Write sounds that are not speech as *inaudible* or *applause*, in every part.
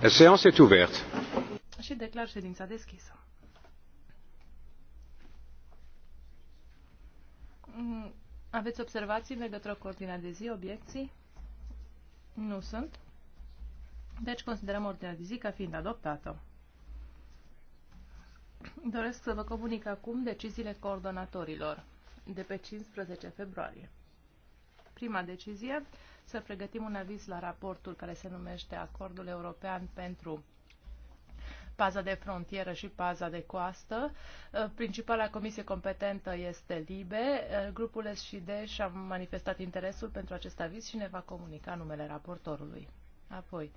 La séance est ouverte. Și declar ședința deschisă. Mm, aveți observații în legătură cu ordinea de zi, obiecții? Nu sunt. Deci considerăm ordinea de zi ca fiind adoptată. Doresc să vă comunic acum deciziile coordonatorilor de pe 15 februarie. Prima decizie să pregătim un aviz la raportul care se numește Acordul European pentru paza de frontieră și paza de coastă. Uh, principala comisie competentă este LIBE. Uh, grupul SCD și-a manifestat interesul pentru acest aviz și ne va comunica numele raportorului. Apoi,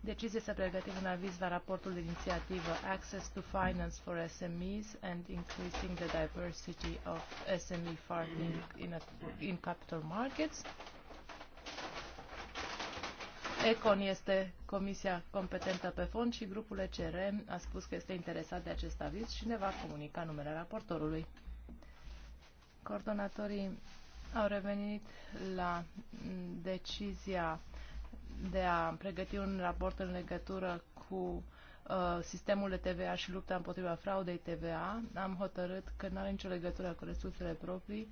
decizie să pregătim un aviz la raportul de inițiativă Access to Finance for SMEs and Increasing the Diversity of SME Farming in, a, in Capital Markets. Econ este comisia competentă pe fond și grupul ECR a spus că este interesat de acest aviz și ne va comunica numele raportorului. Coordonatorii au revenit la decizia de a pregăti un raport în legătură cu uh, sistemul de TVA și lupta împotriva fraudei TVA. Am hotărât că nu are nicio legătură cu resursele proprii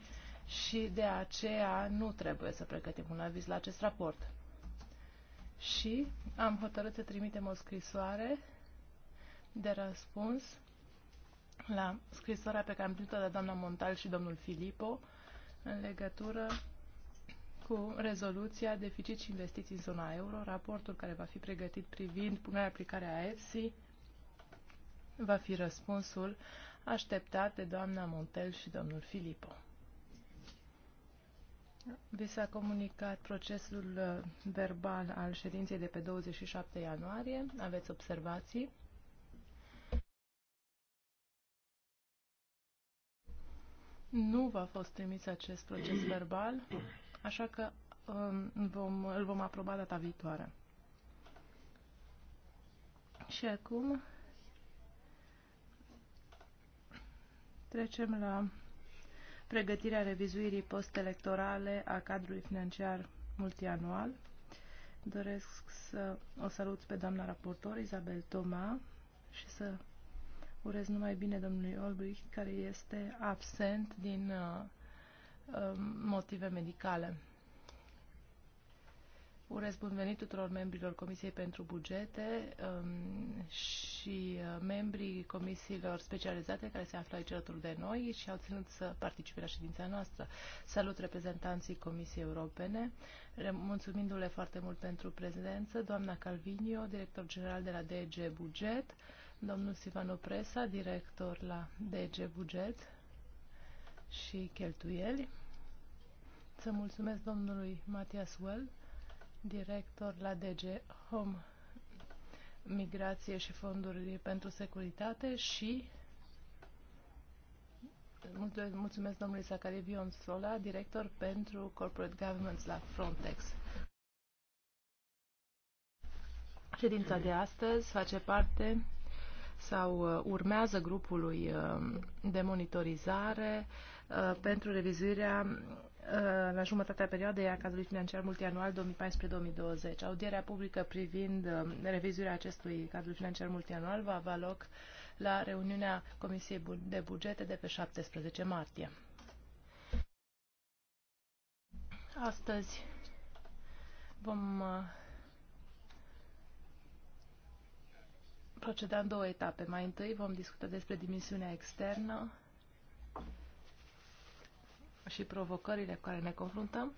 și de aceea nu trebuie să pregătim un aviz la acest raport și am hotărât să trimitem o scrisoare de răspuns la scrisoarea pe care am primit-o de doamna Montal și domnul Filipo în legătură cu rezoluția deficit și investiții în zona euro, raportul care va fi pregătit privind punerea aplicare a EFSI, va fi răspunsul așteptat de doamna Montel și domnul Filipo. Vi s-a comunicat procesul uh, verbal al ședinței de pe 27 ianuarie. Aveți observații? Nu v-a fost trimis acest proces verbal, așa că um, vom, îl vom aproba data viitoare. Și acum trecem la pregătirea revizuirii postelectorale a cadrului financiar multianual. Doresc să o salut pe doamna raportor Isabel Toma și să urez numai bine domnului Olbrich, care este absent din uh, uh motive medicale. Urez bun venit tuturor membrilor Comisiei pentru Bugete um, și uh, membrii comisiilor specializate care se află aici alături de noi și au ținut să participe la ședința noastră. Salut reprezentanții Comisiei Europene, mulțumindu-le foarte mult pentru prezență, doamna Calvinio, director general de la DG Buget, domnul Sivano Presa, director la DG Buget și cheltuieli. Să mulțumesc domnului Matias Well director la DG Home, Migrație și Fonduri pentru Securitate și mulțumesc domnului Zacari Vion Sola, director pentru Corporate Governments la Frontex. Ședința de astăzi face parte sau uh, urmează grupului uh, de monitorizare uh, pentru revizuirea la jumătatea perioadei a cadrului financiar multianual 2014-2020. Audierea publică privind um, revizuirea acestui cadru financiar multianual va avea loc la reuniunea Comisiei de Bugete de pe 17 martie. Astăzi vom uh, proceda în două etape. Mai întâi vom discuta despre dimensiunea externă și provocările cu care ne confruntăm,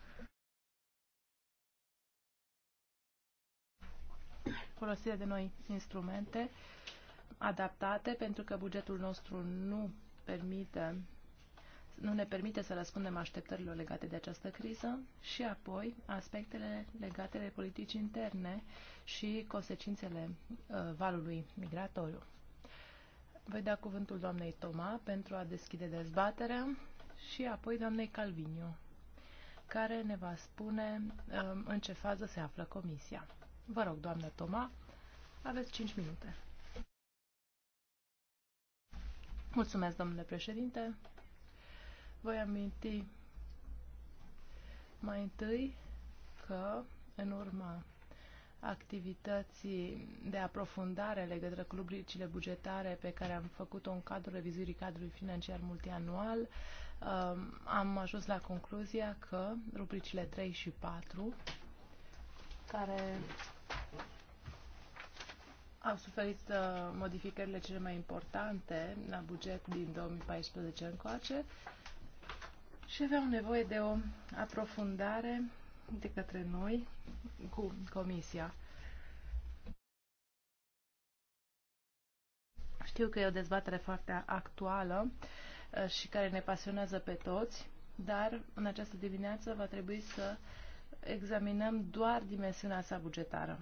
folosirea de noi instrumente adaptate, pentru că bugetul nostru nu permite nu ne permite să răspundem așteptărilor legate de această criză și apoi aspectele legate de politici interne și consecințele uh, valului migratoriu. Voi da cuvântul doamnei Toma pentru a deschide dezbaterea și apoi doamnei Calviniu, care ne va spune um, în ce fază se află comisia. Vă rog, doamnă Toma, aveți 5 minute. Mulțumesc, domnule președinte. Voi aminti mai întâi că în urma activității de aprofundare legătură cu rubricile bugetare pe care am făcut-o în cadrul revizuirii cadrului financiar multianual, Um, am ajuns la concluzia că rubricile 3 și 4, care au suferit uh, modificările cele mai importante la buget din 2014 încoace și aveau nevoie de o aprofundare de către noi cu Comisia. Știu că e o dezbatere foarte actuală și care ne pasionează pe toți, dar în această dimineață va trebui să examinăm doar dimensiunea sa bugetară.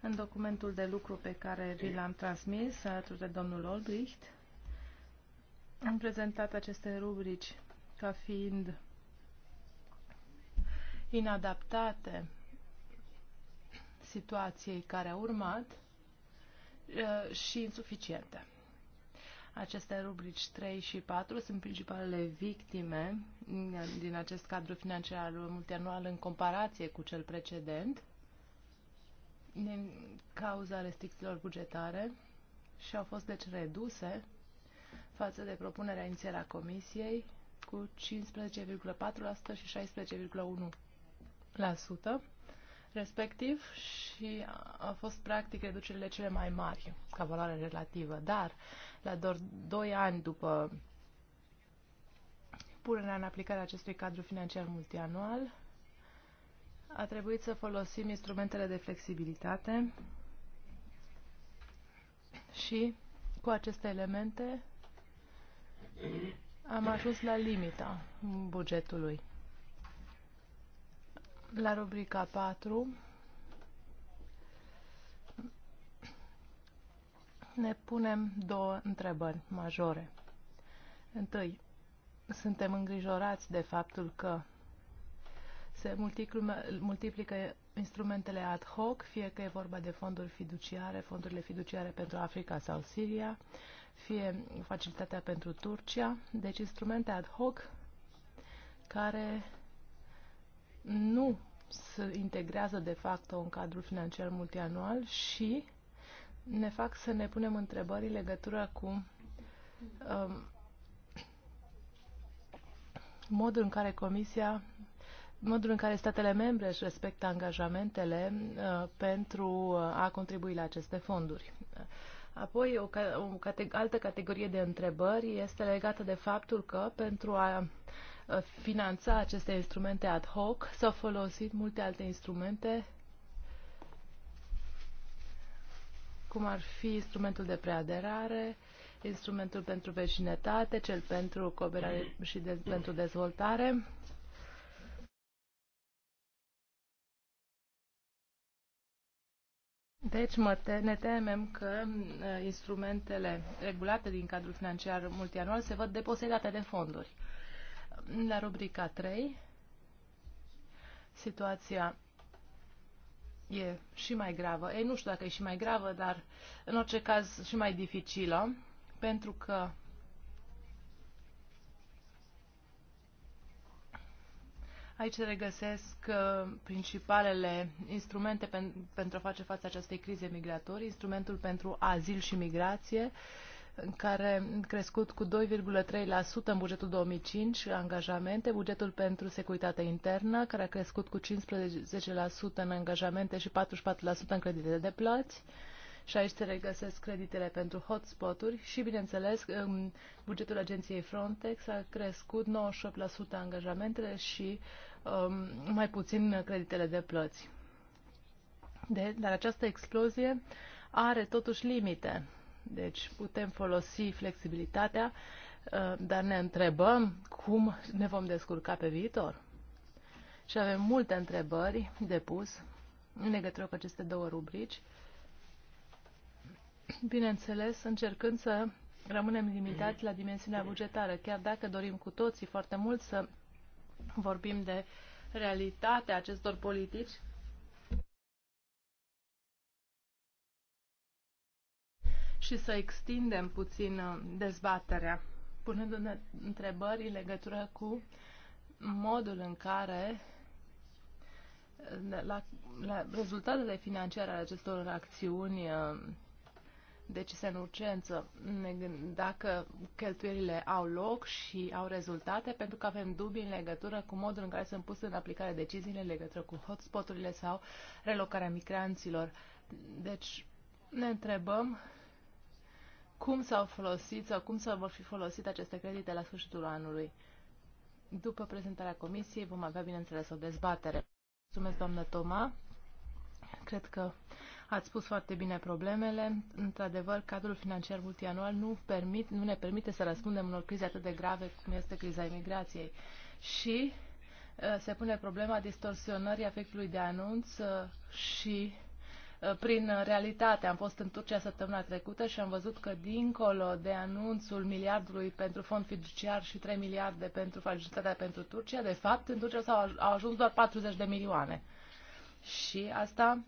În documentul de lucru pe care vi l-am transmis alături de domnul Olbricht, am prezentat aceste rubrici ca fiind inadaptate situației care a urmat uh, și insuficiente. Aceste rubrici 3 și 4 sunt principalele victime din acest cadru financiar multianual în comparație cu cel precedent din cauza restricțiilor bugetare și au fost deci reduse față de propunerea inițială a Comisiei cu 15,4% și 16,1% respectiv și a fost practic reducerile cele mai mari ca valoare relativă, dar la doar 2 ani după punerea în aplicare acestui cadru financiar multianual, a trebuit să folosim instrumentele de flexibilitate și cu aceste elemente am ajuns la limita bugetului la rubrica 4 ne punem două întrebări majore. Întâi, suntem îngrijorați de faptul că se multiplică instrumentele ad hoc, fie că e vorba de fonduri fiduciare, fondurile fiduciare pentru Africa sau Siria, fie facilitatea pentru Turcia, deci instrumente ad hoc care nu se integrează de facto în cadrul financiar multianual și ne fac să ne punem întrebări în legătură cu um, modul în care Comisia modul în care statele membre își respectă angajamentele uh, pentru a contribui la aceste fonduri. Apoi, o, o o altă categorie de întrebări este legată de faptul că pentru a finanța aceste instrumente ad hoc. S-au folosit multe alte instrumente, cum ar fi instrumentul de preaderare, instrumentul pentru vecinătate, cel pentru cooperare și de, pentru dezvoltare. Deci mă te, ne temem că uh, instrumentele regulate din cadrul financiar multianual se văd deposedate de fonduri. La rubrica 3, situația e și mai gravă. Ei, nu știu dacă e și mai gravă, dar în orice caz și mai dificilă, pentru că Aici se regăsesc uh, principalele instrumente pen, pentru a face față acestei crize migratorii, instrumentul pentru azil și migrație, uh, care a crescut cu 2,3% în bugetul 2005, angajamente, bugetul pentru securitate internă, care a crescut cu 15% în angajamente și 44% în credite de plăți, și aici se regăsesc creditele pentru hotspot-uri și, bineînțeles, bugetul agenției Frontex a crescut 98% angajamentele și um, mai puțin creditele de plăți. De, dar această explozie are totuși limite. Deci putem folosi flexibilitatea, uh, dar ne întrebăm cum ne vom descurca pe viitor. Și avem multe întrebări de pus în legătură cu aceste două rubrici. Bineînțeles, încercând să rămânem limitați la dimensiunea bugetară, chiar dacă dorim cu toții foarte mult să vorbim de realitatea acestor politici, și să extindem puțin uh, dezbaterea, punându-ne întrebări în legătură cu modul în care uh, la, la rezultatele financiare ale acestor acțiuni uh, decise în urgență, dacă cheltuielile au loc și au rezultate, pentru că avem dubii în legătură cu modul în care sunt puse în aplicare deciziile în legătură cu hotspoturile sau relocarea migranților. Deci ne întrebăm cum s-au folosit sau cum să vor fi folosit aceste credite la sfârșitul anului. După prezentarea comisiei vom avea, bineînțeles, o dezbatere. Mulțumesc, doamnă Toma. Cred că ați spus foarte bine problemele. Într-adevăr, cadrul financiar multianual nu, permit, nu ne permite să răspundem unor crize atât de grave cum este criza imigrației. Și uh, se pune problema distorsionării efectului de anunț uh, și Uh, prin realitate. Am fost în Turcia săptămâna trecută și am văzut că dincolo de anunțul miliardului pentru fond fiduciar și 3 miliarde pentru facilitatea pentru Turcia, de fapt în Turcia s-au ajuns doar 40 de milioane. Și asta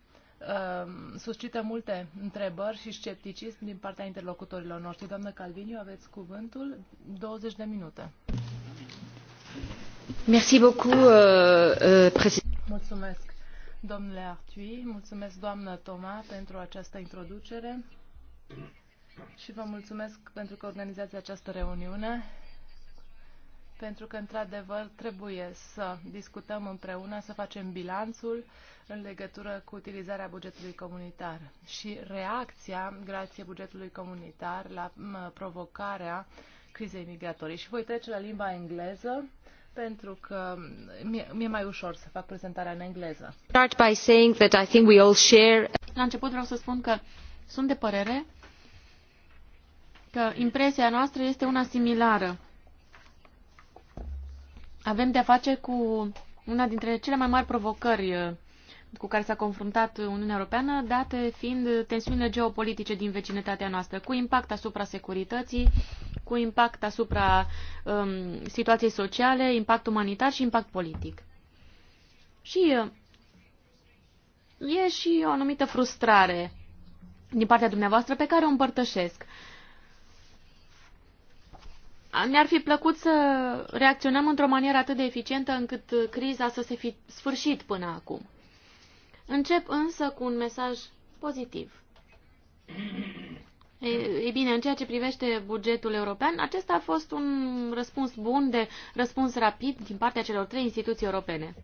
uh, suscită multe întrebări și scepticism din partea interlocutorilor noștri. Doamnă Calviniu, aveți cuvântul 20 de minute. Merci beaucoup, uh, uh, Mulțumesc, domnule Artui, mulțumesc doamnă Toma pentru această introducere și vă mulțumesc pentru că organizați această reuniune, pentru că, într-adevăr, trebuie să discutăm împreună, să facem bilanțul în legătură cu utilizarea bugetului comunitar și reacția, grație bugetului comunitar, la provocarea crizei migratorii. Și voi trece la limba engleză pentru că mi-e mai ușor să fac prezentarea în engleză. Start by saying that I think we all share. La început vreau să spun că sunt de părere că impresia noastră este una similară. Avem de-a face cu una dintre cele mai mari provocări uh, cu care s-a confruntat Uniunea Europeană, date fiind tensiunile geopolitice din vecinătatea noastră, cu impact asupra securității, cu impact asupra um, situației sociale, impact umanitar și impact politic. Și uh, e și o anumită frustrare din partea dumneavoastră pe care o împărtășesc. Ne-ar fi plăcut să reacționăm într-o manieră atât de eficientă încât criza să se fi sfârșit până acum. Încep însă cu un mesaj pozitiv. Ei bine, în ceea ce privește bugetul european, acesta a fost un răspuns bun de răspuns rapid din partea celor trei instituții europene.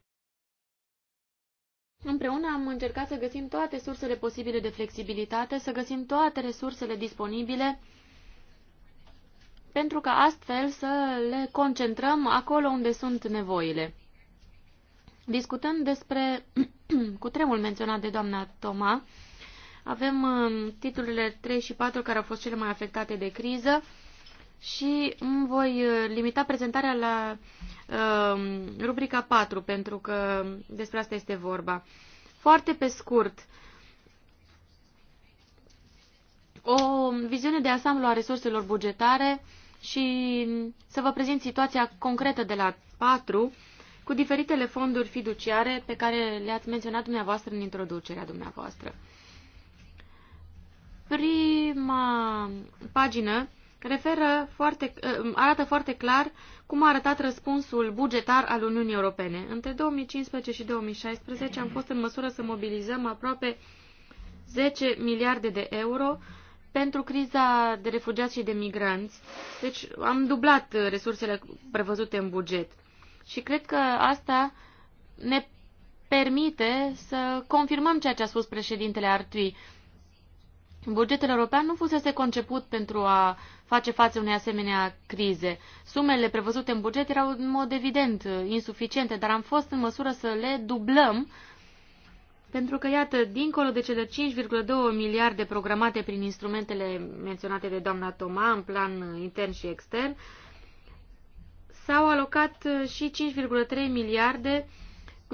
Împreună am încercat să găsim toate sursele posibile de flexibilitate, să găsim toate resursele disponibile pentru ca astfel să le concentrăm acolo unde sunt nevoile. Discutând despre *clears throat* cutremul menționat de doamna Toma, avem um, titlurile 3 și 4 care au fost cele mai afectate de criză și îmi voi uh, limita prezentarea la uh, rubrica 4, pentru că despre asta este vorba. Foarte pe scurt, o viziune de asamblu a resurselor bugetare și să vă prezint situația concretă de la 4 cu diferitele fonduri fiduciare pe care le-ați menționat dumneavoastră în introducerea dumneavoastră. Prima pagină referă foarte, eh, arată foarte clar cum a arătat răspunsul bugetar al Uniunii Europene. Între 2015 și 2016 am fost în măsură să mobilizăm aproape 10 miliarde de euro pentru criza de refugiați și de migranți. Deci am dublat eh, resursele prevăzute în buget. Și cred că asta ne permite să confirmăm ceea ce a spus președintele Artui, Bugetul european nu fusese conceput pentru a face față unei asemenea crize. Sumele prevăzute în buget erau în mod evident insuficiente, dar am fost în măsură să le dublăm pentru că, iată, dincolo de cele 5,2 miliarde programate prin instrumentele menționate de doamna Toma în plan intern și extern, s-au alocat și 5,3 miliarde uh,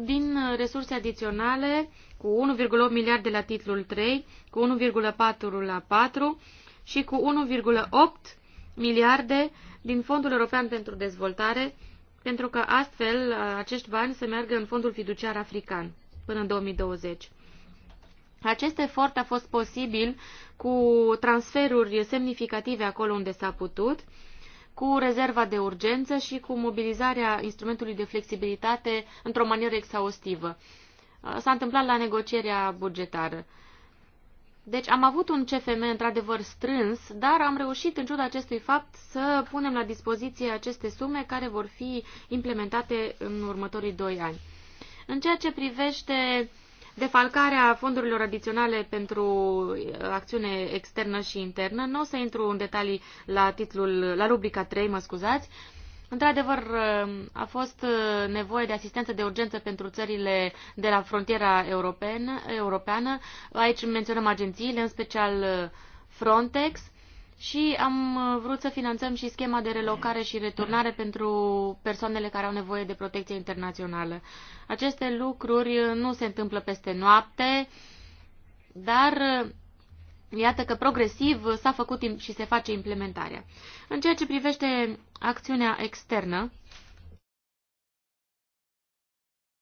din uh, resurse adiționale cu 1,8 miliarde la titlul 3, cu 1,4 la 4 și cu 1,8 miliarde din Fondul European pentru Dezvoltare, pentru că astfel uh, acești bani se meargă în Fondul Fiduciar African până în 2020. Acest efort a fost posibil cu transferuri semnificative acolo unde s-a putut, cu rezerva de urgență și cu mobilizarea instrumentului de flexibilitate într-o manieră exhaustivă. Uh, s-a întâmplat la negocierea bugetară. Deci am avut un CFM într-adevăr strâns, dar am reușit în ciuda acestui fapt să punem la dispoziție aceste sume care vor fi implementate în următorii doi ani. În ceea ce privește defalcarea fondurilor adiționale pentru uh, acțiune externă și internă. Nu o să intru în detalii la titlul, la rubrica 3, mă scuzați. Într-adevăr, uh, a fost uh, nevoie de asistență de urgență pentru țările de la frontiera europeană. Aici menționăm agențiile, în special Frontex, și am uh, vrut să finanțăm și schema de relocare și returnare pentru persoanele care au nevoie de protecție internațională. Aceste lucruri uh, nu se întâmplă peste noapte, dar uh, iată că progresiv s-a făcut și se face implementarea. În ceea ce privește acțiunea externă,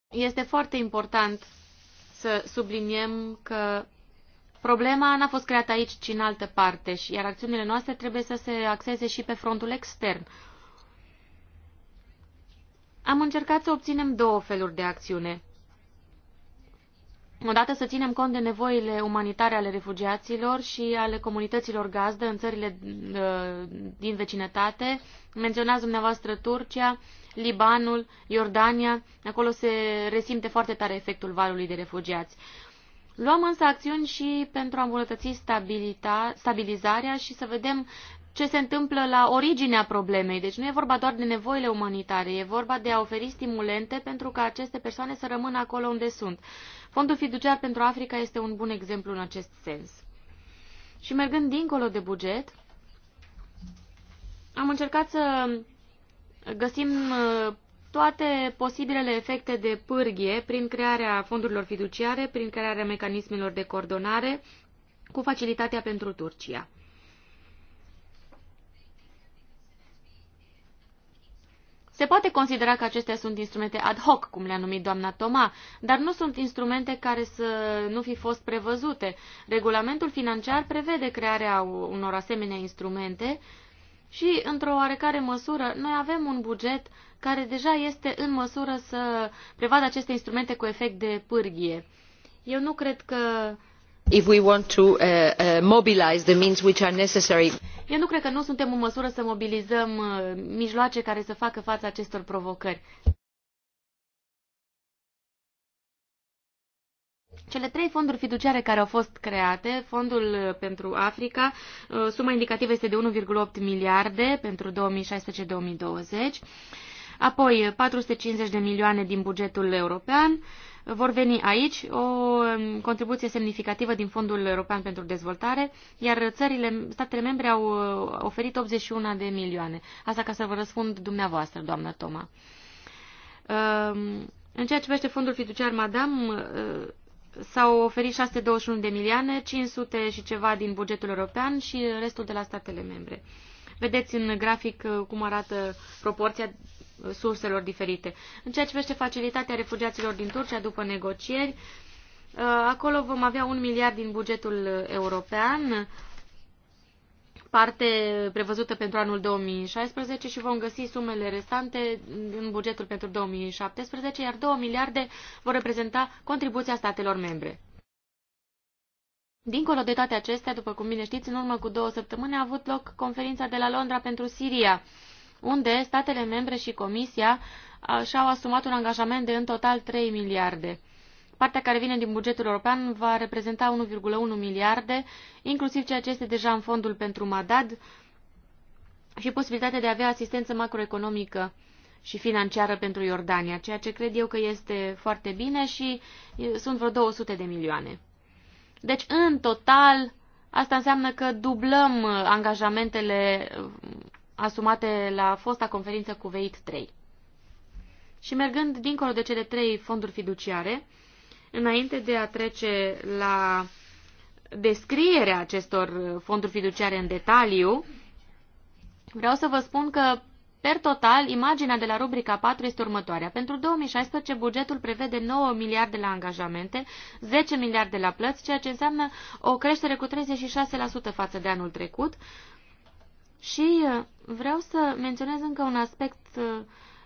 este foarte important să subliniem că Problema n-a fost creată aici, ci în altă parte, iar acțiunile noastre trebuie să se axeze și pe frontul extern. Am încercat să obținem două feluri de acțiune. Odată să ținem cont de nevoile umanitare ale refugiaților și ale comunităților gazdă în țările ă, din vecinătate. Menționați dumneavoastră Turcia, Libanul, Iordania. Acolo se resimte foarte tare efectul valului de refugiați. Luăm însă acțiuni și pentru a îmbunătăți stabilizarea și să vedem ce se întâmplă la originea problemei. Deci nu e vorba doar de nevoile umanitare, e vorba de a oferi stimulente pentru ca aceste persoane să rămână acolo unde sunt. Fondul fiduciar pentru Africa este un bun exemplu în acest sens. Și mergând dincolo de buget, am încercat să găsim toate posibilele efecte de pârghie prin crearea fondurilor fiduciare, prin crearea mecanismelor de coordonare cu facilitatea pentru Turcia. Se poate considera că acestea sunt instrumente ad hoc, cum le-a numit doamna Toma, dar nu sunt instrumente care să nu fi fost prevăzute. Regulamentul financiar prevede crearea unor asemenea instrumente și, într-o oarecare măsură, noi avem un buget care deja este în măsură să prevadă aceste instrumente cu efect de pârghie. Eu nu cred că if we want to uh, uh, mobilize the means which are necessary. Eu nu cred că nu suntem în măsură să mobilizăm uh, mijloace care să facă față acestor provocări. Cele trei fonduri fiduciare care au fost create, fondul uh, pentru Africa, uh, suma indicativă este de 1,8 miliarde pentru 2016-2020, Apoi, 450 de milioane din bugetul european vor veni aici, o um, contribuție semnificativă din Fondul European pentru Dezvoltare, iar țările, statele membre au uh, oferit 81 de milioane. Asta ca să vă răspund dumneavoastră, doamnă Toma. Um, în ceea ce privește fondul fiduciar, madam, uh, s-au oferit 621 de milioane, 500 și ceva din bugetul european și restul de la statele membre. Vedeți în grafic uh, cum arată proporția surselor diferite. În ceea ce privește facilitatea refugiaților din Turcia după negocieri, uh, acolo vom avea un miliard din bugetul european, parte prevăzută pentru anul 2016 și vom găsi sumele restante în bugetul pentru 2017, iar 2 miliarde vor reprezenta contribuția statelor membre. Dincolo de toate acestea, după cum bine știți, în urmă cu două săptămâni a avut loc conferința de la Londra pentru Siria unde statele membre și Comisia și-au asumat un angajament de în total 3 miliarde. Partea care vine din bugetul european va reprezenta 1,1 miliarde, inclusiv ceea ce este deja în fondul pentru MADAD și posibilitatea de a avea asistență macroeconomică și financiară pentru Iordania, ceea ce cred eu că este foarte bine și sunt vreo 200 de milioane. Deci, în total, asta înseamnă că dublăm uh, angajamentele uh, asumate la fosta conferință cu VEIT 3. Și mergând dincolo de cele trei fonduri fiduciare, înainte de a trece la descrierea acestor fonduri fiduciare în detaliu, vreau să vă spun că, per total, imaginea de la rubrica 4 este următoarea. Pentru 2016, bugetul prevede 9 miliarde la angajamente, 10 miliarde la plăți, ceea ce înseamnă o creștere cu 36% față de anul trecut, și uh, vreau să menționez încă un aspect uh,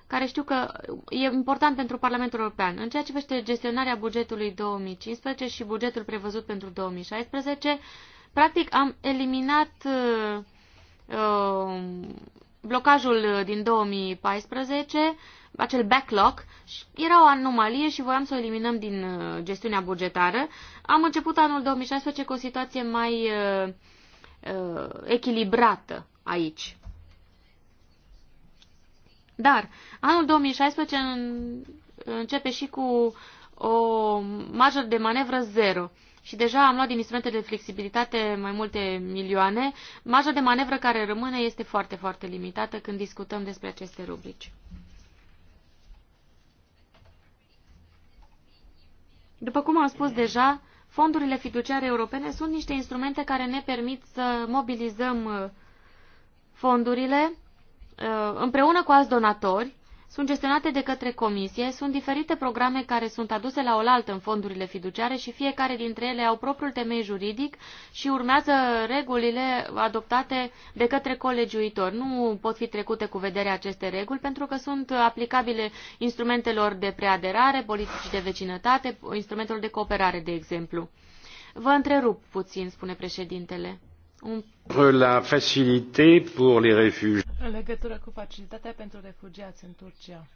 care știu că e important pentru Parlamentul European. În ceea ce privește gestionarea bugetului 2015 și bugetul prevăzut pentru 2016, practic am eliminat uh, uh blocajul din 2014, acel backlog, era o anomalie și voiam să o eliminăm din gestiunea bugetară. Am început anul 2016 cu o situație mai uh, echilibrată aici. Dar anul 2016 începe și cu o marjă de manevră zero. Și deja am luat din instrumentele de flexibilitate mai multe milioane. Marja de manevră care rămâne este foarte, foarte limitată când discutăm despre aceste rubrici. După cum am spus deja, fondurile fiduciare europene sunt niște instrumente care ne permit să mobilizăm Fondurile, uh, împreună cu alți donatori, sunt gestionate de către comisie, sunt diferite programe care sunt aduse la oaltă în fondurile fiduciare și fiecare dintre ele au propriul temei juridic și urmează regulile adoptate de către colegiuitori. Nu pot fi trecute cu vedere aceste reguli pentru că sunt aplicabile instrumentelor de preaderare, politici de vecinătate, instrumentelor de cooperare, de exemplu. Vă întrerup puțin, spune președintele. La facilité pour les réfugiés. În legătură cu facilitatea pentru refugiați în Turcia.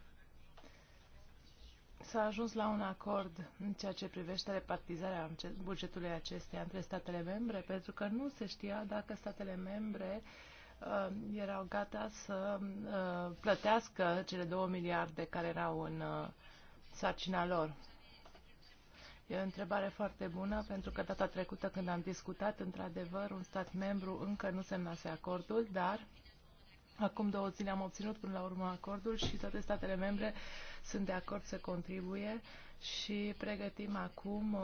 S-a ajuns la un acord în ceea ce privește repartizarea bugetului acesteia între statele membre, pentru că nu se știa dacă statele membre uh, erau gata să uh, plătească cele două miliarde care erau în uh, sarcina lor. E o întrebare foarte bună, pentru că data trecută când am discutat, într-adevăr, un stat membru încă nu semnase acordul, dar acum două zile am obținut până la urmă acordul și toate statele membre sunt de acord să contribuie și pregătim acum uh,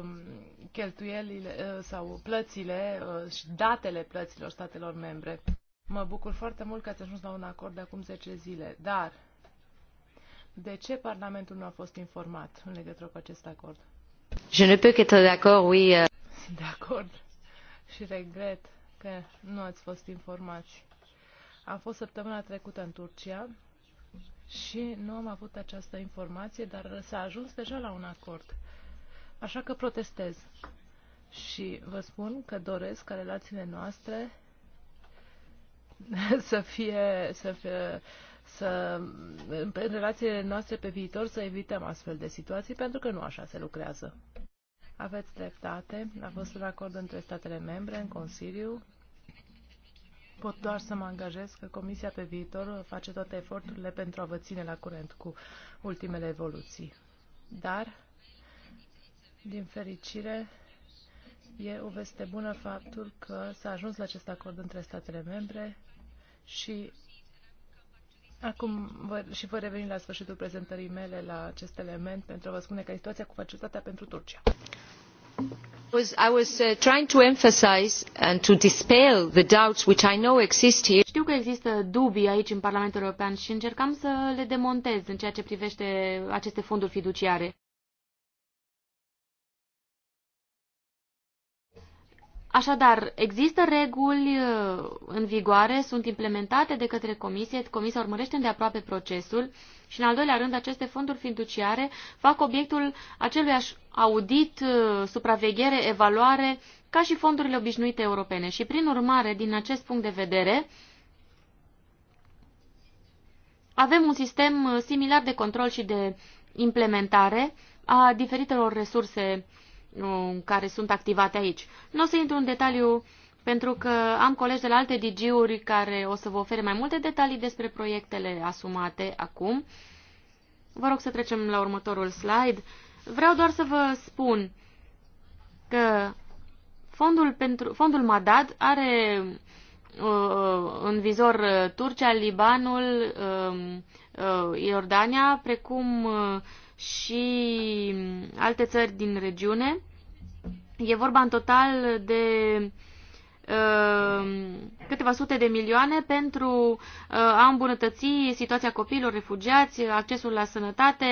um, cheltuielile uh, sau plățile uh, și datele plăților statelor membre. Mă bucur foarte mult că ați ajuns la un acord de acum 10 zile, dar de ce Parlamentul nu a fost informat în legătură cu acest acord? Je ne peux qu'être d'accord, oui. Euh. Sunt de acord și regret că nu ați fost informați. Am fost săptămâna trecută în Turcia și nu am avut această informație, dar s-a ajuns deja la un acord. Așa că protestez și vă spun că doresc ca relațiile noastre *laughs* să fie, să fie să, în relațiile noastre pe viitor să evităm astfel de situații, pentru că nu așa se lucrează. Aveți dreptate, a fost un acord între statele membre în Consiliu. Pot doar să mă angajez că Comisia pe viitor face toate eforturile pentru a vă ține la curent cu ultimele evoluții. Dar, din fericire, e o veste bună faptul că s-a ajuns la acest acord între statele membre și Acum și vă reveni la sfârșitul prezentării mele la acest element pentru a vă spune că situația cu facilitatea pentru Turcia. I was uh, trying to emphasize and to dispel the doubts which I know exist here. Știu că există dubii aici în Parlamentul European și încercam să le demontez în ceea ce privește aceste fonduri fiduciare. Așadar, există reguli uh, în vigoare, sunt implementate de către comisie, comisia urmărește îndeaproape procesul și, în al doilea rând, aceste fonduri fiduciare fac obiectul aceluiași audit, uh, supraveghere, evaluare, ca și fondurile obișnuite europene. Și, prin urmare, din acest punct de vedere, avem un sistem uh, similar de control și de implementare a diferitelor resurse care sunt activate aici. Nu o să intru în detaliu pentru că am colegi de la alte DG-uri care o să vă ofere mai multe detalii despre proiectele asumate acum. Vă rog să trecem la următorul slide. Vreau doar să vă spun că fondul, pentru, fondul Madad are uh, în vizor Turcia, Libanul, uh, uh, Iordania, precum uh, și alte țări din regiune. E vorba în total de uh, câteva sute de milioane pentru uh, a îmbunătăți situația copiilor refugiați, accesul la sănătate,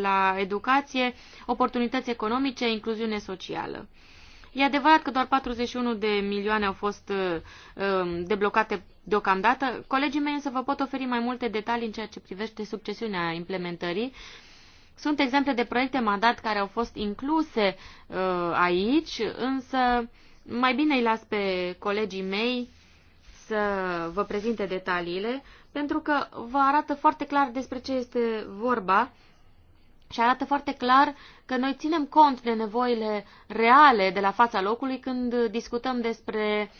la educație, oportunități economice, incluziune socială. E adevărat că doar 41 de milioane au fost uh, um, deblocate deocamdată. Colegii mei să vă pot oferi mai multe detalii în ceea ce privește succesiunea implementării sunt exemple de proiecte mandat care au fost incluse uh, aici, însă mai bine îi las pe colegii mei să vă prezinte detaliile, pentru că vă arată foarte clar despre ce este vorba și arată foarte clar că noi ținem cont de nevoile reale de la fața locului când discutăm despre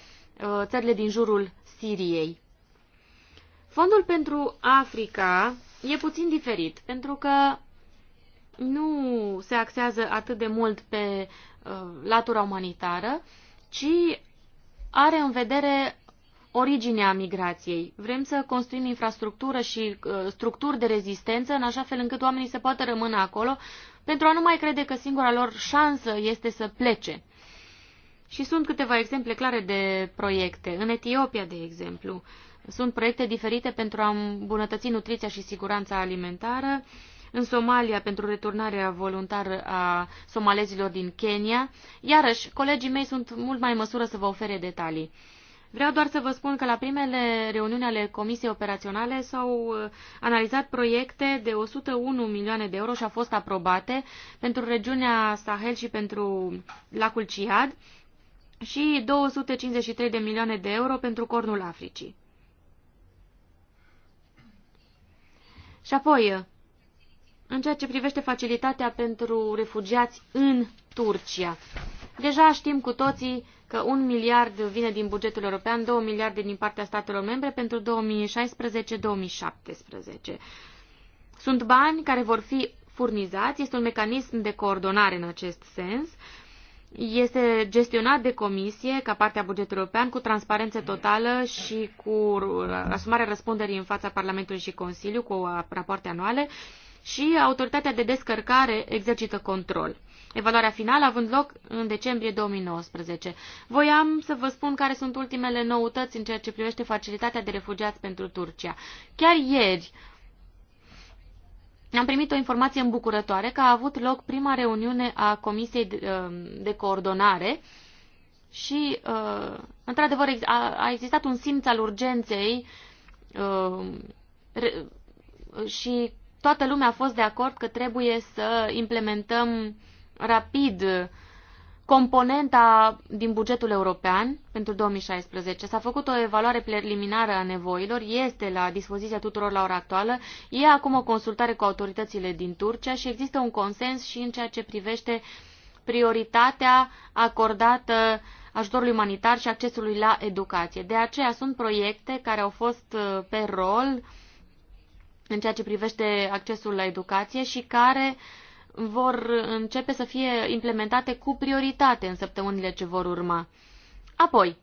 uh, țările din jurul Siriei. Fondul pentru Africa e puțin diferit, pentru că nu se axează atât de mult pe uh, latura umanitară, ci are în vedere originea migrației. Vrem să construim infrastructură și uh, structuri de rezistență în așa fel încât oamenii să poată rămâne acolo pentru a nu mai crede că singura lor șansă este să plece. Și sunt câteva exemple clare de proiecte. În Etiopia, de exemplu, sunt proiecte diferite pentru a îmbunătăți nutriția și siguranța alimentară, uh, în Somalia pentru returnarea voluntară a somalezilor din Kenya. Iarăși, colegii mei sunt mult mai în măsură să vă ofere detalii. Vreau doar să vă spun că la primele reuniuni ale Comisiei Operaționale s-au uh, analizat proiecte de 101 milioane de euro și au fost aprobate pentru regiunea Sahel și pentru lacul Ciad și 253 de milioane de euro pentru Cornul Africii. Și apoi, în ceea ce privește facilitatea pentru refugiați în Turcia. Deja știm cu toții că un miliard vine din bugetul european, două miliarde din partea statelor membre pentru 2016-2017. Sunt bani care vor fi furnizați, este un mecanism de coordonare în acest sens, este gestionat de comisie ca parte a bugetului european cu transparență totală și cu asumarea răspunderii în fața Parlamentului și Consiliu cu rapoarte anuale și autoritatea de descărcare exercită control. Evaluarea finală având loc în decembrie 2019. Voiam să vă spun care sunt ultimele noutăți în ceea ce privește facilitatea de refugiați pentru Turcia. Chiar ieri am primit o informație îmbucurătoare că a avut loc prima reuniune a Comisiei de, uh, de Coordonare și, uh, într-adevăr, a existat un simț al urgenței uh, și toată lumea a fost de acord că trebuie să implementăm rapid componenta din bugetul european pentru 2016. S-a făcut o evaluare preliminară a nevoilor, este la dispoziția tuturor la ora actuală, e acum o consultare cu autoritățile din Turcia și există un consens și în ceea ce privește prioritatea acordată ajutorului umanitar și accesului la educație. De aceea sunt proiecte care au fost uh, pe rol în ceea ce privește accesul la educație și care vor începe să fie implementate cu prioritate în săptămânile ce vor urma. Apoi,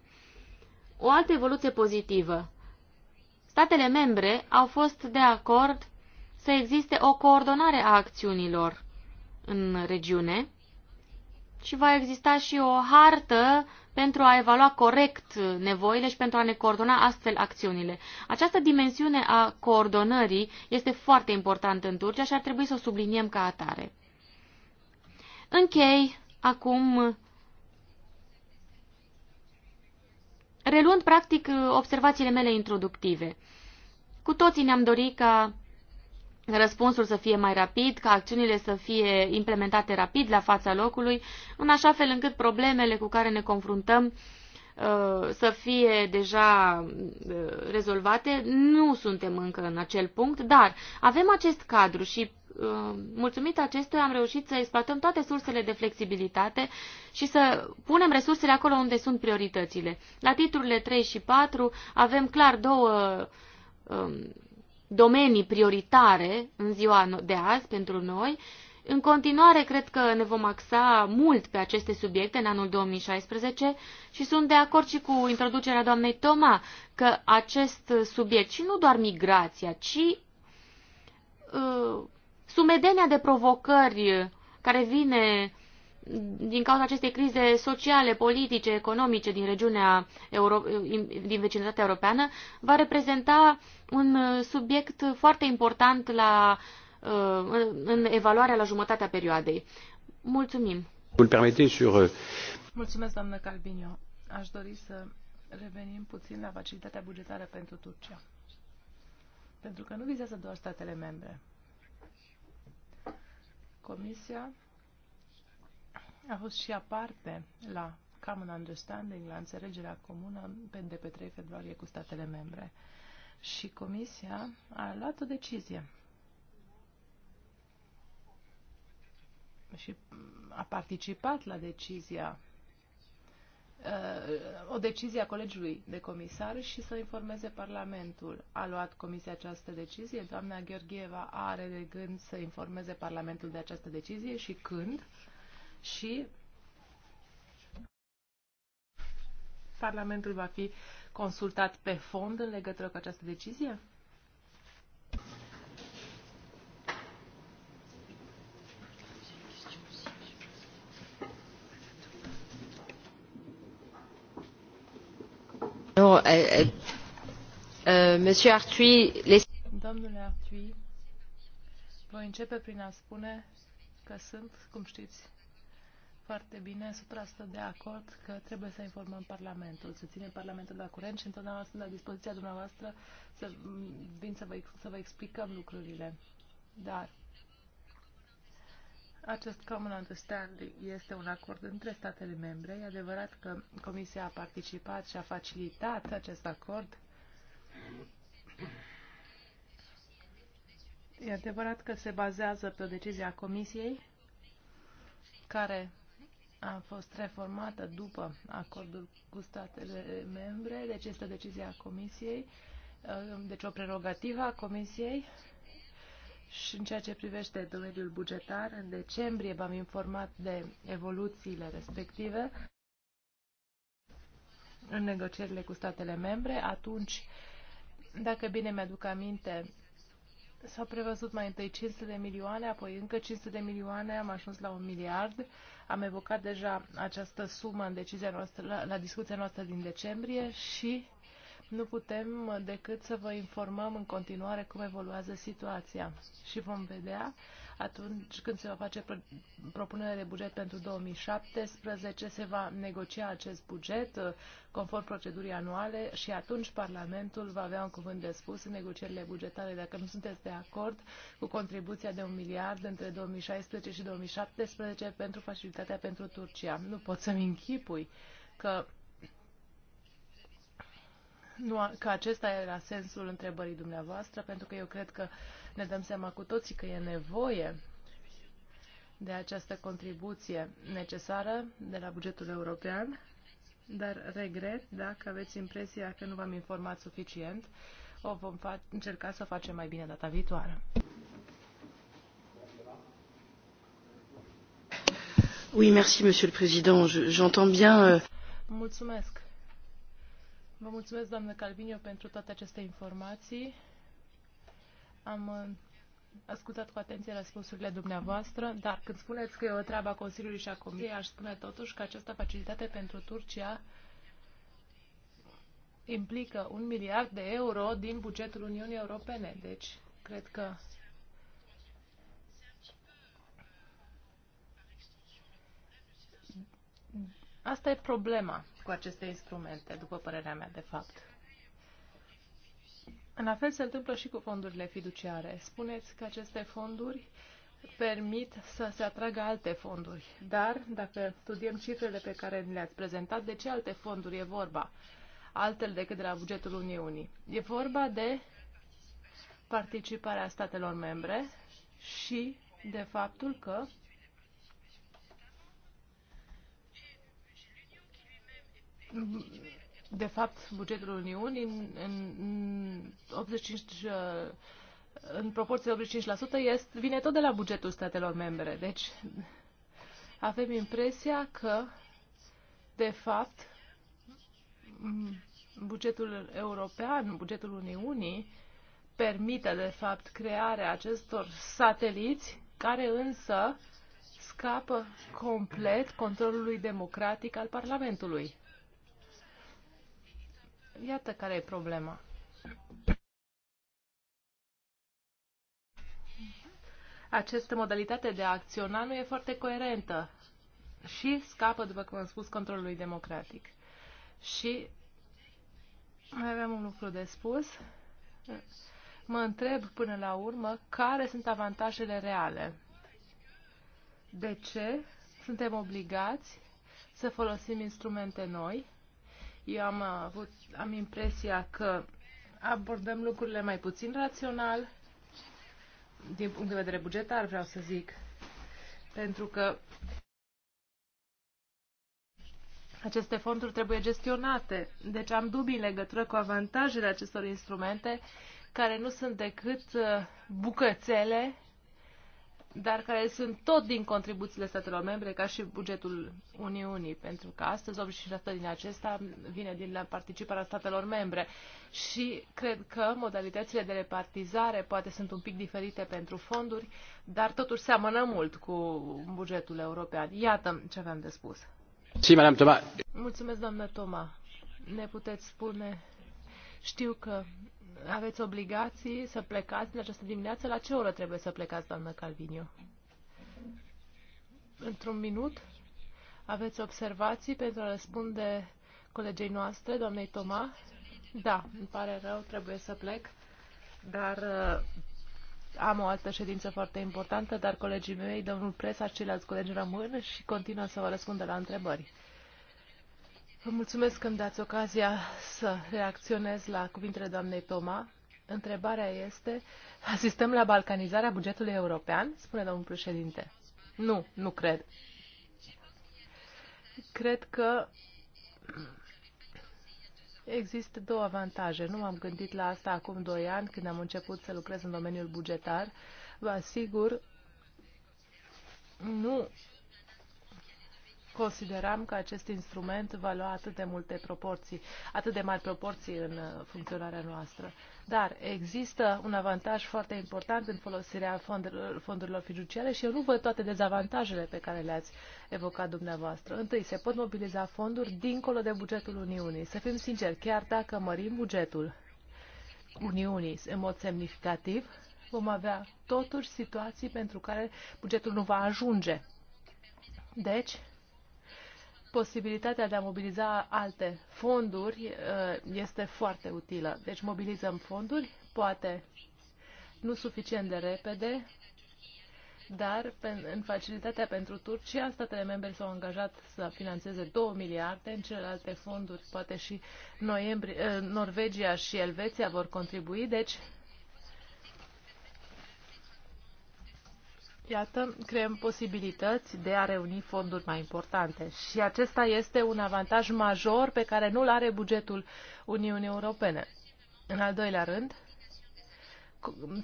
o altă evoluție pozitivă. Statele membre au fost de acord să existe o coordonare a acțiunilor în regiune și va exista și o hartă pentru a evalua corect nevoile și pentru a ne coordona astfel acțiunile. Această dimensiune a coordonării este foarte importantă în Turcia și ar trebui să o subliniem ca atare. Închei acum reluând practic observațiile mele introductive. Cu toții ne-am dorit ca răspunsul să fie mai rapid, ca acțiunile să fie implementate rapid la fața locului, în așa fel încât problemele cu care ne confruntăm uh, să fie deja uh, rezolvate. Nu suntem încă în acel punct, dar avem acest cadru și uh, mulțumită acestuia am reușit să exploatăm toate sursele de flexibilitate și să punem resursele acolo unde sunt prioritățile. La titlurile 3 și 4 avem clar două um, domenii prioritare în ziua de azi pentru noi. În continuare, cred că ne vom axa mult pe aceste subiecte în anul 2016 și sunt de acord și cu introducerea doamnei Toma că acest subiect, și nu doar migrația, ci uh, sumedenia de provocări care vine din cauza acestei crize sociale, politice, economice din regiunea Euro din vecinătatea europeană, va reprezenta un uh, subiect foarte important la, uh, în evaluarea la jumătatea perioadei. Mulțumim! Euh, Mulțumesc, doamnă Calvinio. Aș dori să revenim puțin la facilitatea bugetară pentru Turcia. Pentru că nu vizează doar statele membre. Comisia a fost și aparte la Common Understanding, la înțelegerea comună de pe 3 februarie cu statele membre. Și Comisia a luat o decizie și a participat la decizia uh, o decizie a colegiului de comisar și să informeze Parlamentul. A luat comisia această decizie? Doamna Gheorgheva are de gând să informeze Parlamentul de această decizie și când? Uh, și Parlamentul va fi consultat pe fond în legătură cu această decizie? No, eh, eh, euh, monsieur Artui, les... Domnule Artui, voi începe prin a spune că sunt, cum știți, foarte bine, 100% de acord că trebuie să informăm Parlamentul, să ținem Parlamentul la curent și întotdeauna sunt la dispoziția dumneavoastră să vin să vă, să vă explicăm lucrurile. Dar acest common understanding este un acord între statele membre. E adevărat că Comisia a participat și a facilitat acest acord. E adevărat că se bazează pe o decizie a Comisiei care a fost reformată după acordul cu statele membre, deci este decizia Comisiei, uh, deci o prerogativă a Comisiei. Și în ceea ce privește domeniul bugetar, în decembrie v-am informat de evoluțiile respective în negocierile cu statele membre. Atunci, dacă bine mi-aduc aminte, S-a prevăzut mai întâi 500 de milioane, apoi încă 500 de milioane, am ajuns la un miliard. Am evocat deja această sumă în decizia noastră, la, la discuția noastră din decembrie și nu putem decât să vă informăm în continuare cum evoluează situația și vom vedea atunci când se va face propunerea de buget pentru 2017, se va negocia acest buget uh, conform procedurii anuale și atunci Parlamentul va avea un cuvânt de spus în negocierile bugetare. Dacă nu sunteți de acord cu contribuția de un miliard între 2016 și 2017 pentru facilitatea pentru Turcia, nu pot să-mi închipui că nu, că acesta era sensul întrebării dumneavoastră, pentru că eu cred că ne dăm seama cu toții că e nevoie de această contribuție necesară de la bugetul european, dar regret dacă aveți impresia că nu v-am informat suficient. O vom încerca să o facem mai bine data viitoare. Oui, merci, Monsieur le Président. J'entends bien. Euh, mulțumesc. Vă mulțumesc, doamnă Calvinio, pentru toate aceste informații. Am uh, ascultat cu atenție răspunsurile dumneavoastră, dar când spuneți că e o treabă a Consiliului și a Comisiei, aș spune totuși că această facilitate pentru Turcia implică un miliard de euro din bugetul Uniunii Europene. Deci, cred că Asta e problema cu aceste instrumente, după părerea mea, de fapt. La fel se întâmplă și cu fondurile fiduciare. Spuneți că aceste fonduri permit să se atragă alte fonduri. Dar, dacă studiem cifrele pe care ni le-ați prezentat, de ce alte fonduri e vorba? altel decât de la bugetul Uniunii. E vorba de participarea statelor membre și de faptul că de fapt, bugetul Uniunii în, în 85 în proporție de 85% este, vine tot de la bugetul statelor membre. Deci avem impresia că, de fapt, bugetul european, bugetul Uniunii, permite, de fapt, crearea acestor sateliți care însă scapă complet controlului democratic al Parlamentului. Iată care e problema. Această modalitate de a acționa nu e foarte coerentă și scapă, după cum am spus, controlului democratic. Și mai aveam un lucru de spus. Mă întreb până la urmă care sunt avantajele reale. De ce suntem obligați să folosim instrumente noi eu am, avut, am impresia că abordăm lucrurile mai puțin rațional, din punct de vedere bugetar, vreau să zic, pentru că aceste fonduri trebuie gestionate. Deci am dubii în legătură cu avantajele acestor instrumente, care nu sunt decât uh, bucățele dar care sunt tot din contribuțiile statelor membre, ca și bugetul Uniunii, pentru că astăzi 85% din acesta vine din participarea statelor membre și cred că modalitățile de repartizare poate sunt un pic diferite pentru fonduri, dar totuși seamănă mult cu bugetul european. Iată ce aveam de spus. Si, Toma. Mulțumesc, doamnă Toma. Ne puteți spune... Știu că aveți obligații să plecați în această dimineață. La ce oră trebuie să plecați, doamnă Calvinio? Într-un minut aveți observații pentru a răspunde colegei noastre, doamnei Toma? Da, îmi pare rău, trebuie să plec, dar uh, am o altă ședință foarte importantă, dar colegii mei, domnul Presa ceilalți colegi rămân și continuă să vă răspundă la întrebări. Vă mulțumesc că îmi dați ocazia să reacționez la cuvintele doamnei Toma. Întrebarea este, asistăm la balcanizarea bugetului european? Spune domnul președinte. Nu, nu cred. Cred că există două avantaje. Nu m-am gândit la asta acum doi ani, când am început să lucrez în domeniul bugetar. Vă asigur, nu consideram că acest instrument va lua atât de multe proporții, atât de mari proporții în uh, funcționarea noastră. Dar există un avantaj foarte important în folosirea fondurilor, fondurilor fiduciare și eu nu văd toate dezavantajele pe care le-ați evocat dumneavoastră. Întâi, se pot mobiliza fonduri dincolo de bugetul Uniunii. Să fim sinceri, chiar dacă mărim bugetul Uniunii în mod semnificativ, vom avea totuși situații pentru care bugetul nu va ajunge. Deci, posibilitatea de a mobiliza alte fonduri uh, este foarte utilă. Deci mobilizăm fonduri, poate nu suficient de repede, dar în facilitatea pentru Turcia, statele membre s-au angajat să financeze 2 miliarde, în celelalte fonduri poate și noiembrie, uh, Norvegia și Elveția vor contribui, deci Iată, creăm posibilități de a reuni fonduri mai importante și acesta este un avantaj major pe care nu-l are bugetul Uniunii Europene. În al doilea rând,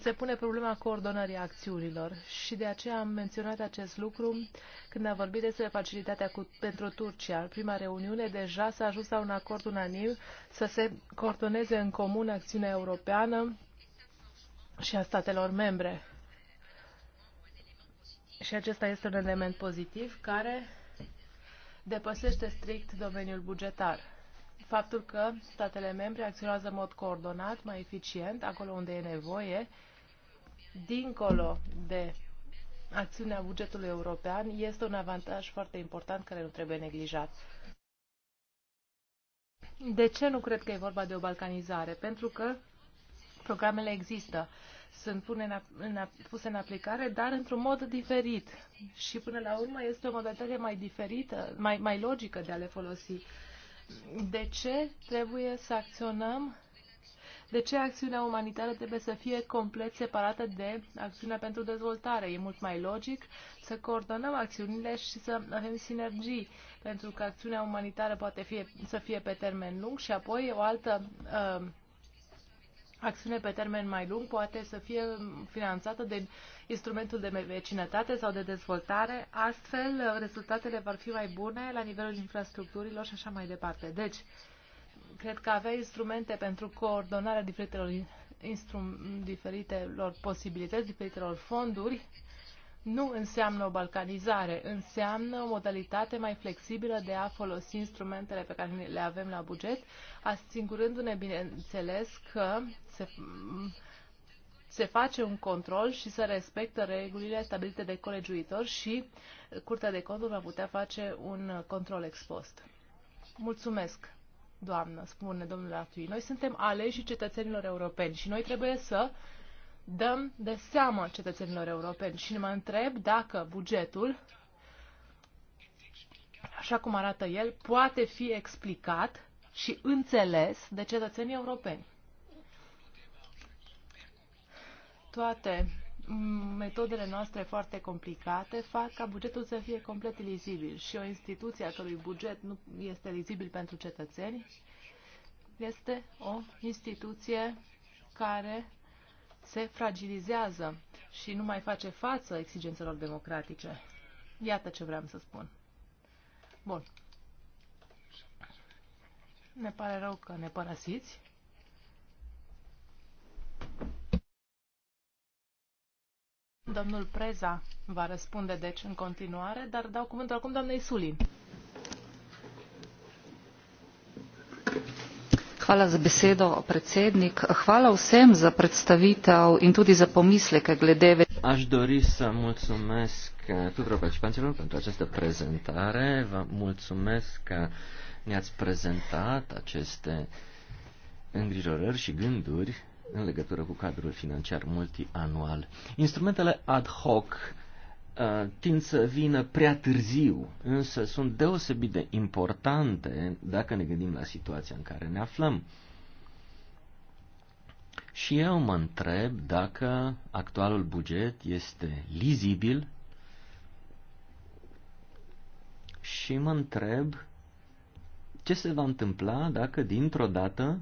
se pune problema coordonării acțiunilor și de aceea am menționat acest lucru când am vorbit despre facilitatea cu, pentru Turcia. În prima reuniune deja s-a ajuns la un acord unanim să se coordoneze în comun acțiunea europeană și a statelor membre și acesta este un element pozitiv care depășește strict domeniul bugetar. Faptul că statele membre acționează în mod coordonat, mai eficient, acolo unde e nevoie, dincolo de acțiunea bugetului european, este un avantaj foarte important care nu trebuie neglijat. De ce nu cred că e vorba de o balcanizare? Pentru că programele există sunt pune în, în, puse în aplicare, dar într-un mod diferit. Și până la urmă este o modalitate mai diferită, mai, mai logică de a le folosi. De ce trebuie să acționăm? De ce acțiunea umanitară trebuie să fie complet separată de acțiunea pentru dezvoltare? E mult mai logic să coordonăm acțiunile și să avem sinergii, pentru că acțiunea umanitară poate fie, să fie pe termen lung și apoi o altă uh, acțiune pe termen mai lung poate să fie finanțată de instrumentul de vecinătate sau de dezvoltare. Astfel, rezultatele vor fi mai bune la nivelul infrastructurilor și așa mai departe. Deci, cred că avea instrumente pentru coordonarea diferitelor, diferitelor posibilități, diferitelor fonduri nu înseamnă o balcanizare, înseamnă o modalitate mai flexibilă de a folosi instrumentele pe care le avem la buget, asigurându-ne, bineînțeles, că se, se face un control și se respectă regulile stabilite de colegiuitor și Curtea de Conturi va putea face un control expost. Mulțumesc, doamnă, spune domnul Artui. Noi suntem aleși cetățenilor europeni și noi trebuie să dăm de seamă cetățenilor europeni și mă întreb dacă bugetul, așa cum arată el, poate fi explicat și înțeles de cetățenii europeni. Toate metodele noastre foarte complicate fac ca bugetul să fie complet lizibil și o instituție a cărui buget nu este lizibil pentru cetățeni este o instituție care se fragilizează și nu mai face față exigențelor democratice. Iată ce vreau să spun. Bun. Ne pare rău că ne părăsiți. Domnul Preza va răspunde deci în continuare, dar dau cuvântul acum doamnei Sulin. Hvala vsem za predstavitev in tudi za pomisleke glede. Aș dori să mulțumesc tuturor participanților pentru această prezentare. Vă mulțumesc că ne-ați prezentat aceste îngrijorări și gânduri în legătură cu cadrul financiar multianual. Instrumentele ad hoc Uh, tind să vină prea târziu, însă sunt deosebit de importante dacă ne gândim la situația în care ne aflăm. Și eu mă întreb dacă actualul buget este lizibil și mă întreb ce se va întâmpla dacă dintr-o dată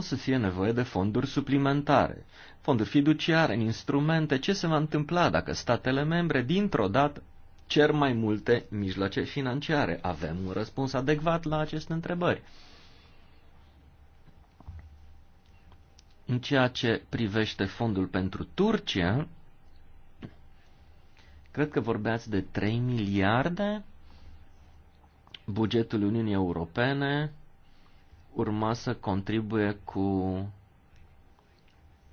o să fie nevoie de fonduri suplimentare, fonduri fiduciare, în instrumente, ce se va întâmpla dacă statele membre dintr-o dată cer mai multe mijloace financiare? Avem un răspuns adecvat la aceste întrebări. În ceea ce privește fondul pentru Turcia, cred că vorbeați de 3 miliarde bugetul Uniunii Europene urma să contribuie cu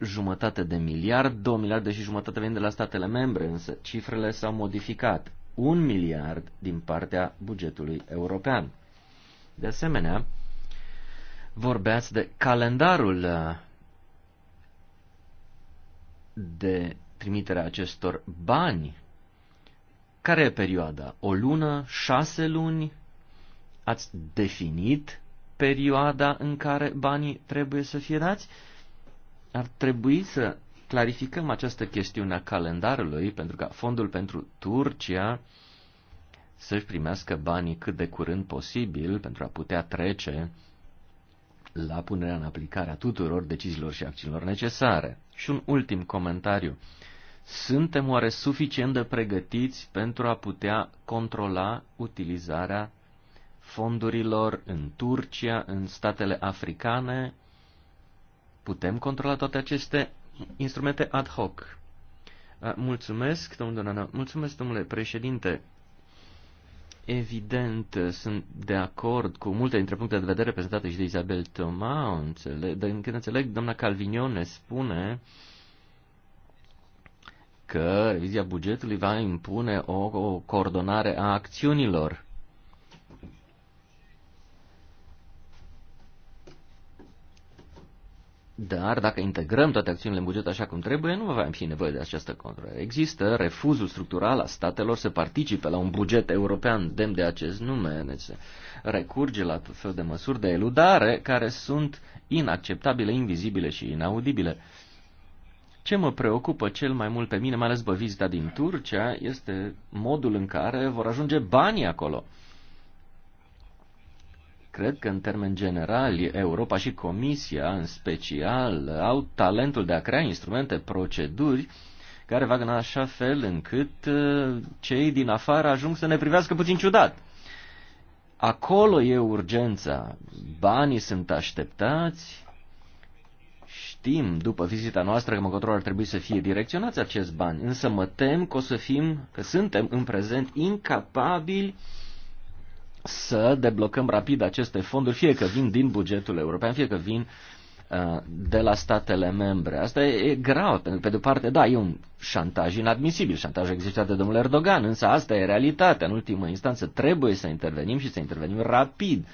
jumătate de miliard, 2 miliarde și jumătate venind de la statele membre, însă cifrele s-au modificat. un miliard din partea bugetului european. De asemenea, vorbeați de calendarul uh, de trimiterea acestor bani. Care e perioada? O lună? Șase luni? Ați definit perioada în care banii trebuie să fie dați? Ar trebui să clarificăm această chestiune a calendarului, pentru ca fondul pentru Turcia să-și primească banii cât de curând posibil pentru a putea trece la punerea în aplicare a tuturor deciziilor și acțiunilor necesare. Și un ultim comentariu. Suntem oare suficient de pregătiți pentru a putea controla utilizarea fondurilor în Turcia, în statele africane. Putem controla toate aceste instrumente ad hoc. Mulțumesc, domnul Donana. Mulțumesc, domnule președinte. Evident, sunt de acord cu multe dintre punctele de vedere prezentate și de Isabel Toma. Înțeleg, când înțeleg, doamna Calvinion ne spune că revizia bugetului va impune o, o coordonare a acțiunilor. Dar dacă integrăm toate acțiunile în buget așa cum trebuie, nu avem și nevoie de această controlare. Există refuzul structural a statelor să participe la un buget european demn de acest nume. Deci se recurge la tot fel de măsuri de eludare care sunt inacceptabile, invizibile și inaudibile. Ce mă preocupă cel mai mult pe mine, mai ales pe vizita din Turcia, este modul în care vor ajunge banii acolo. Cred că, în termen general, Europa și Comisia, în special, au talentul de a crea instrumente, proceduri, care fac în așa fel încât uh, cei din afară ajung să ne privească puțin ciudat. Acolo e urgența. Banii sunt așteptați. Știm, după vizita noastră, că măcotro ar trebui să fie direcționați acest bani, însă mă tem că o să fim, că suntem în prezent incapabili să deblocăm rapid aceste fonduri, fie că vin din bugetul european, fie că vin uh, de la statele membre. Asta e, e grav, pentru că, pe de parte, da, e un șantaj inadmisibil, șantajul existat de domnul Erdogan, însă asta e realitatea. În ultimă instanță trebuie să intervenim și să intervenim rapid.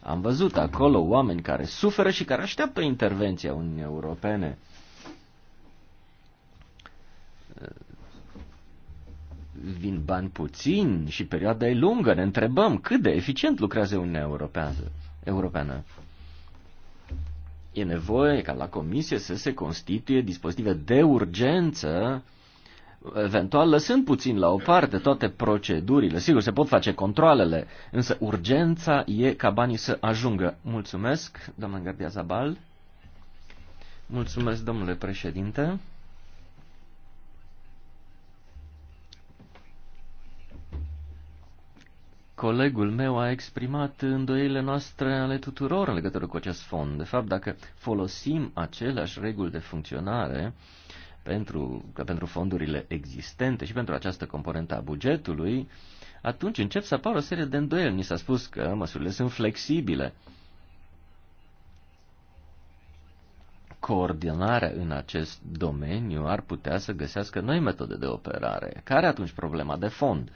Am văzut acolo oameni care suferă și care așteaptă intervenția Uniunii Europene vin bani puțini și perioada e lungă, ne întrebăm cât de eficient lucrează Uniunea Europeană. Europeană. E nevoie ca la comisie să se constituie dispozitive de urgență, eventual lăsând puțin la o parte toate procedurile. Sigur, se pot face controlele, însă urgența e ca banii să ajungă. Mulțumesc, doamna Gardia Zabal. Mulțumesc, domnule președinte. Colegul meu a exprimat îndoielile noastre ale tuturor în legătură cu acest fond. De fapt, dacă folosim aceleași reguli de funcționare pentru, pentru fondurile existente și pentru această componentă a bugetului, atunci încep să apară o serie de îndoieli. Ni s-a spus că măsurile sunt flexibile. coordonarea în acest domeniu ar putea să găsească noi metode de operare. Care atunci problema de fond?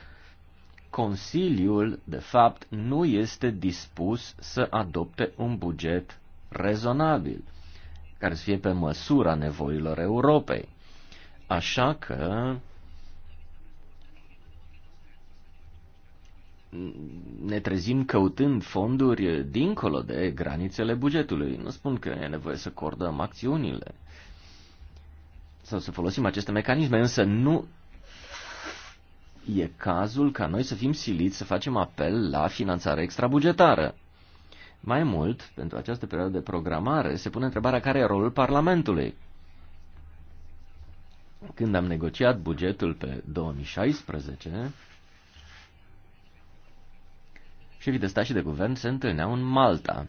Consiliul, de fapt, nu este dispus să adopte un buget rezonabil, care să fie pe măsura nevoilor Europei. Așa că ne trezim căutând fonduri dincolo de granițele bugetului. Nu spun că e nevoie să coordăm acțiunile sau să folosim aceste mecanisme, însă nu e cazul ca noi să fim siliți să facem apel la finanțare extrabugetară. Mai mult, pentru această perioadă de programare, se pune întrebarea care e rolul Parlamentului. Când am negociat bugetul pe 2016, șefii de stat și de guvern se întâlneau în Malta.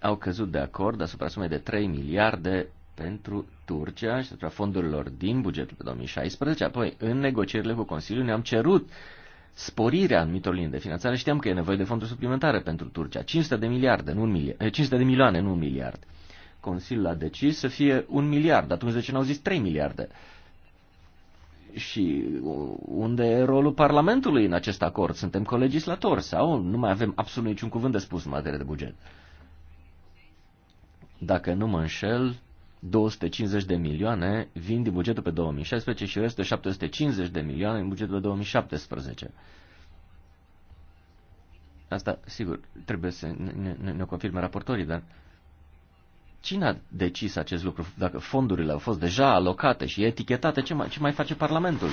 Au căzut de acord asupra sumei de 3 miliarde pentru Turcia și asupra fondurilor din bugetul pe 2016. Apoi, în negocierile cu Consiliul, ne-am cerut sporirea anumitor linii de finanțare. Știam că e nevoie de fonduri suplimentare pentru Turcia. 500 de, miliarde, nu un miliard, 500 eh, de milioane, nu un miliard. Consiliul a decis să fie un miliard, atunci de ce n-au zis 3 miliarde? Și unde e rolul Parlamentului în acest acord? Suntem colegislatori sau nu mai avem absolut niciun cuvânt de spus în materie de buget? Dacă nu mă înșel, 250 de milioane vin din bugetul pe 2016 și restul 750 de milioane în bugetul pe 2017. Asta, sigur, trebuie să ne, ne, ne confirme raportorii, dar cine a decis acest lucru? Dacă fondurile au fost deja alocate și etichetate, ce mai, ce mai face Parlamentul?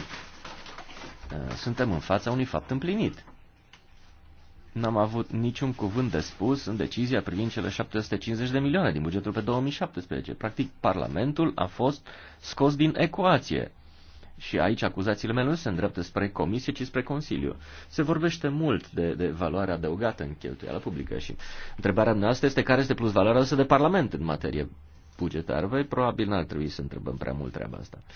Suntem în fața unui fapt împlinit n-am avut niciun cuvânt de spus în decizia privind cele 750 de milioane din bugetul pe 2017. Practic, Parlamentul a fost scos din ecuație. Și aici acuzațiile mele nu se îndreaptă spre Comisie, ci spre Consiliu. Se vorbește mult de, de valoarea adăugată în cheltuială publică și întrebarea noastră este care este plus valoarea de Parlament în materie bugetară. Păi probabil n-ar trebui să întrebăm prea mult treaba asta. Uh,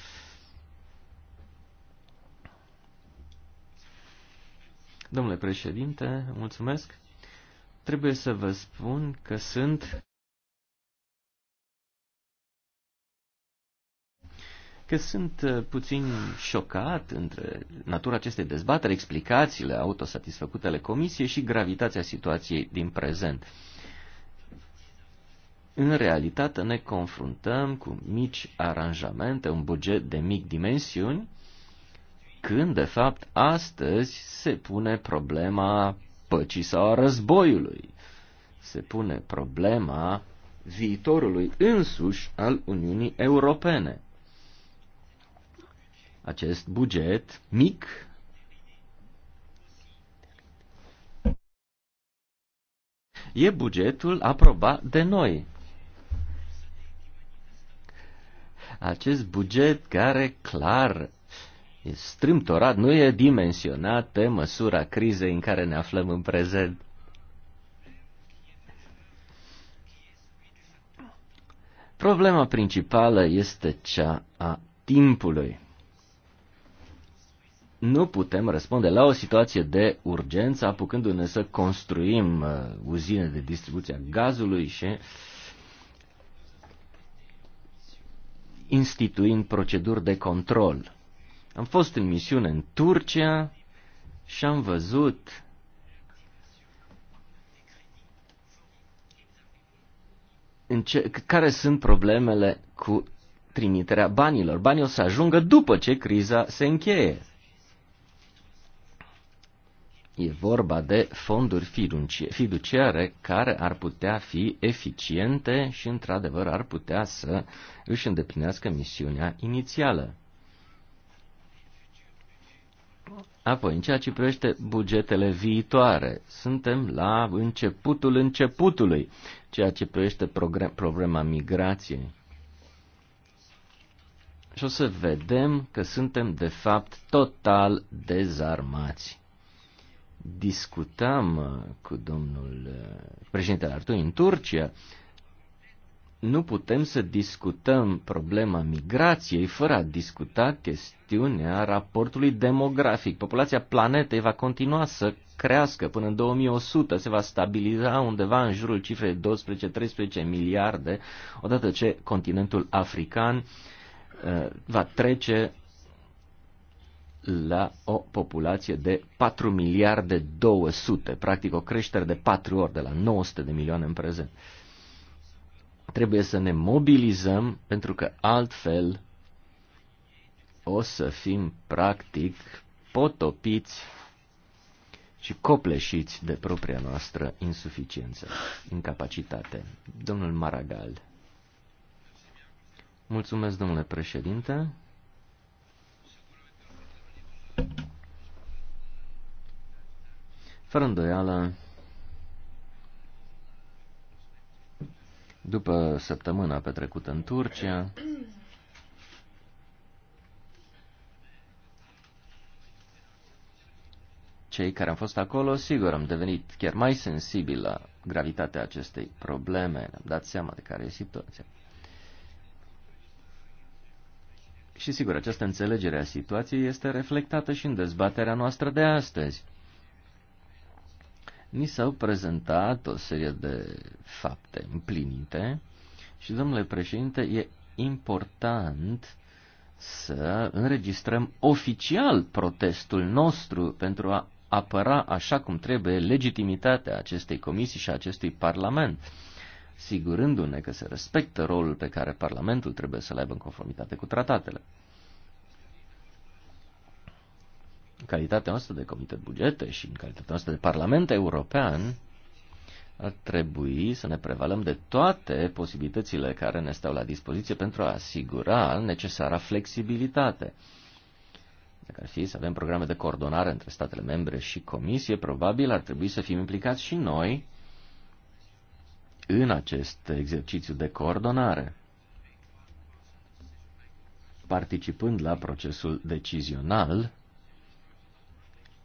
Domnule președinte, mulțumesc. Trebuie să vă spun că sunt că sunt uh, puțin șocat între natura acestei dezbateri, explicațiile autosatisfăcute ale comisiei și gravitatea situației din prezent. În realitate ne confruntăm cu mici aranjamente, un buget de mic dimensiuni, când de fapt astăzi se pune problema păcii sau a războiului. Se pune problema viitorului însuși al Uniunii Europene. Acest buget mic e bugetul aprobat de noi. Acest buget care clar strâmtorat, nu e dimensionat pe măsura crizei în care ne aflăm în prezent. Problema principală este cea a timpului. Nu putem răspunde la o situație de urgență apucându-ne să construim uh, uzine de distribuție a gazului și instituind proceduri de control. Am fost în misiune în Turcia și am văzut în ce, care sunt problemele cu trimiterea banilor. Banii o să ajungă după ce criza se încheie. E vorba de fonduri fiduciare care ar putea fi eficiente și, într-adevăr, ar putea să își îndeplinească misiunea inițială. Apoi, în ceea ce privește bugetele viitoare, suntem la începutul începutului, ceea ce privește problema migrației. Și o să vedem că suntem, de fapt, total dezarmați. Discutam uh, cu domnul uh, președintele Artur în Turcia nu putem să discutăm problema migrației fără a discuta chestiunea raportului demografic. Populația planetei va continua să crească până în 2100, se va stabiliza undeva în jurul cifrei 12-13 miliarde, odată ce continentul african uh, va trece la o populație de 4 miliarde 200, practic o creștere de 4 ori, de la 900 de milioane în prezent. Uh, Trebuie să ne mobilizăm pentru că altfel o să fim practic potopiți și copleșiți de propria noastră insuficiență, incapacitate. Domnul Maragal. Mulțumesc, domnule președinte. Fără îndoială, După săptămâna petrecută în Turcia, cei care am fost acolo, sigur, am devenit chiar mai sensibili la gravitatea acestei probleme, ne-am dat seama de care e situația. Și sigur, această înțelegere a situației este reflectată și în dezbaterea noastră de astăzi ni s-au prezentat o serie de fapte împlinite și, domnule președinte, e important să înregistrăm oficial protestul nostru pentru a apăra așa cum trebuie legitimitatea acestei comisii și a acestui Parlament, sigurându-ne că se respectă rolul pe care Parlamentul trebuie să-l aibă în conformitate cu tratatele. în calitatea noastră de Comitet Bugete și în calitatea noastră de Parlament European, ar trebui să ne prevalăm de toate posibilitățile care ne stau la dispoziție pentru a asigura necesara flexibilitate. Dacă ar fi să avem programe de coordonare între statele membre și comisie, probabil ar trebui să fim implicați și noi în acest exercițiu de coordonare, participând la procesul decizional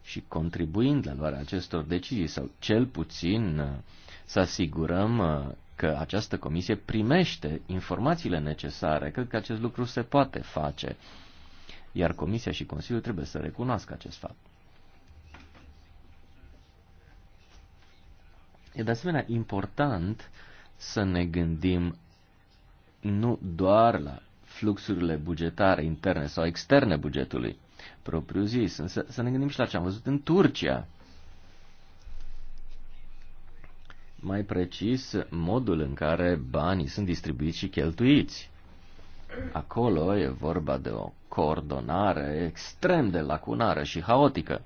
și contribuind la luarea acestor decizii sau cel puțin uh, să asigurăm uh, că această comisie primește informațiile necesare. Cred că acest lucru se poate face, iar comisia și Consiliul trebuie să recunoască acest fapt. E de asemenea important să ne gândim nu doar la fluxurile bugetare interne sau externe bugetului, propriu zis. Însă să ne gândim și la ce am văzut în Turcia. Mai precis, modul în care banii sunt distribuiți și cheltuiți. Acolo e vorba de o coordonare extrem de lacunară și haotică.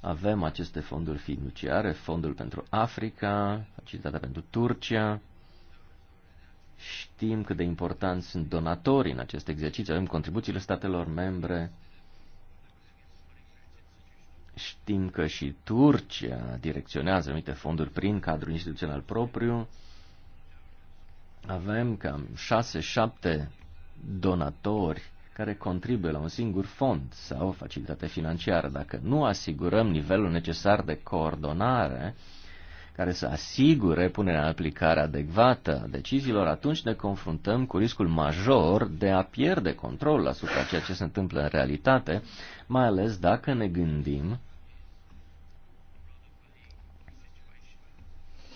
Avem aceste fonduri fiduciare, Fondul pentru Africa, Facilitatea pentru Turcia, Știm cât de importanți sunt donatorii în acest exercițiu, avem contribuțiile statelor membre, știm că și Turcia direcționează anumite fonduri prin cadrul instituțional propriu. Avem cam 6-7 donatori care contribuie la un singur fond sau o facilitate financiară. Dacă nu asigurăm nivelul necesar de coordonare, care să asigure punerea în aplicare adecvată a deciziilor, atunci ne confruntăm cu riscul major de a pierde controlul asupra ceea ce se întâmplă în realitate, mai ales dacă ne gândim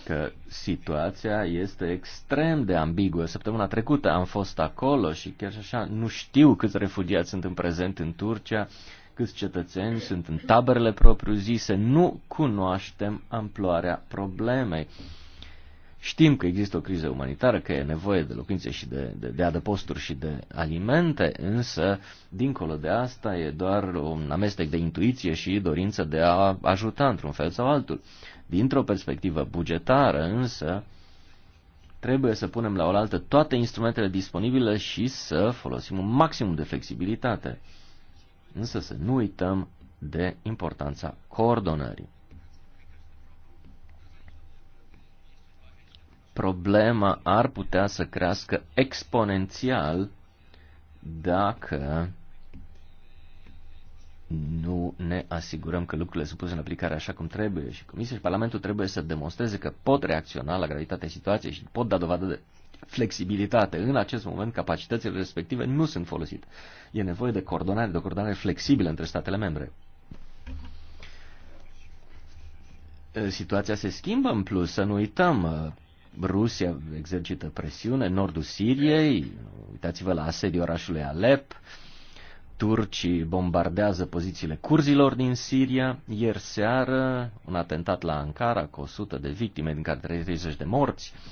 că situația este extrem de ambiguă. Săptămâna trecută am fost acolo și chiar și așa nu știu câți refugiați sunt în prezent în Turcia câți cetățeni sunt în taberele propriu-zise. Nu cunoaștem amploarea problemei. Știm că există o criză umanitară, că e nevoie de locuințe și de, de, de adăposturi și de alimente, însă, dincolo de asta, e doar un amestec de intuiție și dorință de a ajuta într-un fel sau altul. Dintr-o perspectivă bugetară, însă, trebuie să punem la oaltă toate instrumentele disponibile și să folosim un maximum de flexibilitate însă să nu uităm de importanța coordonării. Problema ar putea să crească exponențial dacă nu ne asigurăm că lucrurile sunt puse în aplicare așa cum trebuie și Comisia și Parlamentul trebuie să demonstreze că pot reacționa la gravitatea situației și pot da dovadă de flexibilitate. În acest moment, capacitățile respective nu sunt folosite. E nevoie de coordonare, de o coordonare flexibilă între statele membre. Situația se schimbă în plus, să nu uităm. Rusia exercită presiune, nordul Siriei, uitați-vă la asediul orașului Alep, turcii bombardează pozițiile curzilor din Siria. Ieri seară, un atentat la Ankara cu 100 de victime, din care 30 de morți. Uh,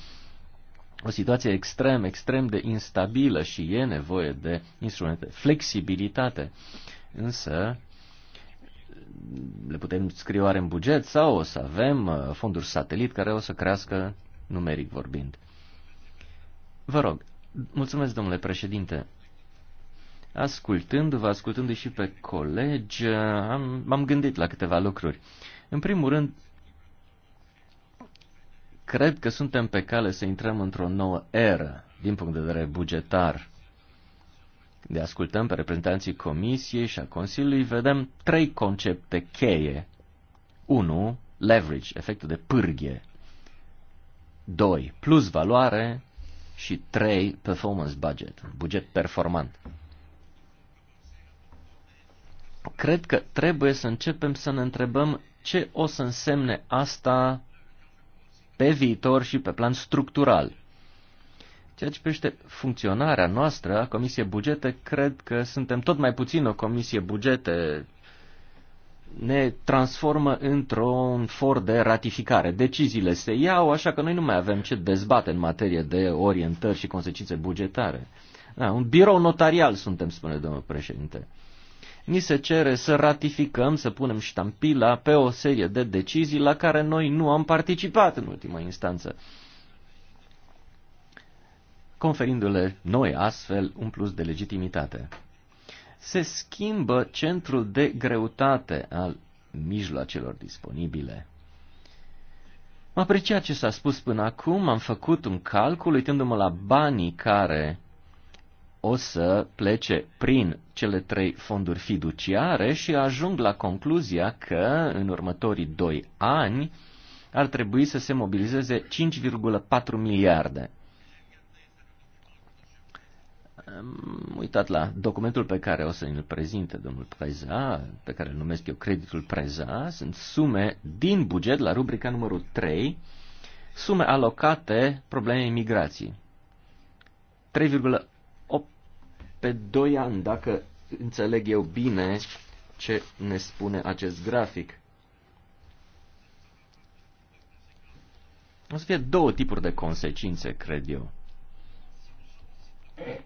o situație extrem, extrem de instabilă și e nevoie de instrumente, flexibilitate. Însă, le putem scrie oare în buget sau o să avem uh, fonduri satelit care o să crească numeric vorbind. Vă rog, mulțumesc domnule președinte. Ascultându-vă, ascultându-i și pe colegi, uh, am, m-am gândit la câteva lucruri. În primul rând, Cred că suntem pe cale să intrăm într-o nouă eră din punct de vedere bugetar. De ascultăm pe reprezentanții Comisiei și a Consiliului, vedem trei concepte cheie. 1. Leverage, efectul de pârghie. 2. Plus valoare. Și 3. Performance budget, buget performant cred că trebuie să începem să ne întrebăm ce o să însemne asta pe viitor și pe plan structural. Ceea ce privește funcționarea noastră a Comisiei Bugete, cred că suntem tot mai puțin o Comisie Bugete. Ne transformă într-un for de ratificare. Deciziile se iau, așa că noi nu mai avem ce dezbate în materie de orientări și consecințe bugetare. Da, un birou notarial suntem, spune domnul președinte ni se cere să ratificăm, să punem ștampila pe o serie de decizii la care noi nu am participat în ultima instanță, conferindu-le noi astfel un plus de legitimitate. Se schimbă centrul de greutate al mijloacelor disponibile. Mă apreciat ce s-a spus până acum, am făcut un calcul uitându-mă la banii care o să plece prin cele trei fonduri fiduciare și ajung la concluzia că în următorii doi ani ar trebui să se mobilizeze 5,4 miliarde. Am uitat la documentul pe care o să îl prezinte domnul Preza, pe care îl numesc eu creditul Preza, sunt sume din buget la rubrica numărul 3, sume alocate problemei migrației pe doi ani, dacă înțeleg eu bine ce ne spune acest grafic. O să fie două tipuri de consecințe, cred eu.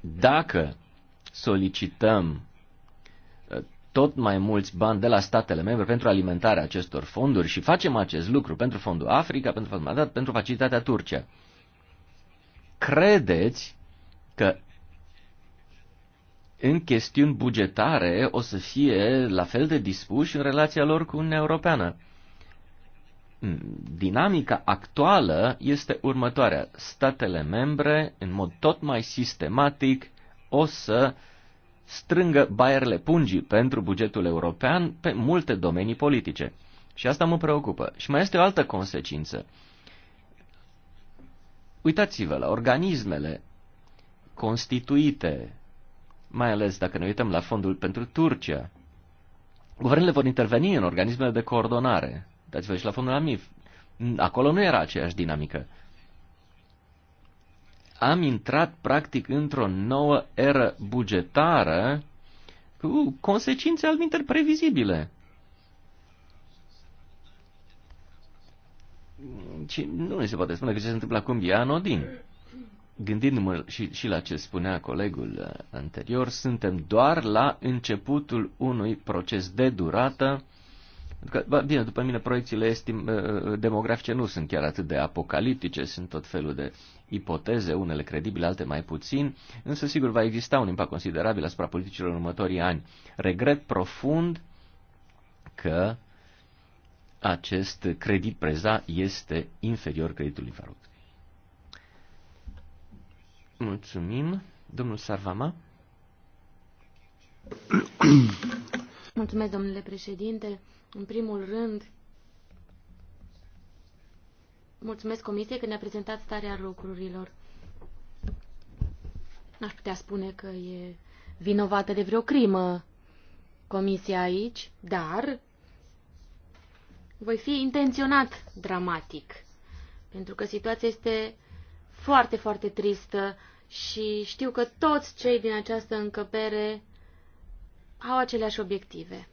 Dacă solicităm uh, tot mai mulți bani de la statele membre pentru alimentarea acestor fonduri și facem acest lucru pentru Fondul Africa, pentru Fondul pentru Facilitatea Turcia. Credeți că în chestiuni bugetare o să fie la fel de dispuși în relația lor cu Uniunea Europeană. Mm, dinamica actuală este următoarea. Statele membre, în mod tot mai sistematic, o să strângă baierele pungii pentru bugetul european pe multe domenii politice. Și asta mă preocupă. Și mai este o altă consecință. Uitați-vă la organismele constituite mai ales dacă ne uităm la fondul pentru Turcia. Guvernele vor interveni în organismele de coordonare. Dați-vă și la fondul AMIF. Acolo nu era aceeași dinamică. Am intrat practic într-o nouă eră bugetară cu consecințe alminter previzibile. Și nu ne se poate spune că ce se întâmplă acum e anodin gândindu-mă și, și la ce spunea colegul uh, anterior, suntem doar la începutul unui proces de durată. Că, bă, bine, după mine, proiecțiile estim, uh, demografice nu sunt chiar atât de apocaliptice, sunt tot felul de ipoteze, unele credibile, alte mai puțin, însă sigur va exista un impact considerabil asupra politicilor în următorii ani. Regret profund că acest credit preza este inferior creditului Varut. Mulțumim. Domnul Sarvama. Mulțumesc, domnule președinte. În primul rând, mulțumesc comisiei că ne-a prezentat starea lucrurilor. N-aș putea spune că e vinovată de vreo crimă comisia aici, dar voi fi intenționat dramatic, pentru că situația este foarte, foarte tristă și știu că toți cei din această încăpere au aceleași obiective.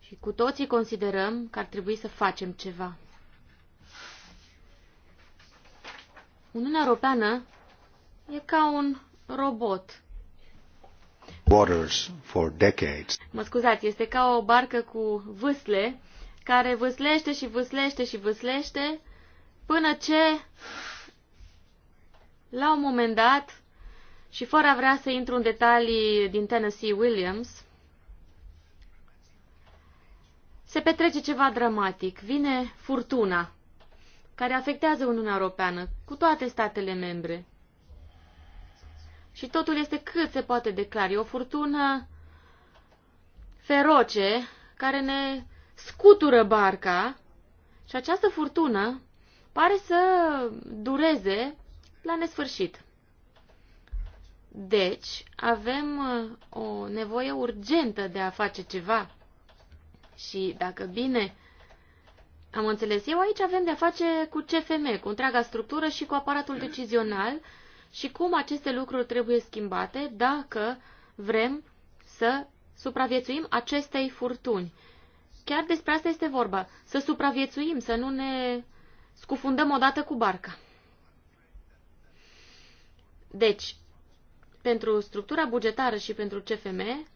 Și cu toții considerăm că ar trebui să facem ceva. Uniunea Europeană e ca un robot. Waters for decades. Mă scuzați, este ca o barcă cu vâsle care vâslește și vâslește și vâslește până ce, la un moment dat, și fără a vrea să intru în detalii din Tennessee Williams, se petrece ceva dramatic. Vine furtuna care afectează Uniunea Europeană cu toate statele membre. Și totul este cât se poate E O furtună feroce care ne scutură barca și această furtună pare să dureze la nesfârșit. Deci, avem uh, o nevoie urgentă de a face ceva. Și dacă bine am înțeles eu, aici avem de a face cu CFM, cu întreaga structură și cu aparatul decizional și cum aceste lucruri trebuie schimbate dacă vrem să supraviețuim acestei furtuni. Chiar despre asta este vorba, să supraviețuim, să nu ne scufundăm odată cu barca. Deci, pentru structura bugetară și pentru CFM,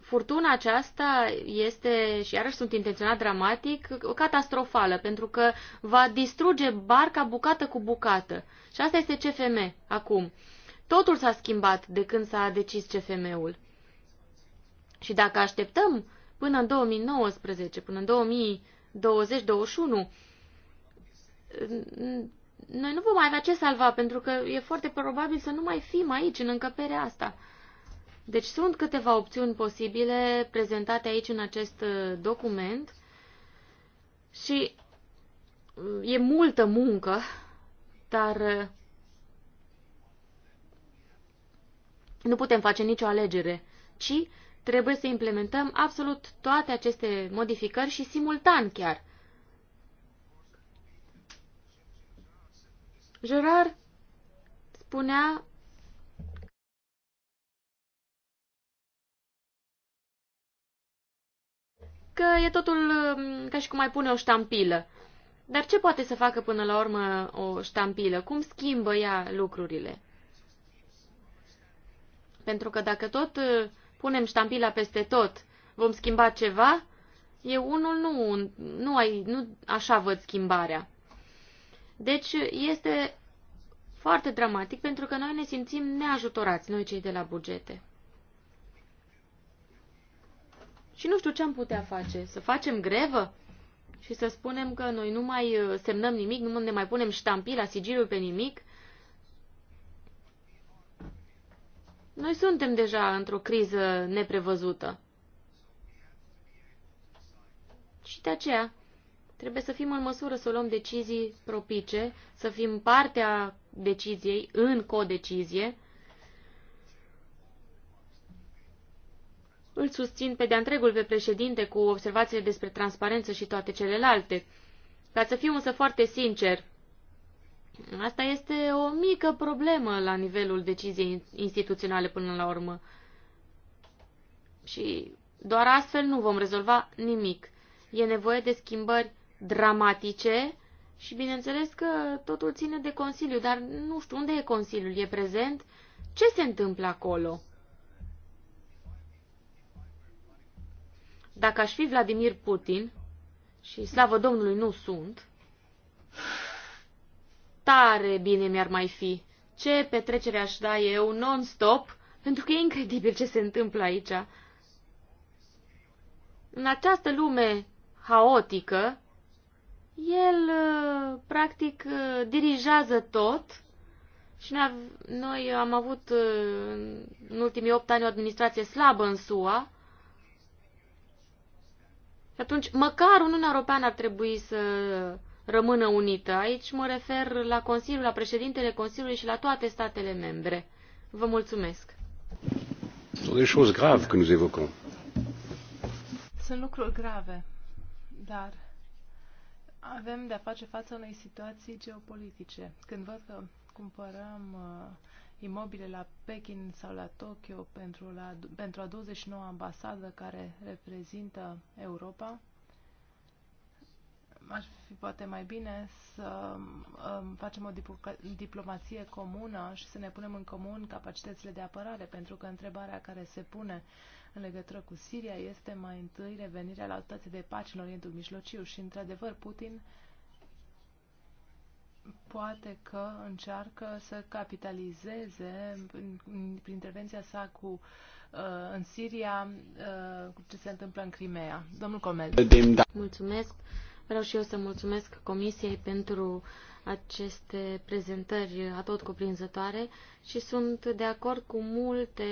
furtuna aceasta este, și iarăși sunt intenționat dramatic, catastrofală, pentru că va distruge barca bucată cu bucată. Și asta este CFM acum. Totul s-a schimbat de când s-a decis CFM-ul. Și dacă așteptăm până în 2019, până în 2020, 20-21, noi nu vom mai avea ce salva, pentru că e foarte probabil să nu mai fim aici, în încăperea asta. Deci sunt câteva opțiuni posibile prezentate aici în acest uh, document și uh, e multă muncă, dar uh, nu putem face nicio alegere, ci Trebuie să implementăm absolut toate aceste modificări și simultan chiar. Gerard spunea că e totul um, ca și cum mai pune o ștampilă. Dar ce poate să facă până la urmă o ștampilă? Cum schimbă ea lucrurile? Pentru că dacă tot uh, punem ștampila peste tot, vom schimba ceva, eu unul nu, nu, ai, nu așa văd schimbarea. Deci este foarte dramatic pentru că noi ne simțim neajutorați, noi cei de la bugete. Și nu știu ce am putea face. Să facem grevă? Și să spunem că noi nu mai uh, semnăm nimic, nu ne mai punem ștampila, sigiliul pe nimic? Noi suntem deja într-o criză neprevăzută. Și de aceea trebuie să fim în măsură să luăm decizii propice, să fim partea deciziei în codecizie. Îl susțin pe de-a întregul pe președinte cu observațiile despre transparență și toate celelalte. Ca să fiu însă foarte sincer, Asta este o mică problemă la nivelul deciziei instituționale până la urmă. Și doar astfel nu vom rezolva nimic. E nevoie de schimbări dramatice și bineînțeles că totul ține de Consiliu, dar nu știu unde e Consiliul, e prezent? Ce se întâmplă acolo? Dacă aș fi Vladimir Putin, și slavă Domnului nu sunt, tare bine mi-ar mai fi. Ce petrecere aș da eu non-stop, pentru că e incredibil ce se întâmplă aici. În această lume haotică, el uh, practic uh, dirigează tot și noi, noi am avut uh, în ultimii opt ani o administrație slabă în SUA. Și atunci, măcar Uniunea Europeană ar trebui să rămână unită. Aici mă refer la Consiliul, la președintele Consiliului și la toate statele membre. Vă mulțumesc. Sunt lucruri grave, dar avem de-a face față unei situații geopolitice. Când văd că cumpărăm uh, imobile la Pekin sau la Tokyo pentru, la, pentru a 29 ambasadă care reprezintă Europa, Aș fi poate mai bine să um, facem o diplomație comună și să ne punem în comun capacitățile de apărare, pentru că întrebarea care se pune în legătură cu Siria este mai întâi revenirea la o de pace în Orientul Mijlociu și, într-adevăr, Putin poate că încearcă să capitalizeze prin, prin intervenția sa cu uh, în Siria uh, ce se întâmplă în Crimea. Domnul Comel. Mulțumesc. Vreau și eu să mulțumesc Comisiei pentru aceste prezentări atot cuprinzătoare și sunt de acord cu multe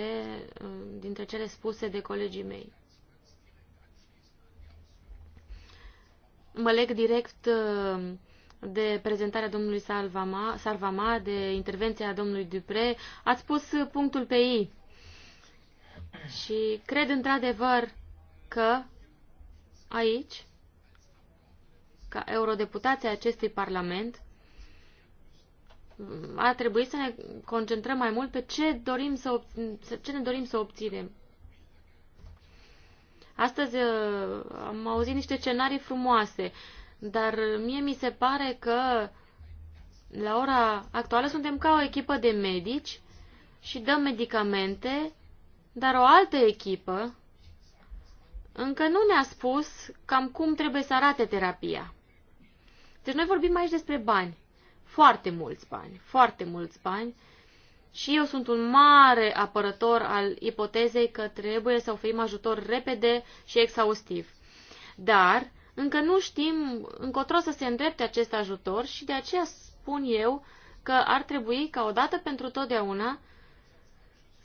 uh, dintre cele spuse de colegii mei. Mă leg direct uh, de prezentarea domnului Sarvama, de intervenția domnului Dupre. Ați pus punctul pe I. Și cred într-adevăr că aici ca eurodeputații acestui Parlament, ar trebui să ne concentrăm mai mult pe ce, dorim să ce ne dorim să obținem. Astăzi uh, am auzit niște scenarii frumoase, dar mie mi se pare că la ora actuală suntem ca o echipă de medici și dăm medicamente, dar o altă echipă încă nu ne-a spus cam cum trebuie să arate terapia. Deci noi vorbim aici despre bani. Foarte mulți bani. Foarte mulți bani. Și eu sunt un mare apărător al ipotezei că trebuie să oferim ajutor repede și exhaustiv. Dar încă nu știm încotro să se îndrepte acest ajutor și de aceea spun eu că ar trebui ca odată pentru totdeauna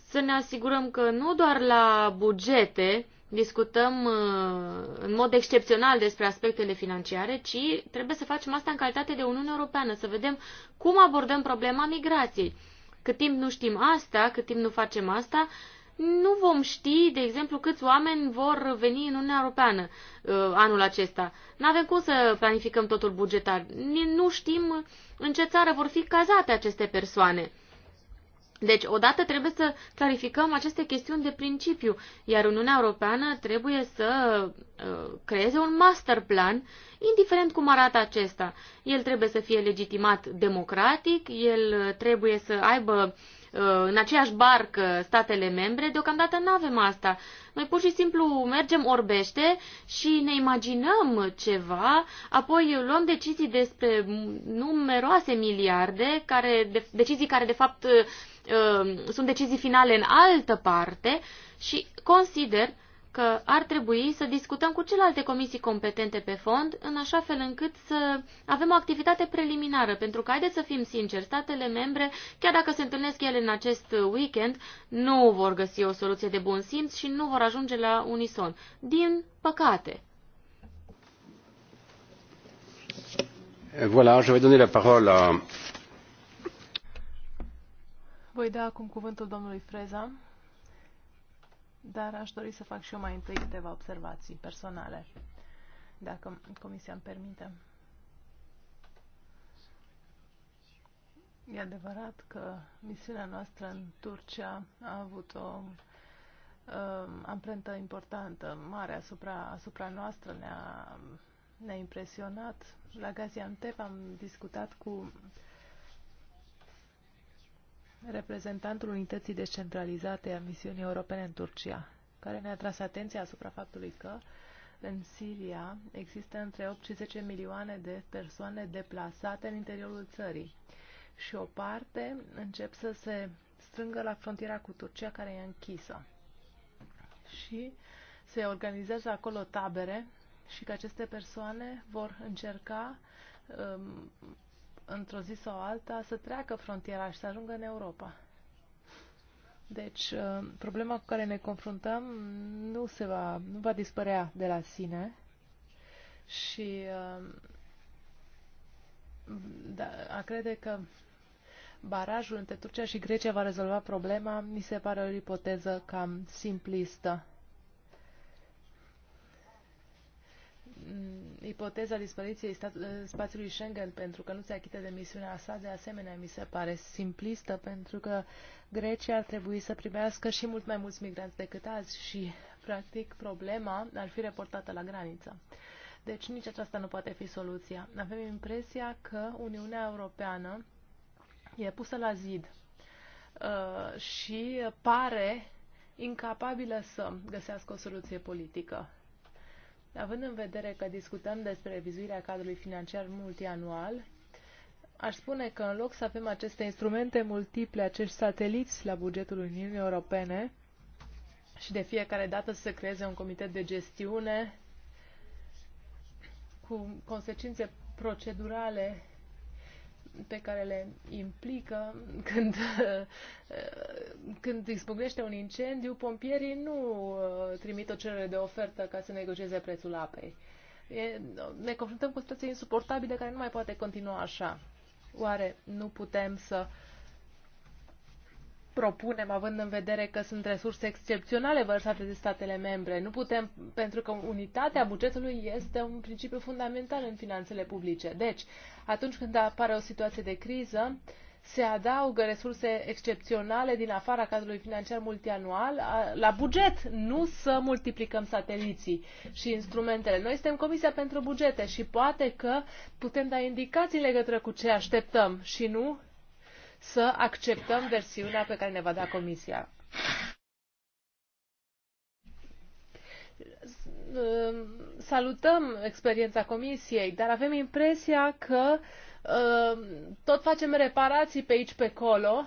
să ne asigurăm că nu doar la bugete discutăm uh, în mod excepțional despre aspectele financiare, ci trebuie să facem asta în calitate de Uniune Europeană, să vedem cum abordăm problema migrației. Cât timp nu știm asta, cât timp nu facem asta, nu vom ști, de exemplu, câți oameni vor veni în Uniunea Europeană uh, anul acesta. Nu avem cum să planificăm totul bugetar. Nu știm în ce țară vor fi cazate aceste persoane. Deci, odată trebuie să clarificăm aceste chestiuni de principiu, iar Uniunea Europeană trebuie să uh, creeze un master plan, indiferent cum arată acesta. El trebuie să fie legitimat democratic, el trebuie să aibă Uh, în aceeași barcă statele membre, deocamdată nu avem asta. Noi pur și simplu mergem orbește și ne imaginăm ceva, apoi luăm decizii despre numeroase miliarde, care, de, decizii care de fapt uh, sunt decizii finale în altă parte și consider că ar trebui să discutăm cu celelalte comisii competente pe fond, în așa fel încât să avem o activitate preliminară, pentru că, haideți să fim sinceri, statele membre, chiar dacă se întâlnesc ele în acest weekend, nu vor găsi o soluție de bun simț și nu vor ajunge la unison. Din păcate. Voilà, je vais donner la parole à... Voi da acum cuvântul domnului Freza dar aș dori să fac și eu mai întâi câteva observații personale, dacă Comisia îmi permite. E adevărat că misiunea noastră în Turcia a avut o uh, amprentă importantă, mare asupra, asupra noastră, ne-a, ne impresionat. La Gaziantep am discutat cu uh, reprezentantul unității descentralizate a misiunii europene în Turcia, care ne-a tras atenția asupra faptului că în Siria există între 8 și 10 milioane de persoane deplasate în interiorul țării și o parte încep să se strângă la frontiera cu Turcia care e închisă. Și se organizează acolo tabere și că aceste persoane vor încerca um, într-o zi sau alta, să treacă frontiera și să ajungă în Europa. Deci, uh, problema cu care ne confruntăm nu, se va, nu va dispărea de la sine și uh, da, a crede că barajul între Turcia și Grecia va rezolva problema mi se pare o ipoteză cam simplistă. Mm, ipoteza dispariției eh, spațiului Schengen pentru că nu se achită de misiunea sa, de asemenea, mi se pare simplistă, pentru că Grecia ar trebui să primească și mult mai mulți migranți decât azi și, practic, problema ar fi reportată la graniță. Deci nici aceasta nu poate fi soluția. Avem impresia că Uniunea Europeană e pusă la zid eh, și pare incapabilă să găsească o soluție politică. Având în vedere că discutăm despre revizuirea cadrului financiar multianual, aș spune că în loc să avem aceste instrumente multiple, acești sateliți la bugetul Uniunii Europene și de fiecare dată să creeze un comitet de gestiune cu consecințe procedurale pe care le implică când, *laughs* când expugnește un incendiu, pompierii nu uh, trimit o cerere de ofertă ca să negocieze prețul apei. E, ne confruntăm cu situații insuportabile care nu mai poate continua așa. Oare nu putem să uh, propunem, având în vedere că sunt resurse excepționale vărsate de statele membre. Nu putem, pentru că unitatea bugetului este un principiu fundamental în finanțele publice. Deci, atunci când apare o situație de criză, se adaugă resurse excepționale din afara cadrului financiar multianual la buget, nu să multiplicăm sateliții și instrumentele. Noi suntem Comisia pentru Bugete și poate că putem da indicații legătură cu ce așteptăm și nu să acceptăm versiunea pe care ne va da Comisia. Salutăm experiența Comisiei, dar avem impresia că uh, tot facem reparații pe aici, pe acolo,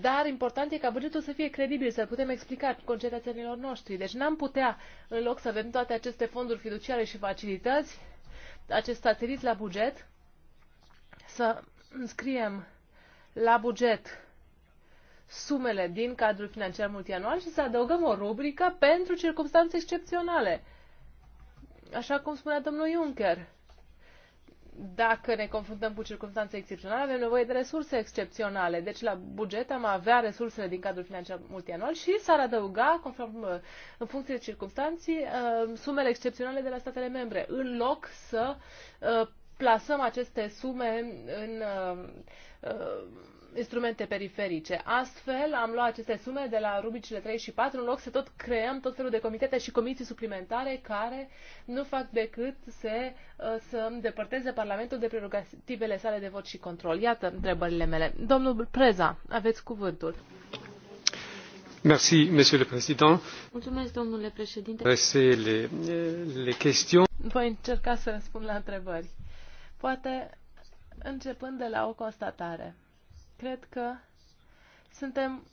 dar important e ca bugetul să fie credibil, să-l putem explica concetățenilor noștri. Deci n-am putea, în loc să avem toate aceste fonduri fiduciare și facilități, acest satelit la buget, să înscriem la buget sumele din cadrul financiar multianual și să adăugăm o rubrică pentru circunstanțe excepționale. Așa cum spunea domnul Juncker, dacă ne confruntăm cu circunstanțe excepționale, avem nevoie de resurse excepționale. Deci la buget am avea resursele din cadrul financiar multianual și s-ar adăuga, conform, uh, în funcție de circunstanții, uh, sumele excepționale de la statele membre, în loc să uh, plasăm aceste sume în uh, uh, instrumente periferice. Astfel, am luat aceste sume de la rubricile 3 și 4, în loc să tot creăm tot felul de comitete și comisii suplimentare care nu fac decât să, uh, să îndepărteze Parlamentul de prerogativele sale de vot și control. Iată întrebările mele. Domnul Preza, aveți cuvântul. Merci, Monsieur le Président. Mulțumesc, domnule președinte. Les, euh, les Voi încerca să răspund la întrebări. Poate începând de la o constatare. Cred că suntem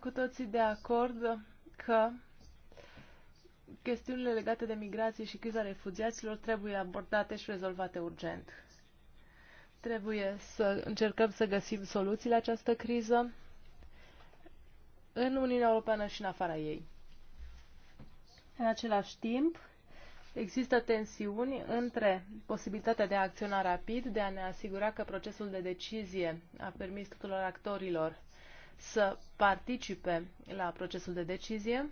cu toții de acord că chestiunile legate de migrație și criza refugiaților trebuie abordate și rezolvate urgent. Trebuie să încercăm să găsim soluții la această criză în Uniunea Europeană și în afara ei. În același timp, Există tensiuni între posibilitatea de a acționa rapid, de a ne asigura că procesul de decizie a permis tuturor actorilor să participe la procesul de decizie,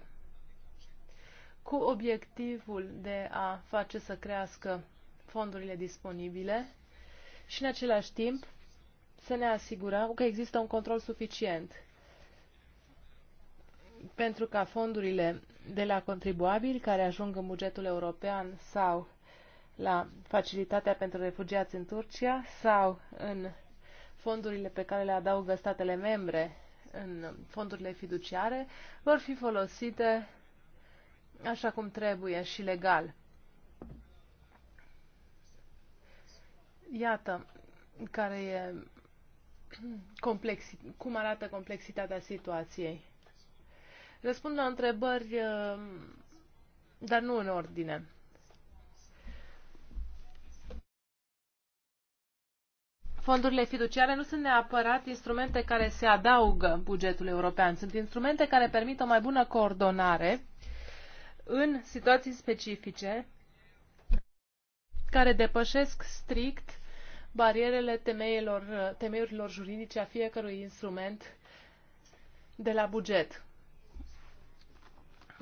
cu obiectivul de a face să crească fondurile disponibile și, în același timp, să ne asigurăm că există un control suficient pentru ca fondurile de la contribuabili care ajung în bugetul european sau la facilitatea pentru refugiați în Turcia sau în fondurile pe care le adaugă statele membre în fondurile fiduciare vor fi folosite așa cum trebuie și legal. Iată care e complexi- cum arată complexitatea situației. Răspund la întrebări, uh, dar nu în ordine. Fondurile fiduciare nu sunt neapărat instrumente care se adaugă bugetului european, sunt instrumente care permit o mai bună coordonare în situații specifice care depășesc strict barierele temeiilor, temeiurilor juridice a fiecărui instrument de la buget.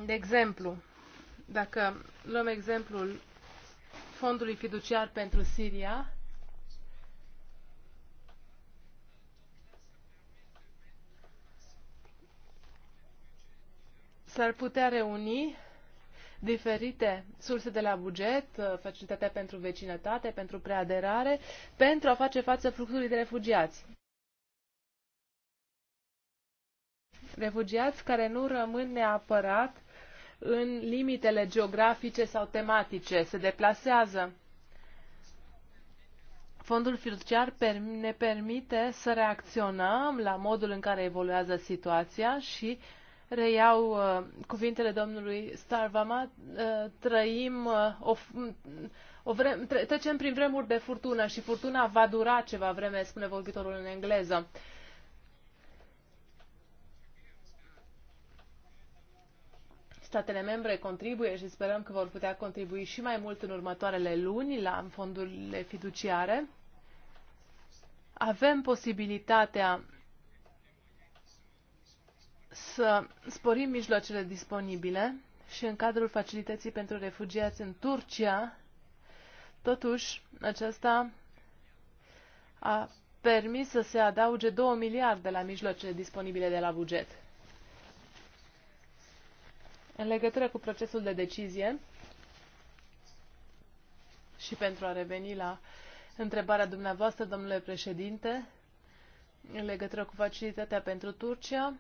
De exemplu, dacă luăm exemplul fondului fiduciar pentru Siria, s-ar putea reuni diferite surse de la buget, uh, facilitatea pentru vecinătate, pentru preaderare, pentru a face față fluxului de refugiați. Refugiați care nu rămân neapărat în limitele geografice sau tematice, se deplasează. Fondul fiduciar ne permite să reacționăm la modul în care evoluează situația și reiau uh, cuvintele domnului Starvama, uh, trăim, uh, o, o vrem, tre trecem prin vremuri de furtună și furtuna va dura ceva vreme, spune vorbitorul în engleză. Uh, Statele membre contribuie și sperăm că vor putea contribui și mai mult în următoarele luni la fondurile fiduciare. Avem posibilitatea să sporim mijloacele disponibile și în cadrul facilității pentru refugiați în Turcia, totuși aceasta a permis să se adauge 2 miliarde la mijloacele disponibile de la buget. În legătură cu procesul de decizie și pentru a reveni la întrebarea dumneavoastră, domnule președinte, în legătură cu facilitatea pentru Turcia,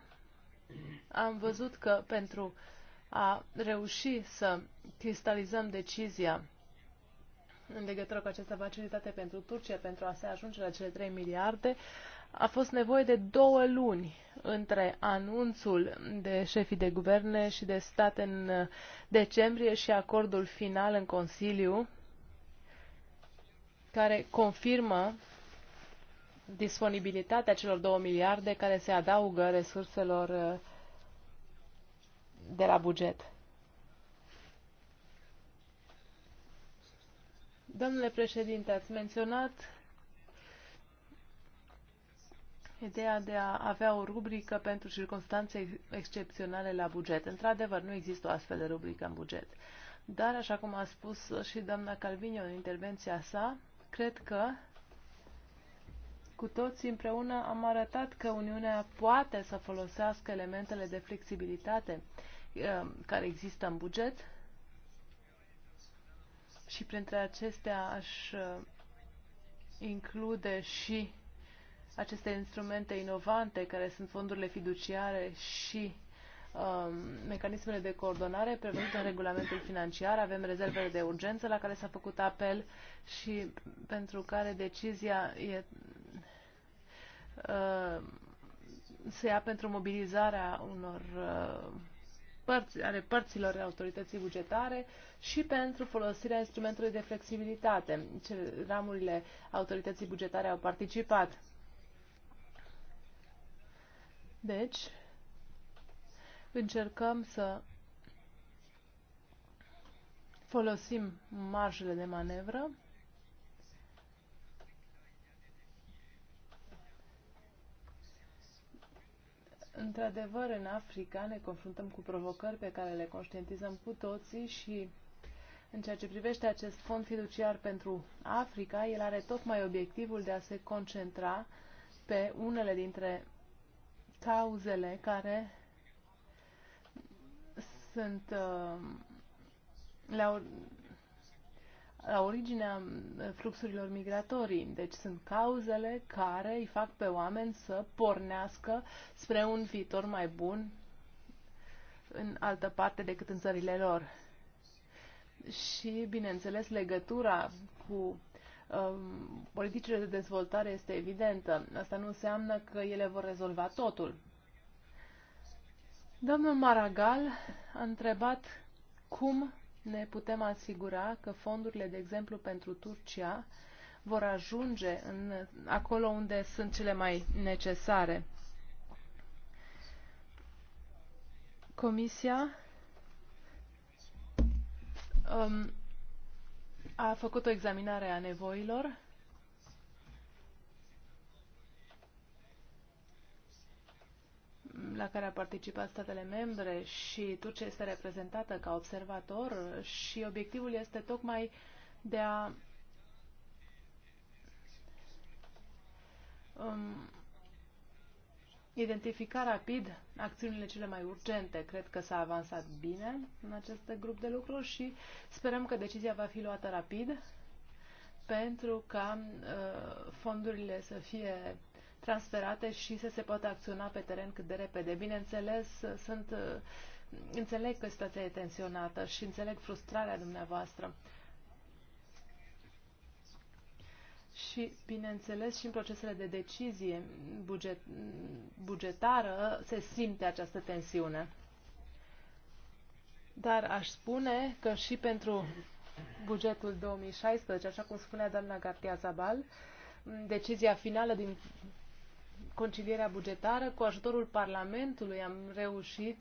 am văzut că pentru a reuși să cristalizăm decizia în legătură cu această facilitate pentru Turcia, pentru a se ajunge la cele 3 miliarde, a fost nevoie de două luni între anunțul de șefii de guverne și de stat în decembrie și acordul final în Consiliu, care confirmă disponibilitatea celor două miliarde care se adaugă resurselor uh, de la buget. Domnule președinte, ați menționat ideea de a avea o rubrică pentru circunstanțe excepționale la buget. Într-adevăr, nu există o astfel de rubrică în buget. Dar, așa cum a spus și doamna Calvinio în intervenția sa, cred că cu toți împreună am arătat că Uniunea poate să folosească elementele de flexibilitate uh, care există în buget și printre acestea aș uh, include și aceste instrumente inovante care sunt fondurile fiduciare și um, mecanismele de coordonare prevăzute în regulamentul financiar. Avem rezervele de urgență la care s-a făcut apel și pentru care decizia e, uh, se ia pentru mobilizarea unor uh, părți, ale părților autorității bugetare și pentru folosirea instrumentului de flexibilitate. Ce ramurile autorității bugetare au participat. Deci, încercăm să folosim marjele de manevră Într-adevăr, în Africa ne confruntăm cu provocări pe care le conștientizăm cu toții și în ceea ce privește acest fond fiduciar pentru Africa, el are tocmai obiectivul de a se concentra pe unele dintre cauzele care sunt uh, la, la originea um, fluxurilor migratorii. Deci sunt cauzele care îi fac pe oameni să pornească spre un viitor mai bun în altă parte decât în țările lor. Și, bineînțeles, legătura cu Um, politicile de dezvoltare este evidentă. Asta nu înseamnă că ele vor rezolva totul. Domnul Maragal a întrebat cum ne putem asigura că fondurile, de exemplu, pentru Turcia vor ajunge în, acolo unde sunt cele mai necesare. Comisia um, a făcut o examinare a nevoilor la care a participat statele membre și Turcia este reprezentată ca observator și obiectivul este tocmai de a um, identifica rapid acțiunile cele mai urgente. Cred că s-a avansat bine în acest grup de lucru și sperăm că decizia va fi luată rapid pentru ca uh, fondurile să fie transferate și să se poată acționa pe teren cât de repede. Bineînțeles, sunt, uh, înțeleg că situația e tensionată și înțeleg frustrarea dumneavoastră. Uh, și, bineînțeles, și în procesele de decizie buget, bugetară se simte această tensiune. Dar aș spune că și pentru bugetul 2016, așa cum spunea doamna Gartia Zabal, decizia finală din concilierea bugetară, cu ajutorul Parlamentului am reușit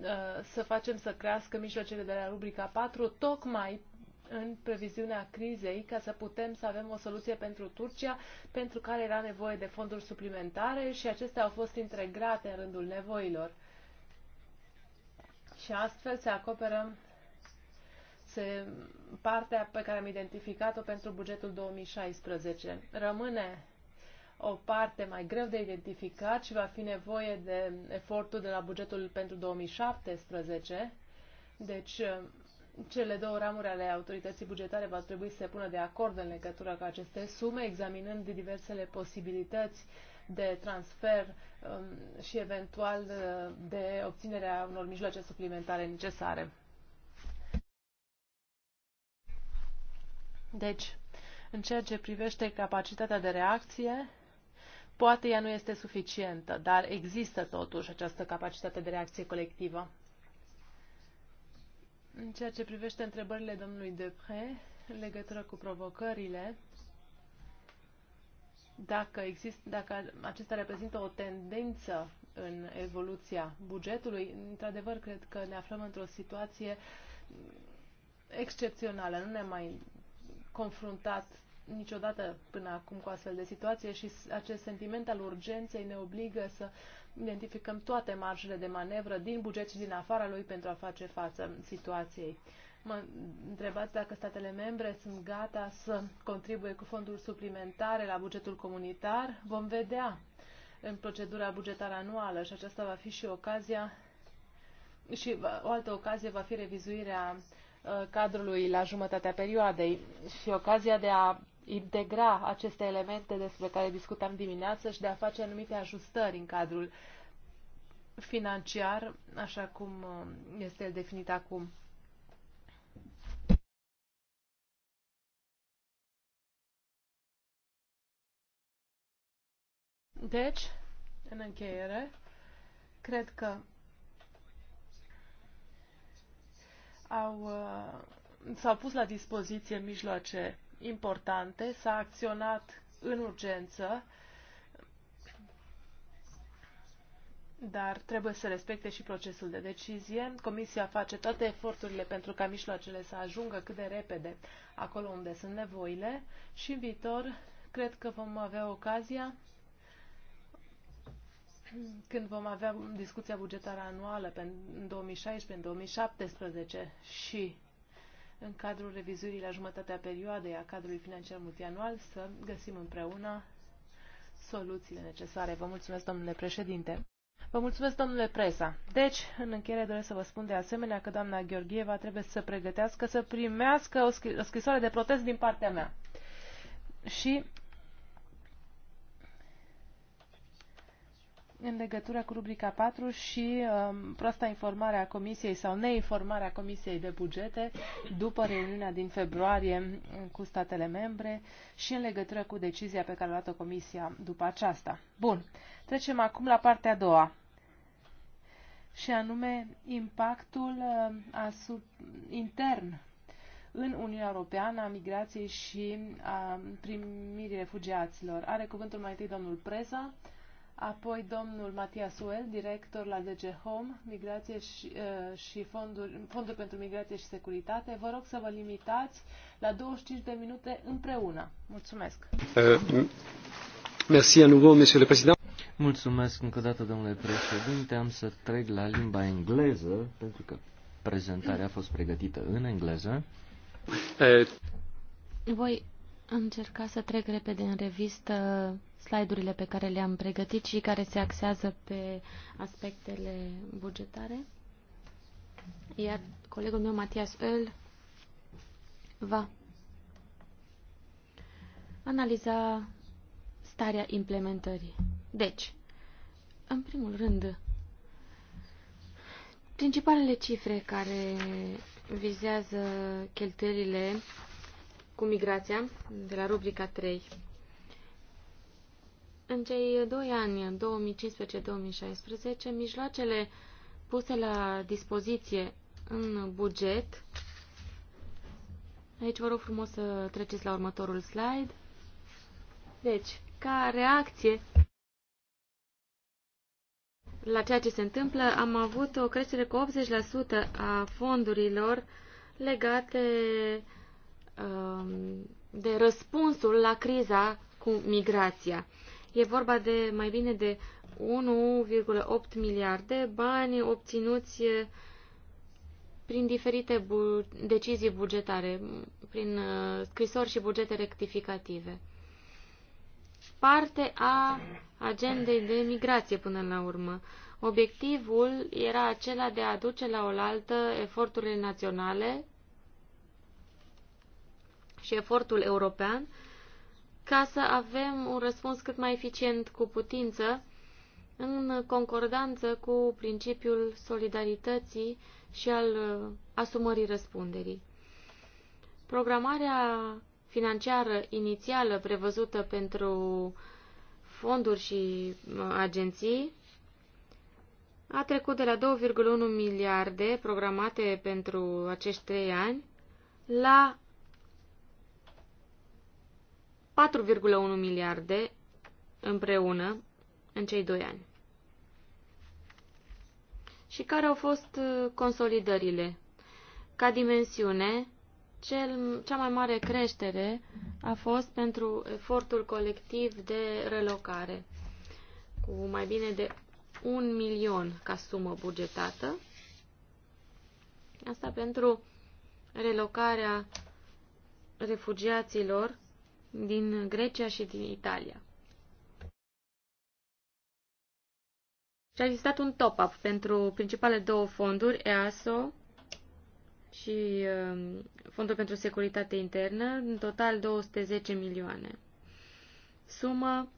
uh, să facem să crească mijloacele de la rubrica 4, tocmai în previziunea crizei ca să putem să avem o soluție pentru Turcia, pentru care era nevoie de fonduri suplimentare și acestea au fost integrate în rândul nevoilor. Și astfel se acoperă se, partea pe care am identificat-o pentru bugetul 2016. Rămâne o parte mai greu de identificat și va fi nevoie de efortul de la bugetul pentru 2017. Deci cele două ramuri ale autorității bugetare va trebui să se pună de acord în legătură cu aceste sume, examinând diversele posibilități de transfer um, și eventual uh, de obținerea unor mijloace suplimentare necesare. Deci, în ceea ce privește capacitatea de reacție, poate ea nu este suficientă, dar există totuși această capacitate de reacție colectivă. În ceea ce privește întrebările domnului Depre, în legătură cu provocările, dacă, există, dacă acesta reprezintă o tendință în evoluția bugetului, într-adevăr cred că ne aflăm într-o situație excepțională. Nu ne-am mai confruntat niciodată până acum cu astfel de situație și acest sentiment al urgenței ne obligă să identificăm toate marjele de manevră din buget și din afara lui pentru a face față situației. Mă întrebați dacă statele membre sunt gata să contribuie cu fonduri suplimentare la bugetul comunitar. Vom vedea în procedura bugetară anuală și aceasta va fi și ocazia și o altă ocazie va fi revizuirea uh, cadrului la jumătatea perioadei și ocazia de a integra aceste elemente despre care discutam dimineață și de a face anumite ajustări în cadrul financiar, așa cum uh, este definit acum. Deci, în încheiere, cred că au, uh, s-au pus la dispoziție mijloace importante, s-a acționat în urgență, dar trebuie să respecte și procesul de decizie. Comisia face toate eforturile pentru ca mijloacele să ajungă cât de repede acolo unde sunt nevoile și în viitor cred că vom avea ocazia când vom avea discuția bugetară anuală în 2016-2017 și în cadrul revizuirii la jumătatea perioadei a cadrului financiar multianual să găsim împreună soluțiile necesare. Vă mulțumesc, domnule președinte. Vă mulțumesc, domnule Presa. Deci, în încheiere doresc să vă spun de asemenea că doamna Gheorgheva trebuie să se pregătească să primească o scrisoare de protest din partea mea. Și în legătură cu rubrica 4 și um, proasta informare a Comisiei sau neinformare a Comisiei de Bugete după reuniunea din februarie um, cu statele membre și în legătură cu decizia pe care a luat-o Comisia după aceasta. Bun, trecem acum la partea a doua și anume impactul uh, intern în Uniunea Europeană a migrației și a primirii refugiaților. Are cuvântul mai întâi domnul Preza apoi domnul Matias Uel, director la DG Home, Migrație și, uh, și fonduri, fonduri pentru Migrație și Securitate. Vă rog să vă limitați la 25 de minute împreună. Mulțumesc! Uh, merci à nouveau, monsieur le président. Mulțumesc încă o dată, domnule președinte. Am să trec la limba engleză, pentru că prezentarea a fost pregătită în engleză. Uh, Voi încerca să trec repede în revistă slide-urile pe care le-am pregătit și care se axează pe aspectele bugetare. Iar colegul meu, Matias Öl, va analiza starea implementării. Deci, în primul rând, principalele cifre care vizează cheltuielile cu migrația de la rubrica 3 în cei doi ani, 2015-2016, mijloacele puse la dispoziție în buget, aici vă rog frumos să treceți la următorul slide, deci, ca reacție la ceea ce se întâmplă, am avut o creștere cu 80% a fondurilor legate um, de răspunsul la criza cu migrația. E vorba de mai bine de 1,8 miliarde bani obținuți prin diferite bu decizii bugetare, prin scrisori și bugete rectificative. Parte a agendei de migrație până la urmă. Obiectivul era acela de a aduce la oaltă eforturile naționale și efortul european ca să avem un răspuns cât mai eficient cu putință, în concordanță cu principiul solidarității și al uh, asumării răspunderii. Programarea financiară inițială prevăzută pentru fonduri și uh, agenții a trecut de la 2,1 miliarde programate pentru acești trei ani la 4,1 miliarde împreună în cei doi ani. Și care au fost uh, consolidările? Ca dimensiune, cel, cea mai mare creștere a fost pentru efortul colectiv de relocare, cu mai bine de un milion ca sumă bugetată. Asta pentru relocarea refugiaților din Grecia și din Italia. Și a existat un top-up pentru principale două fonduri, EASO și um, Fondul pentru Securitate Internă, în total 210 milioane. Sumă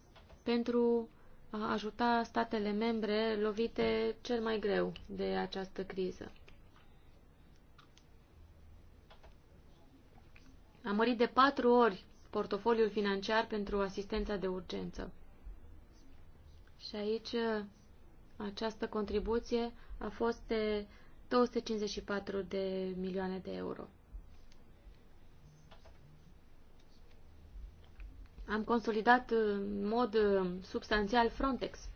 pentru a ajuta statele membre lovite cel mai greu de această criză. A mărit de patru ori portofoliul financiar pentru asistența de urgență. Și aici uh, această contribuție a fost de 254 de milioane de euro. Am consolidat uh, în mod uh, substanțial Frontex.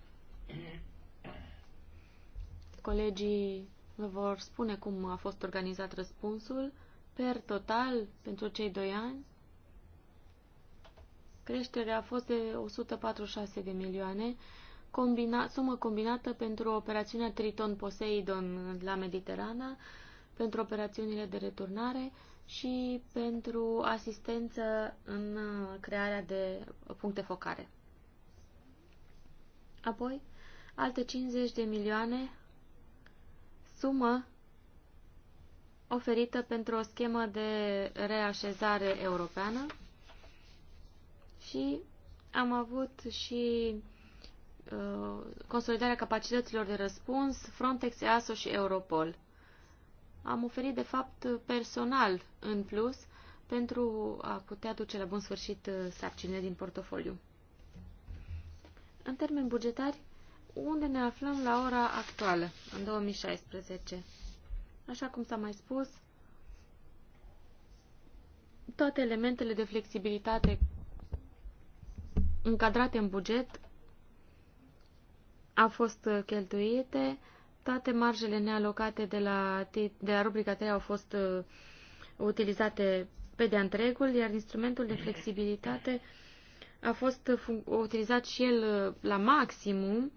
Colegii vă vor spune cum a fost organizat răspunsul. Per total, pentru cei doi ani, Creșterea a fost de 146 de milioane, combina, sumă combinată pentru operațiunea Triton Poseidon la Mediterana, pentru operațiunile de returnare și pentru asistență în crearea de puncte focare. Apoi, alte 50 de milioane sumă oferită pentru o schemă de reașezare europeană și am avut și uh, consolidarea capacităților de răspuns Frontex, EASO și Europol. Am oferit, de fapt, personal în plus pentru a putea duce la bun sfârșit uh, sarcinile din portofoliu. În termeni bugetari, unde ne aflăm la ora actuală, în 2016? Așa cum s-a mai spus, toate elementele de flexibilitate încadrate în buget au fost uh, cheltuite, toate marjele nealocate de la, de la rubrica 3 au fost uh, utilizate pe de întregul, iar instrumentul de flexibilitate a fost uh, utilizat și el la maximum.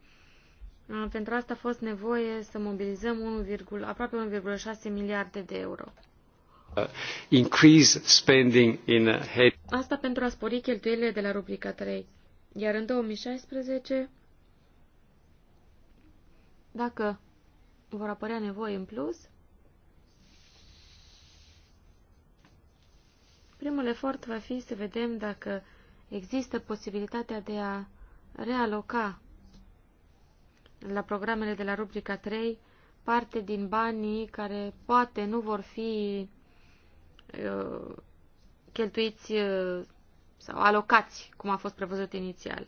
Pentru asta a fost nevoie să mobilizăm 1, aproape 1,6 miliarde de euro. Increase spending in a... Asta pentru a spori cheltuielile de la rubrica 3. Iar în 2016, dacă vor apărea nevoi în plus, primul efort va fi să vedem dacă există posibilitatea de a realoca la programele de la rubrica 3 parte din banii care poate nu vor fi uh, cheltuiți uh, sau alocați, cum a fost prevăzut inițial.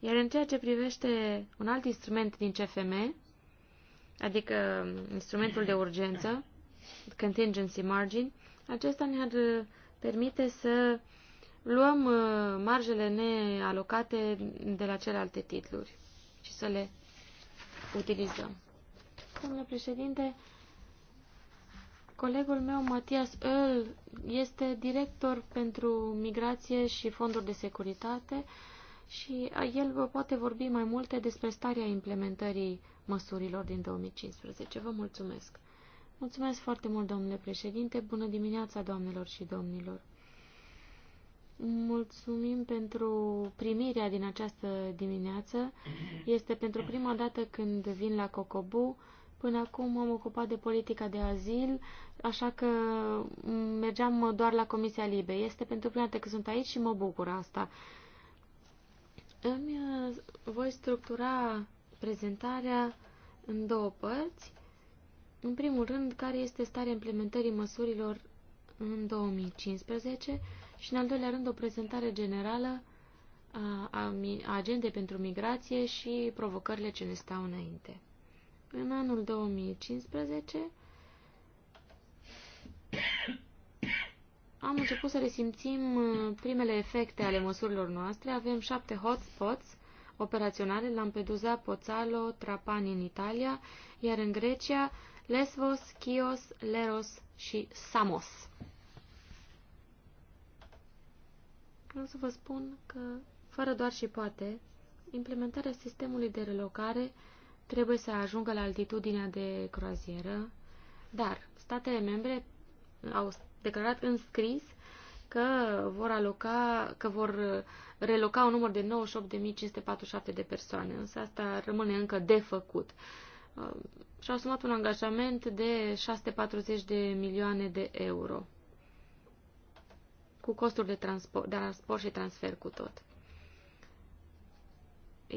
Iar în ceea ce privește un alt instrument din CFM, adică instrumentul de urgență, contingency margin, acesta ne-ar uh, permite să luăm uh, marjele nealocate de la celelalte titluri și să le utilizăm. Domnule președinte, Colegul meu, Matias Öl, este director pentru migrație și fonduri de securitate și el vă poate vorbi mai multe despre starea implementării măsurilor din 2015. Vă mulțumesc! Mulțumesc foarte mult, domnule președinte! Bună dimineața, doamnelor și domnilor! Mulțumim pentru primirea din această dimineață. Este pentru prima dată când vin la Cocobu Până acum m-am ocupat de politica de azil, așa că mergeam doar la Comisia Libe. Este pentru prima dată că sunt aici și mă bucur asta. Îmi uh, voi structura prezentarea în două părți. În primul rând, care este starea implementării măsurilor în 2015 și, în al doilea rând, o prezentare generală a, agendei pentru migrație și provocările ce ne stau înainte în anul 2015 am început să resimțim uh, primele efecte ale măsurilor noastre. Avem șapte hotspots operaționale, Lampedusa, Pozzalo, Trapani în Italia, iar în Grecia, Lesvos, Chios, Leros și Samos. Vreau să vă spun că, fără doar și poate, implementarea sistemului de relocare trebuie să ajungă la altitudinea de croazieră, dar statele membre au declarat în scris că vor aloca, că vor reloca un număr de 98.547 de persoane, însă asta rămâne încă de făcut. Uh, și-au asumat un angajament de 640 de milioane de euro, cu costuri de transport, de transport și transfer cu tot.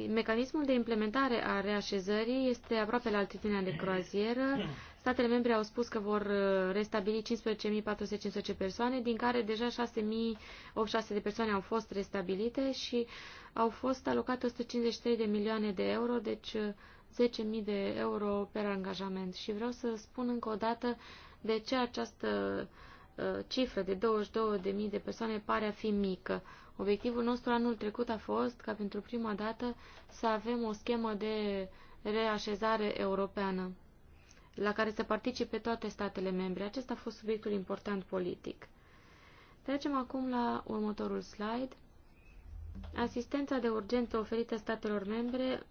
Mecanismul de implementare a reașezării este aproape la altitudinea de croazieră. Statele membre au spus că vor uh, restabili 15.450 persoane, din care deja 6.086 de persoane au fost restabilite și au fost alocate 153 de milioane de euro, deci 10.000 uh, de euro per angajament. Și vreau să spun încă o dată de ce această uh, cifră de 22.000 de persoane pare a fi mică. Obiectivul nostru anul trecut a fost ca pentru prima dată să avem o schemă de reașezare europeană la care să participe toate statele membre. Acesta a fost subiectul important politic. Trecem acum la următorul slide. Asistența de urgență oferită statelor membre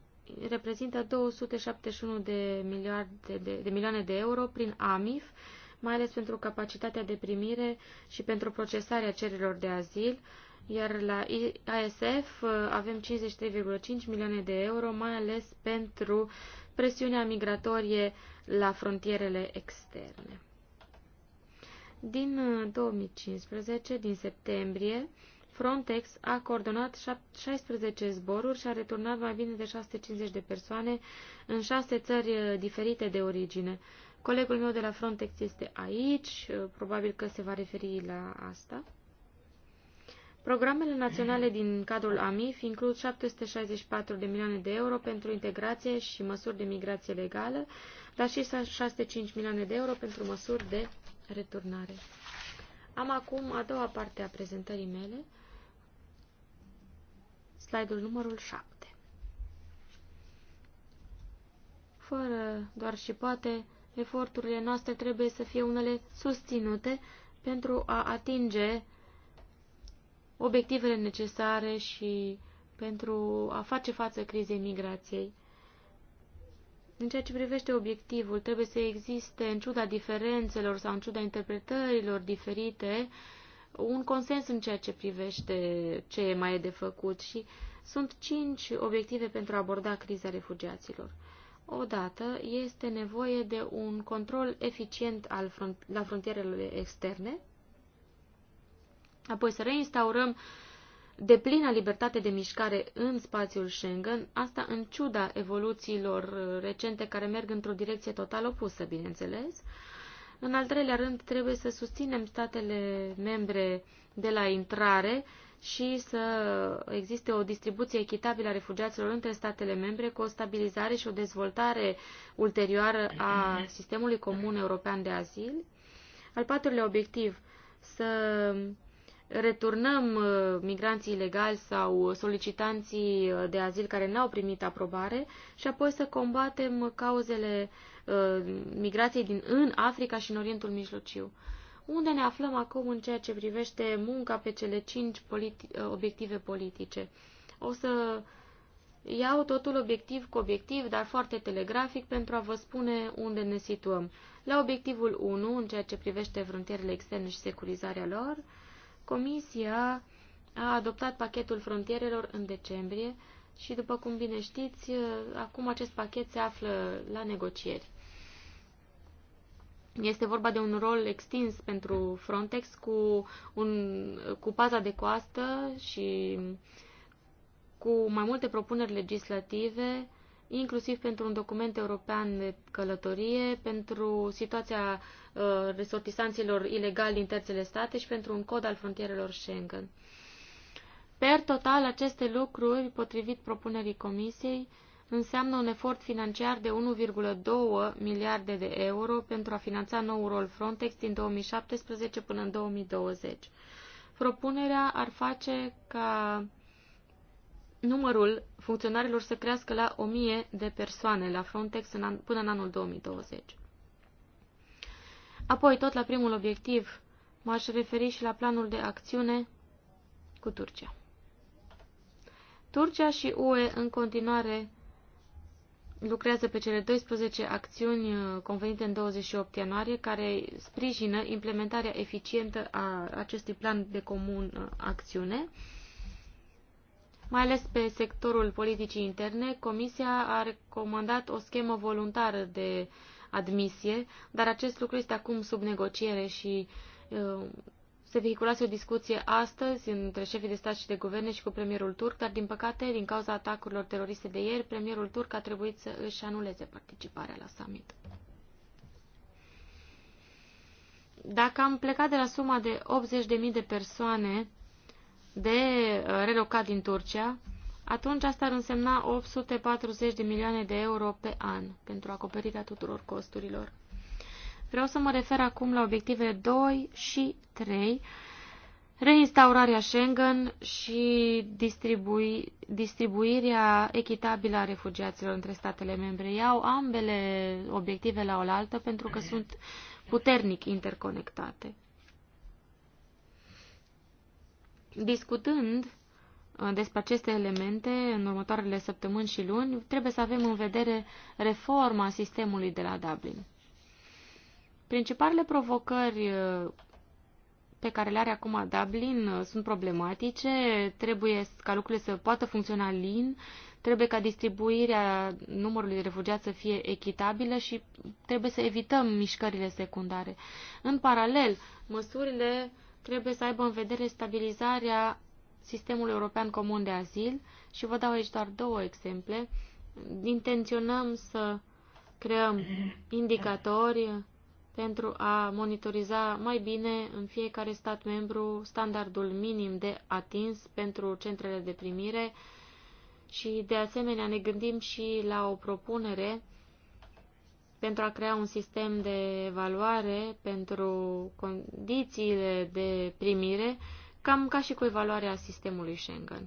reprezintă 271 de, miliarde de, de milioane de euro prin AMIF, mai ales pentru capacitatea de primire și pentru procesarea cererilor de azil, iar la ASF uh, avem 53,5 milioane de euro, mai ales pentru presiunea migratorie la frontierele externe. Din 2015, uh, din septembrie, Frontex a coordonat 16 zboruri și a returnat mai bine de 650 de persoane în șase țări uh, diferite de origine. Colegul meu de la Frontex este aici, probabil că se va referi la asta. Programele naționale din cadrul AMIF includ 764 de milioane de euro pentru integrație și măsuri de migrație legală, dar și 65 milioane de euro pentru măsuri de returnare. Am acum a doua parte a prezentării mele, slide-ul numărul 7. Fără doar și poate, eforturile noastre trebuie să fie unele susținute pentru a atinge obiectivele necesare și pentru a face față crizei migrației. În ceea ce privește obiectivul, trebuie să existe, în ciuda diferențelor sau în ciuda interpretărilor diferite, un consens în ceea ce privește ce mai e de făcut și sunt cinci obiective pentru a aborda criza refugiaților. Odată este nevoie de un control eficient al front la frontierele externe, apoi să reinstaurăm deplina libertate de mișcare în spațiul Schengen, asta în ciuda evoluțiilor recente care merg într-o direcție total opusă, bineînțeles. În al treilea rând, trebuie să susținem statele membre de la intrare și să existe o distribuție echitabilă a refugiaților între statele membre cu o stabilizare și o dezvoltare ulterioară a sistemului comun european de azil. Al patrulea obiectiv, să returnăm uh, migranții ilegali sau solicitanții uh, de azil care n-au primit aprobare și apoi să combatem cauzele uh, migrației din, în Africa și în Orientul Mijlociu. Unde ne aflăm acum în ceea ce privește munca pe cele cinci politi- obiective politice? O să iau totul obiectiv cu obiectiv, dar foarte telegrafic, pentru a vă spune unde ne situăm. La obiectivul 1, în ceea ce privește frontierele externe și securizarea lor, uh, Comisia a adoptat pachetul frontierelor în decembrie și, după cum bine știți, acum acest pachet se află la negocieri. Este vorba de un rol extins pentru Frontex cu, un, cu paza de coastă și cu mai multe propuneri legislative inclusiv pentru un document european de călătorie, pentru situația uh, resortisanților ilegali din terțele state și pentru un cod al frontierelor Schengen. Per total, aceste lucruri, potrivit propunerii Comisiei, înseamnă un efort financiar de 1,2 miliarde de euro pentru a finanța noul rol Frontex din 2017 până în 2020. Propunerea ar face ca numărul funcționarilor să crească la 1000 de persoane la Frontex în an, până în anul 2020. Apoi, tot la primul obiectiv, m-aș referi și la planul de acțiune cu Turcia. Turcia și UE în continuare lucrează pe cele 12 acțiuni uh, convenite în 28 ianuarie, care sprijină implementarea eficientă a acestui plan de comun uh, acțiune. Mai ales pe sectorul politicii interne, Comisia a recomandat o schemă voluntară de admisie, dar acest lucru este acum sub negociere și uh, se vehiculase o discuție astăzi între șefii de stat și de guverne și cu premierul turc, dar din păcate, din cauza atacurilor teroriste de ieri, premierul turc a trebuit să își anuleze participarea la summit. Dacă am plecat de la suma de 80.000 de persoane de uh, relocat din Turcia, atunci asta ar însemna 840 de milioane de euro pe an pentru acoperirea tuturor costurilor. Vreau să mă refer acum la obiectivele 2 și 3, reinstaurarea Schengen și distribui, distribuirea echitabilă a refugiaților între statele membre. Iau ambele obiective la oaltă pentru că sunt puternic interconectate. Discutând uh, despre aceste elemente în următoarele săptămâni și luni, trebuie să avem în vedere reforma sistemului de la Dublin. Principalele provocări uh, pe care le are acum Dublin uh, sunt problematice, trebuie ca lucrurile să poată funcționa lin, trebuie ca distribuirea numărului de refugiați să fie echitabilă și trebuie să evităm mișcările secundare. În paralel, măsurile trebuie să aibă în vedere stabilizarea sistemului european comun de azil și vă dau aici doar două exemple. Intenționăm să creăm indicatori pentru a monitoriza mai bine în fiecare stat membru standardul minim de atins pentru centrele de primire și de asemenea ne gândim și la o propunere pentru a crea un sistem de evaluare pentru condițiile de primire, cam ca și cu evaluarea sistemului Schengen.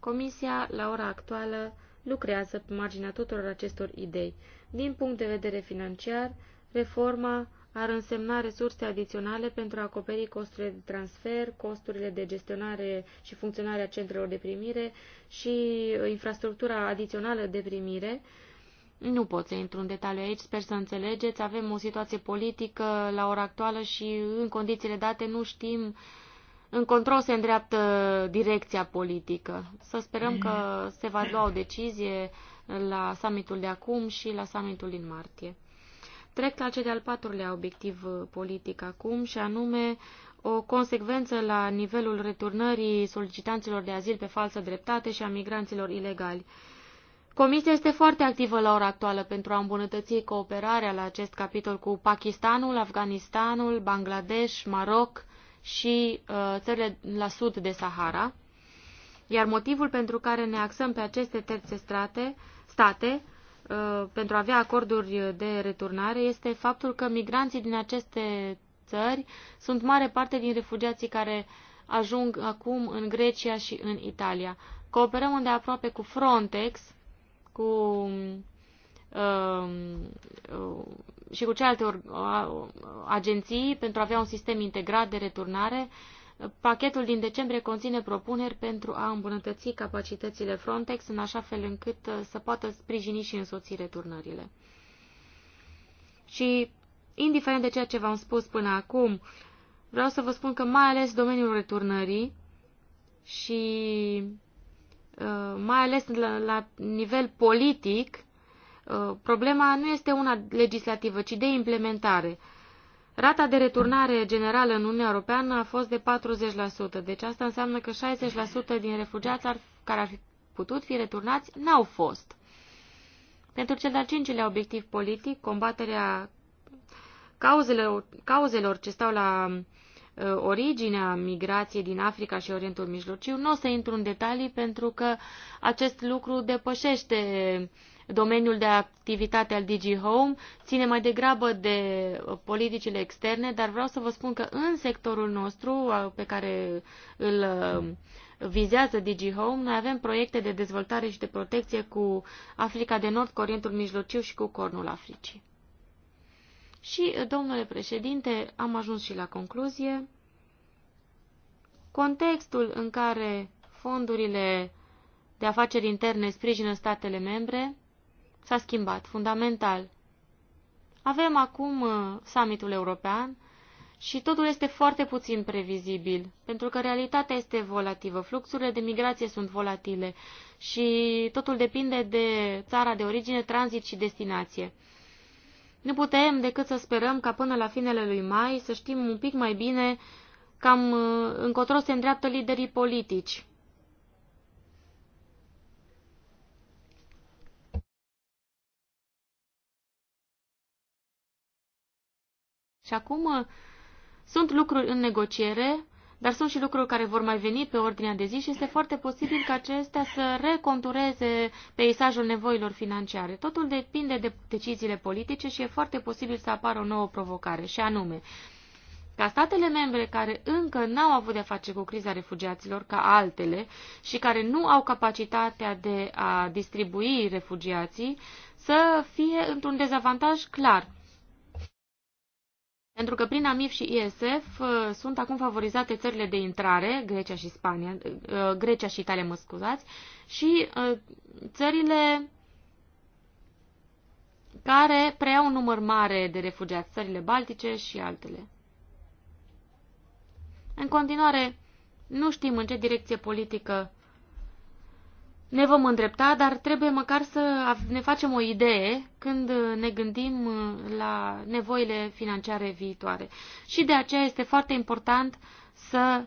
Comisia, la ora actuală, lucrează pe marginea tuturor acestor idei. Din punct de vedere financiar, reforma ar însemna resurse adiționale pentru a acoperi costurile de transfer, costurile de gestionare și funcționare a centrelor de primire și uh, infrastructura adițională de primire, nu pot să intru în detaliu aici, sper să înțelegeți. Avem o situație politică la ora actuală și în condițiile date nu știm în control se îndreaptă direcția politică. Să sperăm că se va lua o decizie la summitul de acum și la summitul din martie. Trec la cel de-al patrulea obiectiv politic acum și anume o consecvență la nivelul returnării solicitanților de azil pe falsă dreptate și a migranților ilegali. Comisia este foarte activă la ora actuală pentru a îmbunătăți cooperarea la acest capitol cu Pakistanul, Afganistanul, Bangladesh, Maroc și uh, țările la sud de Sahara. Iar motivul pentru care ne axăm pe aceste terțe strate, state uh, pentru a avea acorduri de returnare este faptul că migranții din aceste țări sunt mare parte din refugiații care ajung acum în Grecia și în Italia. Cooperăm îndeaproape cu Frontex cu um, uh, și cu celelalte uh, agenții pentru a avea un sistem integrat de returnare. Pachetul din decembrie conține propuneri pentru a îmbunătăți capacitățile Frontex în așa fel încât uh, să poată sprijini și însoți returnările. Și, indiferent de ceea ce v-am spus până acum, vreau să vă spun că mai ales domeniul returnării și Uh, mai ales la, la nivel politic, uh, problema nu este una legislativă, ci de implementare. Rata de returnare generală în Uniunea Europeană a fost de 40%, deci asta înseamnă că 60% din refugiați ar, care ar fi putut fi returnați n-au fost. Pentru cel de-al cincilea obiectiv politic, combaterea cauzelor, cauzelor ce stau la Uh, originea migrației din Africa și Orientul Mijlociu. Nu o să intru în detalii pentru că acest lucru depășește domeniul de activitate al DG Home, ține mai degrabă de politicile externe, dar vreau să vă spun că în sectorul nostru uh, pe care îl uh, vizează DG Home, noi avem proiecte de dezvoltare și de protecție cu Africa de Nord, cu Orientul Mijlociu și cu Cornul Africii. Și, domnule președinte, am ajuns și la concluzie. Contextul în care fondurile de afaceri interne sprijină statele membre s-a schimbat fundamental. Avem acum uh, summitul european și totul este foarte puțin previzibil, pentru că realitatea este volativă, fluxurile de migrație sunt volatile și totul depinde de țara de origine, tranzit și destinație. Nu putem decât să sperăm ca până la finele lui mai să știm un pic mai bine cam uh, încotro se îndreaptă liderii politici. Și acum uh, sunt lucruri în negociere dar sunt și lucruri care vor mai veni pe ordinea de zi și este foarte posibil ca acestea să recontureze peisajul nevoilor financiare. Totul depinde de deciziile politice și e foarte posibil să apară o nouă provocare, și anume ca statele membre care încă n-au avut de-a face cu criza refugiaților ca altele și care nu au capacitatea de a distribui refugiații să fie într-un dezavantaj clar pentru că prin AMIF și ISF uh, sunt acum favorizate țările de intrare, Grecia și Spania, uh, Grecia și Italia, mă scuzați, și uh, țările care preiau un număr mare de refugiați, țările baltice și altele. În continuare, nu știm în ce direcție politică ne vom îndrepta, dar trebuie măcar să ne facem o idee când ne gândim uh, la nevoile financiare viitoare. Și de aceea este foarte important să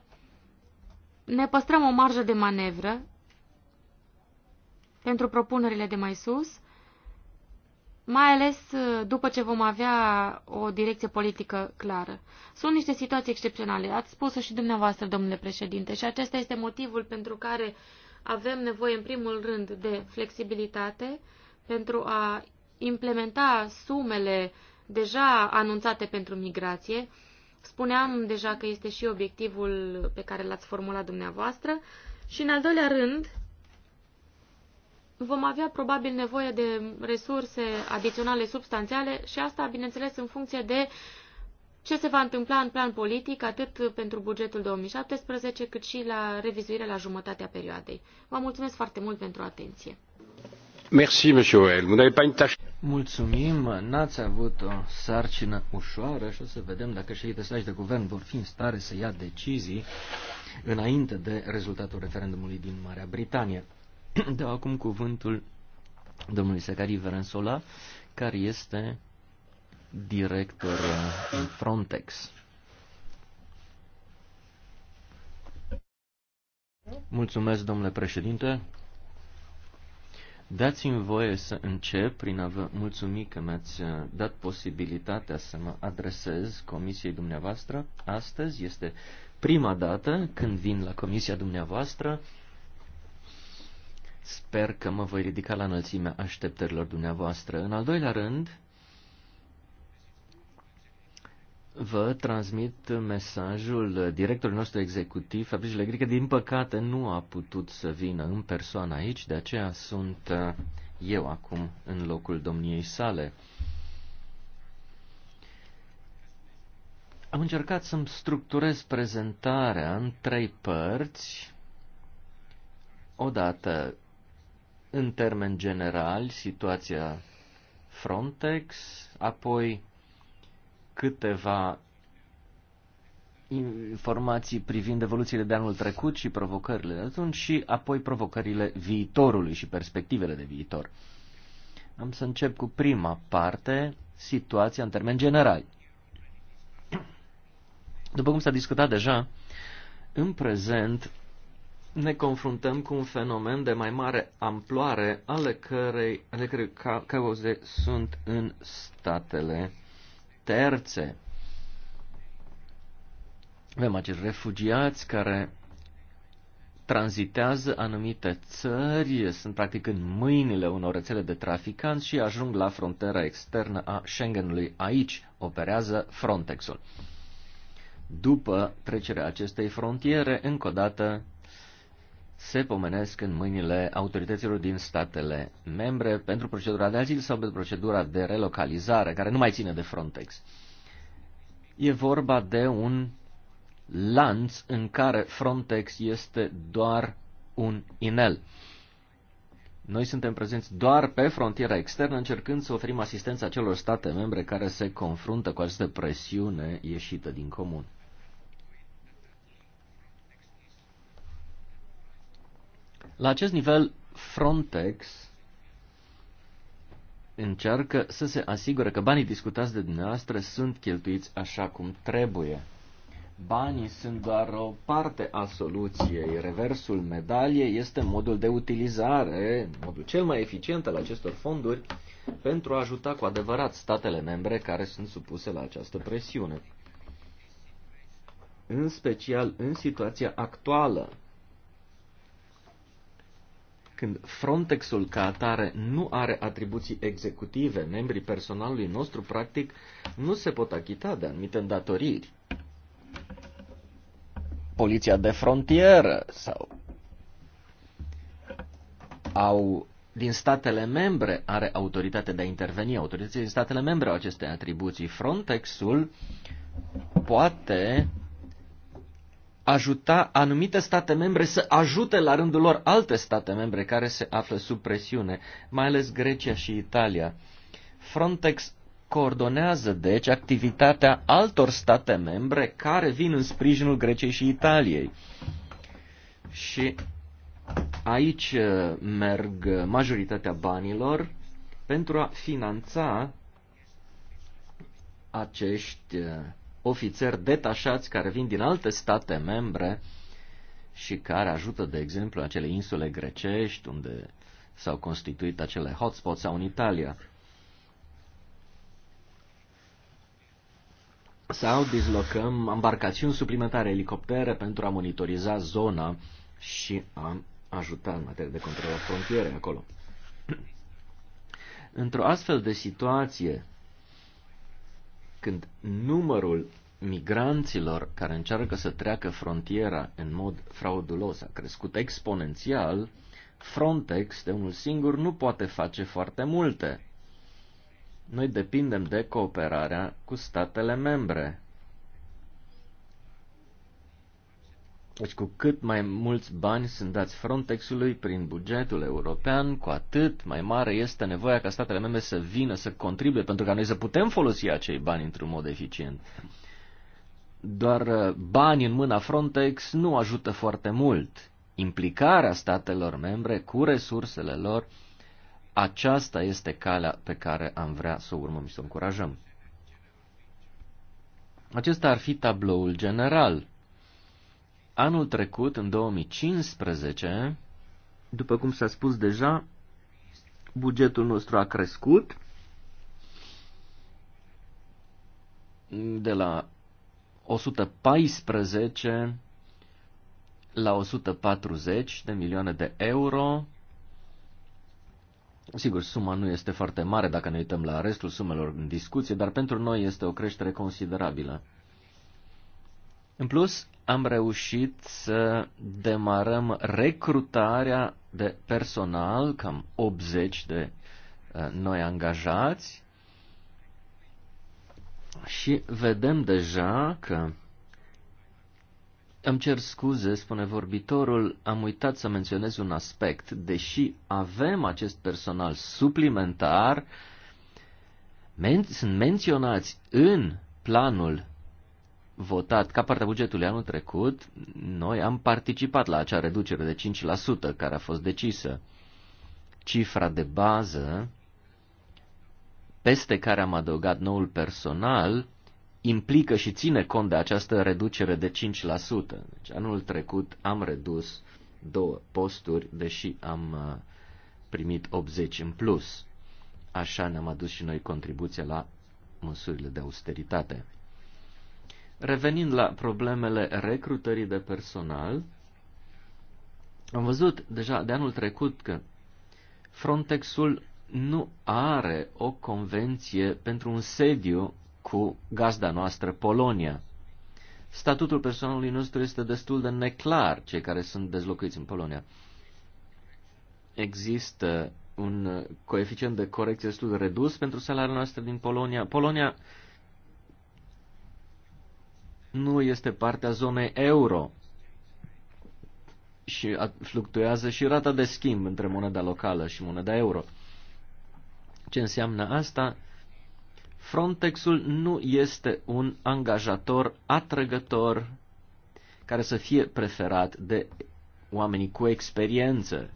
ne păstrăm o marjă de manevră pentru propunerile de mai sus, mai ales uh, după ce vom avea o direcție politică clară. Sunt niște situații excepționale, ați spus-o și dumneavoastră, domnule președinte, și acesta este motivul pentru care uh, avem nevoie în primul rând de flexibilitate pentru a implementa sumele deja anunțate pentru migrație. Spuneam deja că este și obiectivul pe care l-ați formulat dumneavoastră. Și în al doilea rând, vom avea probabil nevoie de resurse adiționale substanțiale și asta, bineînțeles, în funcție de ce se va întâmpla în plan politic, atât pentru bugetul 2017, cât și la revizuirea la jumătatea perioadei. Vă mulțumesc foarte mult pentru atenție. Merci, Mulțumim, n-ați avut o sarcină ușoară și o să vedem dacă șefii de de guvern vor fi în stare să ia decizii înainte de rezultatul referendumului din Marea Britanie. *clears throat* Dau acum cuvântul domnului Sacari Verensola, care este director uh, în Frontex. Mulțumesc, domnule președinte. Dați-mi voie să încep prin a vă mulțumi că mi-ați uh, dat posibilitatea să mă adresez comisiei dumneavoastră. Astăzi este prima dată când vin la comisia dumneavoastră. Sper că mă voi ridica la înălțimea așteptărilor dumneavoastră. În al doilea rând, vă transmit mesajul directorului nostru executiv, Fabrice Legri, că din păcate nu a putut să vină în persoană aici, de aceea sunt uh, eu acum în locul domniei sale. Am încercat să-mi structurez prezentarea în trei părți. Odată, în termen general, situația Frontex, apoi câteva informații privind evoluțiile de anul trecut și provocările de atunci și apoi provocările viitorului și perspectivele de viitor. Am să încep cu prima parte, situația în termeni generali. După cum s-a discutat deja, în prezent ne confruntăm cu un fenomen de mai mare amploare ale cărei, ale cărei cauze sunt în statele terțe. Avem acești refugiați care tranzitează anumite țări, sunt practic în mâinile unor rețele de traficanți și ajung la frontiera externă a Schengenului. Aici operează Frontexul. După trecerea acestei frontiere, încă o dată se pomenesc în mâinile autorităților din statele membre pentru procedura de azil sau pentru procedura de relocalizare, care nu mai ține de Frontex. E vorba de un lanț în care Frontex este doar un inel. Noi suntem prezenți doar pe frontiera externă, încercând să oferim asistența celor state membre care se confruntă cu această presiune ieșită din comun. La acest nivel, Frontex încearcă să se asigure că banii discutați de dumneavoastră sunt cheltuiți așa cum trebuie. Banii sunt doar o parte a soluției. Reversul medaliei este modul de utilizare, modul cel mai eficient al acestor fonduri pentru a ajuta cu adevărat statele membre care sunt supuse la această presiune. În special în situația actuală, când Frontexul ca atare nu are atribuții executive, membrii personalului nostru, practic, nu se pot achita de anumite îndatoriri. Poliția de frontieră sau au din statele membre are autoritatea de a interveni. Autoritățile din statele membre au aceste atribuții. Frontexul poate ajuta anumite state membre să ajute la rândul lor alte state membre care se află sub presiune, mai ales Grecia și Italia. Frontex coordonează, deci, activitatea altor state membre care vin în sprijinul Greciei și Italiei. Și aici uh, merg majoritatea banilor pentru a finanța acești uh, ofițeri detașați care vin din alte state membre și care ajută, de exemplu, acele insule grecești unde s-au constituit acele hotspots sau în Italia. Sau dislocăm embarcațiuni suplimentare, elicoptere pentru a monitoriza zona și a ajuta în materie de control a frontierei acolo. Într-o astfel de situație, când numărul migranților care încearcă să treacă frontiera în mod fraudulos a crescut exponențial, Frontex de unul singur nu poate face foarte multe. Noi depindem de cooperarea cu statele membre. Deci cu cât mai mulți bani sunt dați Frontexului prin bugetul european, cu atât mai mare este nevoia ca statele membre să vină, să contribuie, pentru ca noi să putem folosi acei bani într-un mod eficient doar uh, bani în mâna Frontex nu ajută foarte mult. Implicarea statelor membre cu resursele lor, aceasta este calea pe care am vrea să o urmăm și să o încurajăm. Acesta ar fi tabloul general. Anul trecut, în 2015, după cum s-a spus deja, bugetul nostru a crescut de la 114 la 140 de milioane de euro. Sigur, suma nu este foarte mare dacă ne uităm la restul sumelor în discuție, dar pentru noi este o creștere considerabilă. În plus, am reușit să demarăm recrutarea de personal, cam 80 de uh, noi angajați, și vedem deja că îmi cer scuze, spune vorbitorul, am uitat să menționez un aspect. Deși avem acest personal suplimentar, men- sunt menționați în planul votat ca partea bugetului anul trecut, noi am participat la acea reducere de 5% care a fost decisă. Cifra de bază peste care am adăugat noul personal, implică și ține cont de această reducere de 5%. Deci anul trecut am redus două posturi, deși am uh, primit 80 în plus. Așa ne-am adus și noi contribuția la măsurile de austeritate. Revenind la problemele recrutării de personal, am văzut deja de anul trecut că Frontexul nu are o convenție pentru un sediu cu gazda noastră, Polonia. Statutul personalului nostru este destul de neclar, cei care sunt dezlocuiți în Polonia. Există un coeficient de corecție destul de redus pentru salariul noastră din Polonia. Polonia nu este partea zonei euro și fluctuează și rata de schimb între moneda locală și moneda euro. Ce înseamnă asta? Frontexul nu este un angajator atrăgător care să fie preferat de oamenii cu experiență,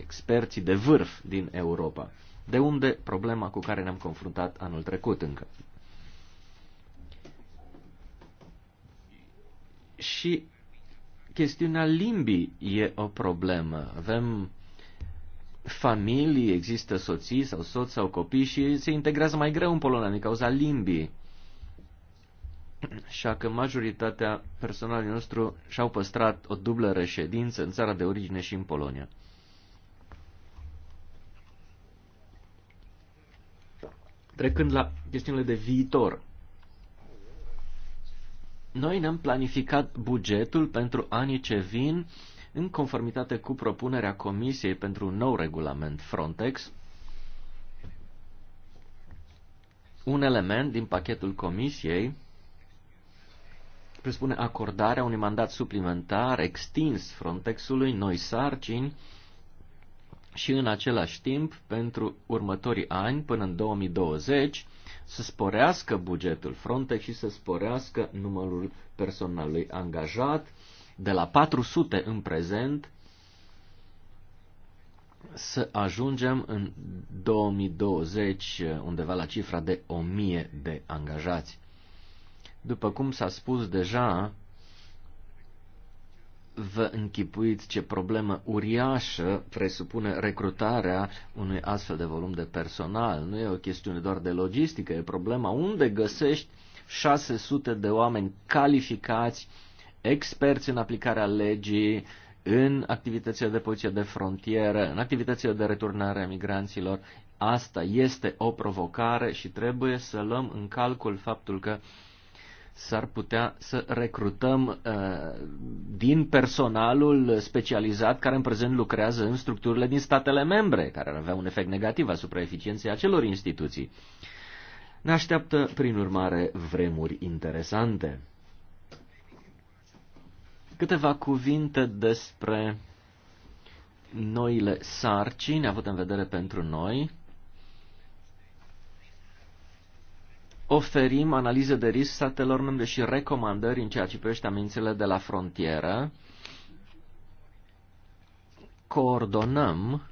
experții de vârf din Europa. De unde problema cu care ne-am confruntat anul trecut încă. Și chestiunea limbii e o problemă. Avem familii, există soții sau soți sau copii și se integrează mai greu în Polonia din cauza limbii. Așa că majoritatea personalului nostru și-au păstrat o dublă reședință în țara de origine și în Polonia. Trecând la chestiunile de viitor. Noi ne-am planificat bugetul pentru anii ce vin în conformitate cu propunerea Comisiei pentru un nou regulament Frontex, un element din pachetul Comisiei presupune acordarea unui mandat suplimentar extins Frontexului, noi sarcini și în același timp, pentru următorii ani, până în 2020, să sporească bugetul Frontex și să sporească numărul personalului angajat, de la 400 în prezent să ajungem în 2020 undeva la cifra de 1000 de angajați. După cum s-a spus deja, vă închipuiți ce problemă uriașă presupune recrutarea unui astfel de volum de personal. Nu e o chestiune doar de logistică, e problema unde găsești 600 de oameni calificați experți în aplicarea legii, în activitățile de poliție de frontieră, în activitățile de returnare a migranților. Asta este o provocare și trebuie să luăm în calcul faptul că s-ar putea să recrutăm uh, din personalul specializat care în prezent lucrează în structurile din statele membre, care ar avea un efect negativ asupra eficienței acelor instituții. Ne așteaptă, prin urmare, vremuri interesante. Câteva cuvinte despre noile sarcini avut în vedere pentru noi. Oferim analize de risc statelor membre și recomandări în ceea ce privește amenințele de la frontieră. Coordonăm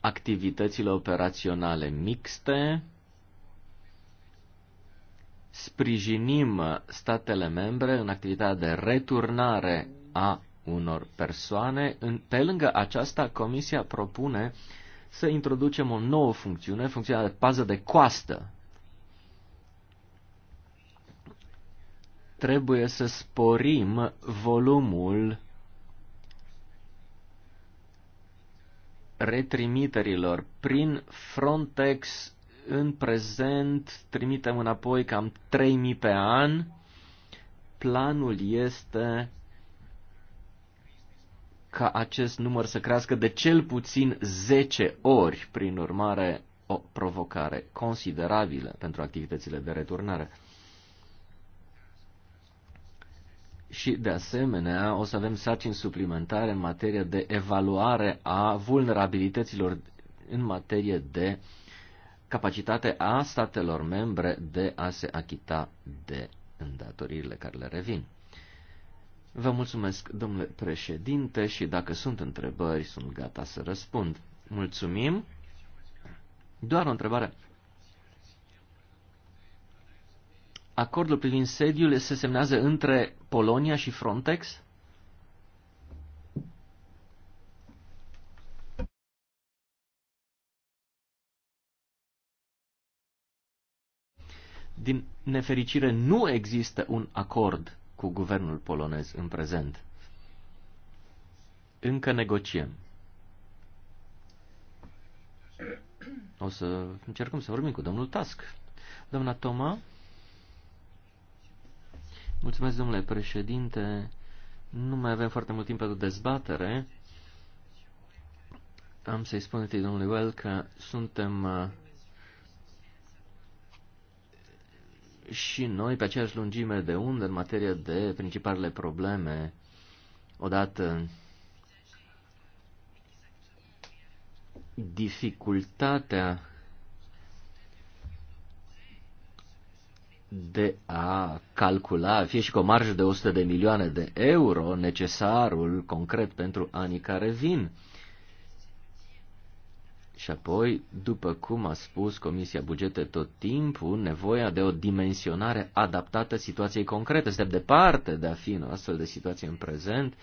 activitățile operaționale mixte sprijinim statele membre în activitatea de returnare a unor persoane. Pe lângă aceasta, Comisia propune să introducem o nouă funcțiune, funcțiunea de pază de coastă. Trebuie să sporim volumul retrimiterilor prin Frontex în prezent trimitem înapoi cam 3.000 pe an. Planul este ca acest număr să crească de cel puțin 10 ori, prin urmare o provocare considerabilă pentru activitățile de returnare. Și, de asemenea, o să avem sarcini suplimentare în materie de evaluare a vulnerabilităților în materie de capacitate a statelor membre de a se achita de îndatoririle care le revin. Vă mulțumesc, domnule președinte, și dacă sunt întrebări, sunt gata să răspund. Mulțumim. Doar o întrebare. Acordul privind sediul se semnează între Polonia și Frontex? Din nefericire, nu există un acord cu guvernul polonez în prezent. Încă negociem. O să încercăm să vorbim cu domnul Task. Doamna Toma, mulțumesc domnule președinte, nu mai avem foarte mult timp pentru dezbatere. Am să-i spun întâi domnului Well că suntem uh, și noi pe aceeași lungime de undă în materie de principalele probleme. Odată dificultatea de a calcula, fie și cu o marjă de 100 de milioane de euro, necesarul concret pentru anii care vin. Și apoi, după cum a spus Comisia Bugete tot timpul, nevoia de o dimensionare adaptată situației concrete. Suntem departe de a fi în o astfel de situație în prezent.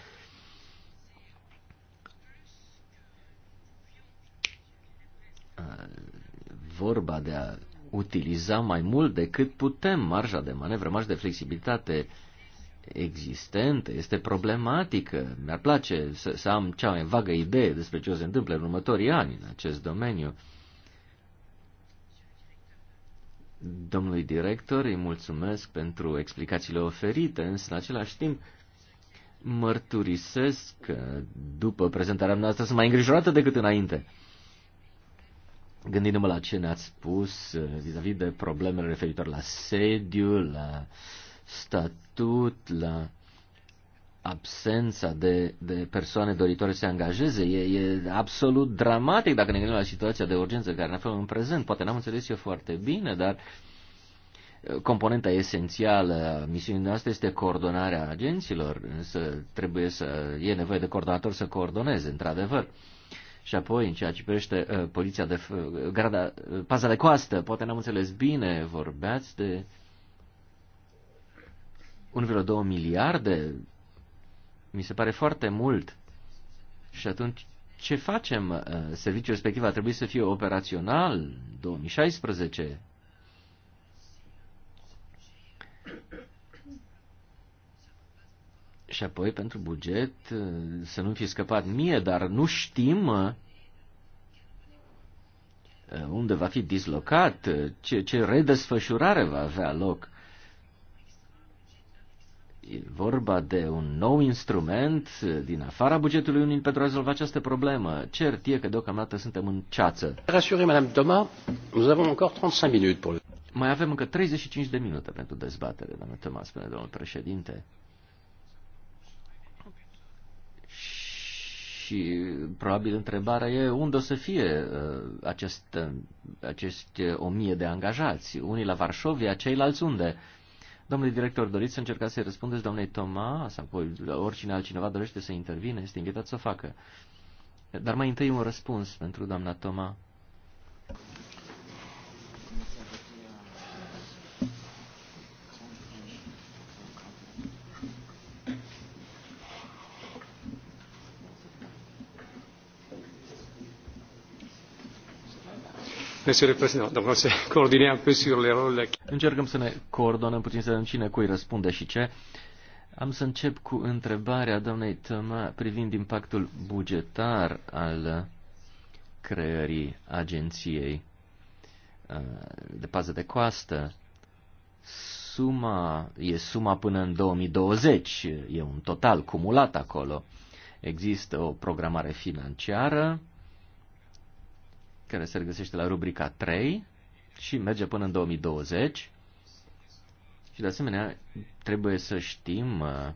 Vorba de a utiliza mai mult decât putem marja de manevră, marja de flexibilitate uh, existentă este problematică. Mi-ar place să, să am cea mai vagă idee despre ce o se întâmplă în următorii ani în acest domeniu. Domnului director, îi mulțumesc pentru explicațiile oferite, însă în același timp mărturisesc că după prezentarea noastră sunt mai îngrijorată decât înainte. Gândindu-mă la ce ne-ați spus vis-a-vis -vis de problemele referitor la sediu, la uh, statut, la absența de, de persoane doritoare să se angajeze. E, e absolut dramatic dacă ne gândim la situația de urgență care ne aflăm în prezent. Poate n-am înțeles eu foarte bine, dar uh, componenta esențială a misiunii noastre este coordonarea agenților, însă trebuie să e nevoie de coordonator să coordoneze, într-adevăr. Și apoi, în ceea ce privește uh, poliția de uh, garda, uh, paza de coastă, poate n-am înțeles bine, vorbeați de 1,2 miliarde mi se pare foarte mult. Și atunci, ce facem? Uh, serviciul respectiv a trebuit să fie operațional 2016. Și apoi, pentru buget, uh, să nu fi scăpat mie, dar nu știm uh, unde va fi dislocat, ce, ce redesfășurare va avea loc. E vorba de un nou instrument din afara bugetului unii pentru a rezolva această problemă. Cert e că deocamdată suntem în ceață. Rassurez, Madame Doma, nous avons encore 35 minutes pour le... Mai avem încă 35 de minute pentru dezbatere, doamnă Toma, spune domnul președinte. Și probabil întrebarea e unde o să fie uh, acest, uh, aceste o mie de angajați, unii la Varșovia, ceilalți unde? Domnule director, doriți să încercați să-i răspundeți doamnei Toma sau apoi oricine altcineva dorește să intervine, este invitat să o facă. Dar mai întâi un răspuns pentru doamna Toma. *laughs* Încercăm să ne coordonăm puțin, să vedem cine cui răspunde și ce. Am să încep cu întrebarea doamnei Tăma privind impactul bugetar al creării agenției uh, de pază de coastă. Suma e suma până în 2020, e un total cumulat acolo. Există o programare financiară care se regăsește la rubrica 3 și merge până în 2020. Și de asemenea, trebuie să știm uh,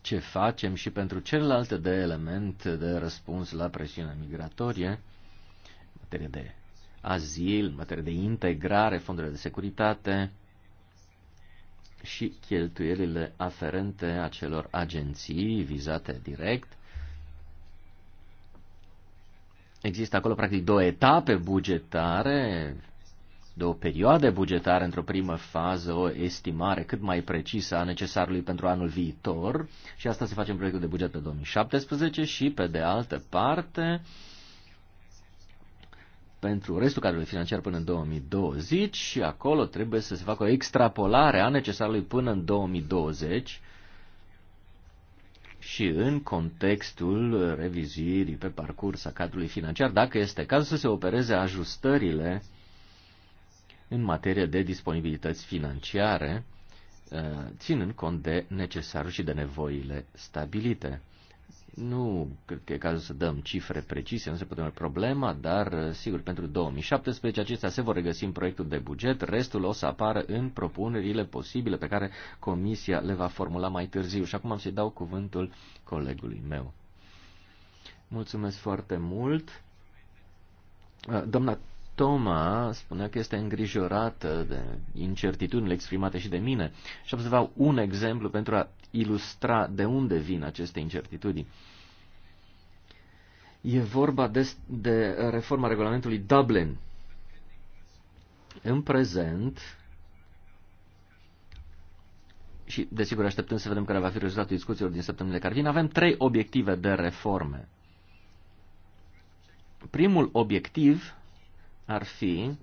ce facem și pentru celelalte de element de răspuns la presiunea migratorie, materie de azil, materie de integrare, fondurile de securitate și cheltuielile aferente acelor agenții vizate direct, Există acolo practic două etape bugetare, două perioade bugetare, într-o primă fază o estimare cât mai precisă a necesarului pentru anul viitor și asta se face în proiectul de buget pe 2017 și pe de altă parte pentru restul cadrului financiar până în 2020 și acolo trebuie să se facă o extrapolare a necesarului până în 2020 și în contextul revizuirii pe parcurs a cadrului financiar, dacă este cazul să se opereze ajustările în materie de disponibilități financiare, ținând cont de necesarul și de nevoile stabilite. Nu cred că e cazul să dăm cifre precise, nu se poate mai problema, dar sigur pentru 2017 acestea se vor regăsi în proiectul de buget, restul o să apară în propunerile posibile pe care Comisia le va formula mai târziu. Și acum am să-i dau cuvântul colegului meu. Mulțumesc foarte mult. Doamna Toma spunea că este îngrijorată de incertitudinile exprimate și de mine și am să vă un exemplu pentru a ilustra de unde vin aceste incertitudini. E vorba de, de reforma regulamentului Dublin. În prezent, și desigur așteptăm să vedem care va fi rezultatul discuțiilor din săptămânile care vin, avem trei obiective de reforme. Primul obiectiv ar fi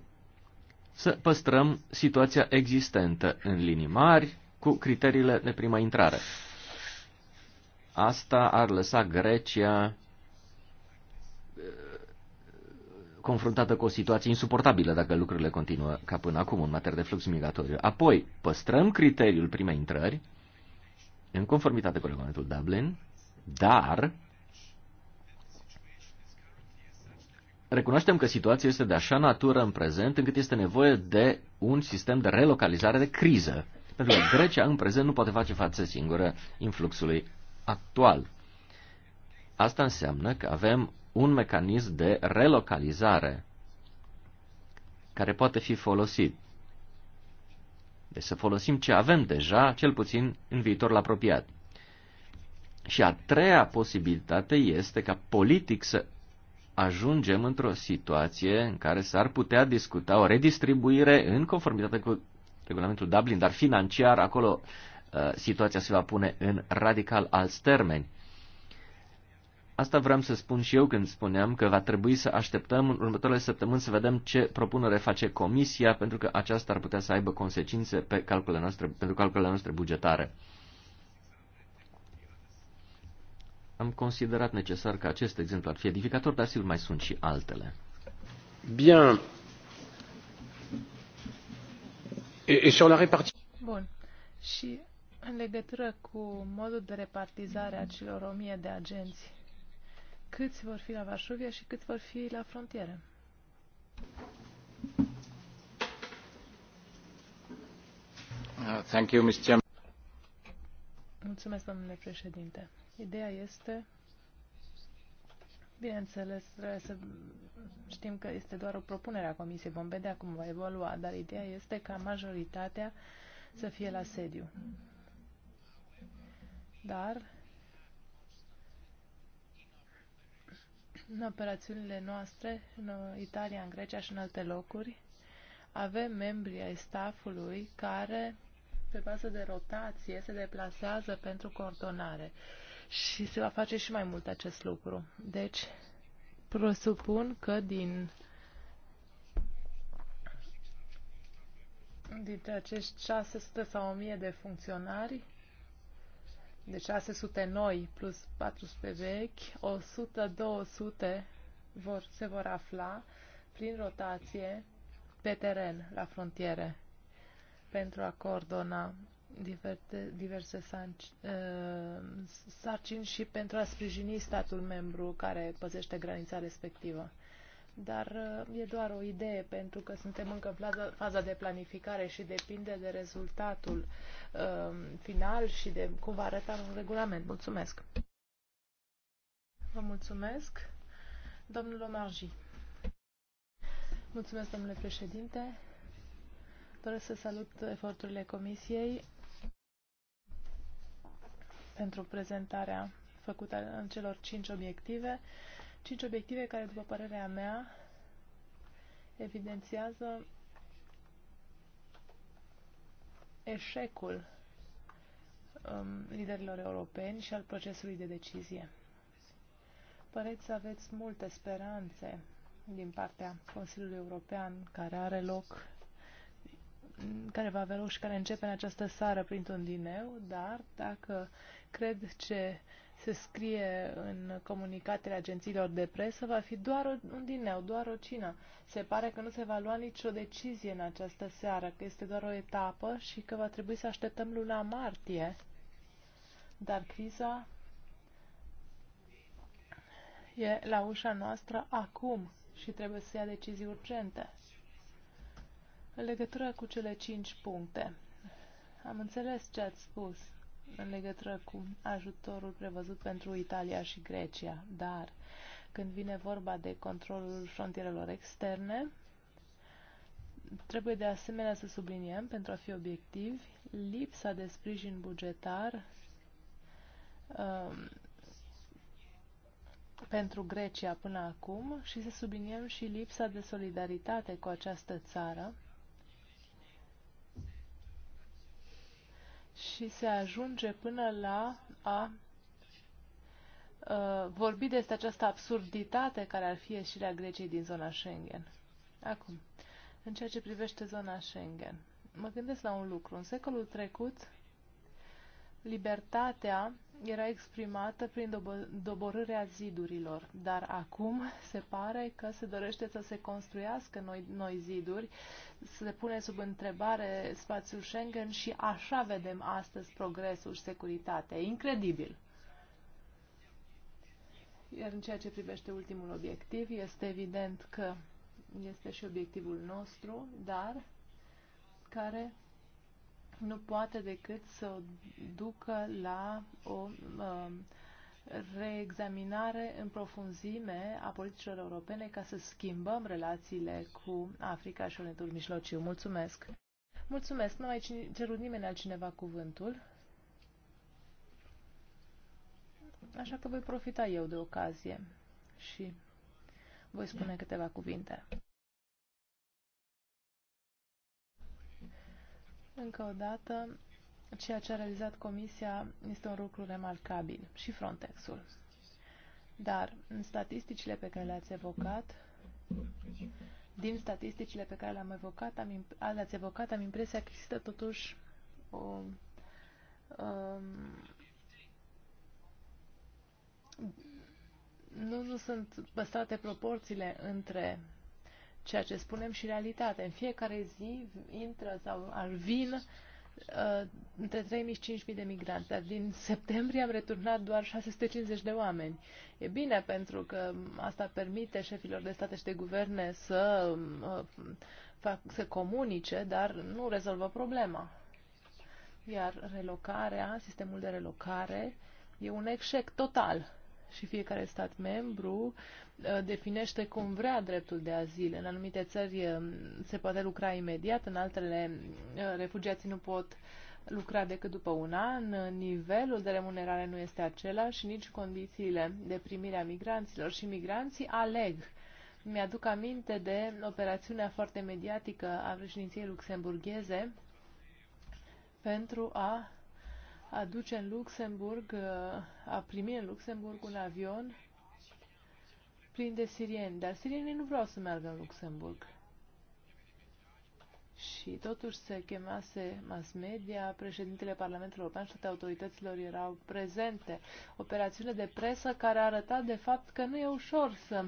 să păstrăm situația existentă în linii mari cu criteriile de prima intrare. Asta ar lăsa Grecia uh, confruntată cu o situație insuportabilă dacă lucrurile continuă ca până acum în materie de flux migratoriu. Apoi, păstrăm criteriul primei intrări, în conformitate cu regulamentul Dublin, dar Recunoaștem că situația este de așa natură în prezent încât este nevoie de un sistem de relocalizare de criză. Pentru că Grecia în prezent nu poate face față singură influxului actual. Asta înseamnă că avem un mecanism de relocalizare care poate fi folosit. Deci să folosim ce avem deja, cel puțin în viitorul apropiat. Și a treia posibilitate este ca politic să ajungem într-o situație în care s-ar putea discuta o redistribuire în conformitate cu regulamentul Dublin, dar financiar acolo uh, situația se va pune în radical alți termeni. Asta vreau să spun și eu când spuneam că va trebui să așteptăm în următoarele săptămâni să vedem ce propunere face Comisia, pentru că aceasta ar putea să aibă consecințe pe calculele noastre, pentru calculele noastre bugetare. Am considerat necesar că acest exemplu ar fi edificator, dar sigur mai sunt și altele. Bien. Et, et sur la Bun. Și în legătură cu modul de repartizare a celor mie de agenți, câți vor fi la Varșovia și câți vor fi la frontieră? Thank you, Mr. Mulțumesc, domnule președinte. Ideea este, bineînțeles, trebuie să știm că este doar o propunere a Comisiei, vom vedea cum va evolua, dar ideea este ca majoritatea să fie la sediu. Dar în operațiunile noastre, în Italia, în Grecia și în alte locuri, avem membri ai staffului care, pe bază de rotație, se deplasează pentru coordonare și se va face și mai mult acest lucru. Deci, presupun că din, din acești 600 sau 1000 de funcționari, de deci 600 noi plus 400 vechi, 100-200 vor, se vor afla prin rotație pe teren, la frontiere, pentru a coordona diverte, diverse uh, sarcini și pentru a sprijini statul membru care păzește granița respectivă. Dar uh, e doar o idee, pentru că suntem încă în faza de planificare și depinde de rezultatul uh, final și de cum va arăta un regulament. Mulțumesc! Vă mulțumesc! Domnul Omarji. Mulțumesc, domnule președinte. Doresc să salut eforturile Comisiei pentru prezentarea făcută în celor cinci obiective. Cinci obiective care, după părerea mea, evidențiază eșecul um, liderilor europeni și al procesului de decizie. Păreți să aveți multe speranțe din partea Consiliului European care are loc care va avea loc și care începe în această sară printr-un dineu, dar dacă cred ce se scrie în comunicatele agențiilor de presă va fi doar un dineu, doar o cină. Se pare că nu se va lua nicio decizie în această seară, că este doar o etapă și că va trebui să așteptăm luna martie. Dar criza e la ușa noastră acum și trebuie să ia decizii urgente. În legătură cu cele cinci puncte, am înțeles ce ați spus în legătură cu ajutorul prevăzut pentru Italia și Grecia, dar când vine vorba de controlul frontierelor externe, trebuie de asemenea să subliniem, pentru a fi obiectivi, lipsa de sprijin bugetar um, pentru Grecia până acum și să subliniem și lipsa de solidaritate cu această țară și se ajunge până la a uh, vorbi despre această absurditate care ar fi ieșirea Greciei din zona Schengen. Acum, în ceea ce privește zona Schengen, mă gândesc la un lucru. În secolul trecut, libertatea era exprimată prin doborârea zidurilor, dar acum se pare că se dorește să se construiască noi, noi ziduri, să se pune sub întrebare spațiul Schengen și așa vedem astăzi progresul și securitatea. Incredibil! Iar în ceea ce privește ultimul obiectiv, este evident că este și obiectivul nostru, dar care nu poate decât să ducă la o um, reexaminare în profunzime a politicilor europene ca să schimbăm relațiile cu Africa și Orientul Mijlociu. Mulțumesc! Mulțumesc! Nu mai cerut nimeni altcineva cuvântul. Așa că voi profita eu de ocazie și voi spune câteva cuvinte. Încă o dată, ceea ce a realizat Comisia este un lucru remarcabil și Frontexul. Dar în statisticile pe care le-ați evocat, din statisticile pe care le-am evocat, am, le-ați evocat, am impresia că există totuși o, um, nu, nu sunt păstrate proporțiile între ceea ce spunem și realitate. În fiecare zi intră sau ar vin uh, între 3000 de migranți, dar din septembrie am returnat doar 650 de oameni. E bine pentru că asta permite șefilor de state și de guverne să, uh, fac, să comunice, dar nu rezolvă problema. Iar relocarea, sistemul de relocare, e un eșec total și fiecare stat membru uh, definește cum vrea dreptul de azil. În anumite țări uh, se poate lucra imediat, în altele uh, refugiații nu pot lucra decât după un an, nivelul de remunerare nu este același, nici condițiile de primire a migranților și migranții aleg. Mi-aduc aminte de operațiunea foarte mediatică a președinției luxemburgheze pentru a a duce în Luxemburg, a primi în Luxemburg un avion plin de sirieni. Dar sirienii nu vreau să meargă în Luxemburg. Și totuși se chemase mass media, președintele Parlamentului European și toate autorităților erau prezente. Operațiune de presă care arăta de fapt că nu e ușor să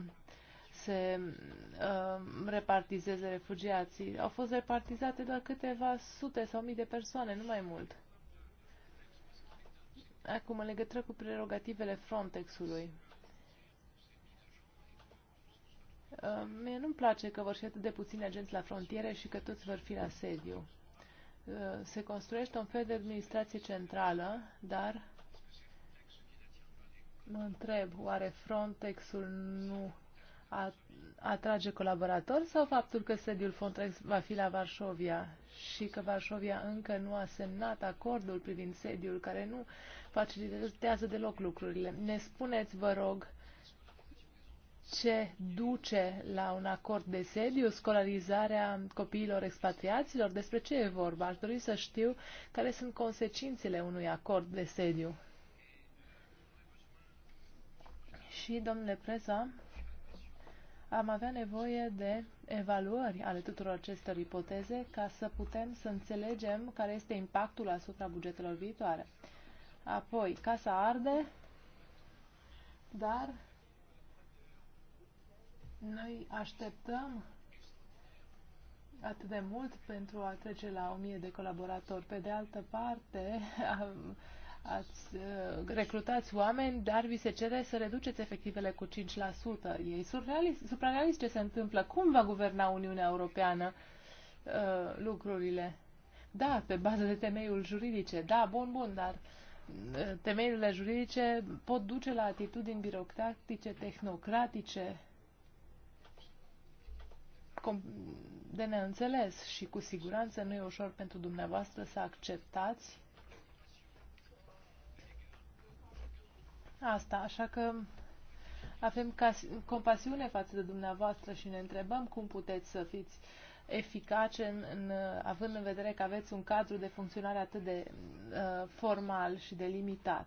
se uh, repartizeze refugiații. Au fost repartizate doar câteva sute sau mii de persoane, nu mai mult. Acum, în legătură cu prerogativele Frontex-ului. Uh, mie nu-mi place că vor fi atât de puțini agenți la frontiere și că toți vor fi la sediu. Uh, se construiește un fel de administrație centrală, dar mă întreb, oare Frontex-ul nu atrage colaboratori sau faptul că sediul Frontex va fi la Varșovia și că Varșovia încă nu a semnat acordul privind sediul care nu facilitează deloc lucrurile. Ne spuneți, vă rog, ce duce la un acord de sediu, scolarizarea copiilor expatriaților, despre ce e vorba? Aș dori să știu care sunt consecințele unui acord de sediu. Și, domnule Preza, am avea nevoie de evaluări ale tuturor acestor ipoteze ca să putem să înțelegem care este impactul asupra bugetelor viitoare. Apoi, casa arde, dar noi așteptăm atât de mult pentru a trece la 1000 de colaboratori. Pe de altă parte, *laughs* ați uh, recrutați oameni, dar vi se cere să reduceți efectivele cu 5%. E surrealist, suprarealist ce se întâmplă. Cum va guverna Uniunea Europeană uh, lucrurile? Da, pe bază de temeiul juridice. Da, bun, bun, dar uh, temeiurile juridice pot duce la atitudini birocratice, tehnocratice, de neînțeles și cu siguranță nu e ușor pentru dumneavoastră să acceptați asta. Așa că avem compasiune față de dumneavoastră și ne întrebăm cum puteți să fiți eficace, în, în, având în vedere că aveți un cadru de funcționare atât de uh, formal și de limitat.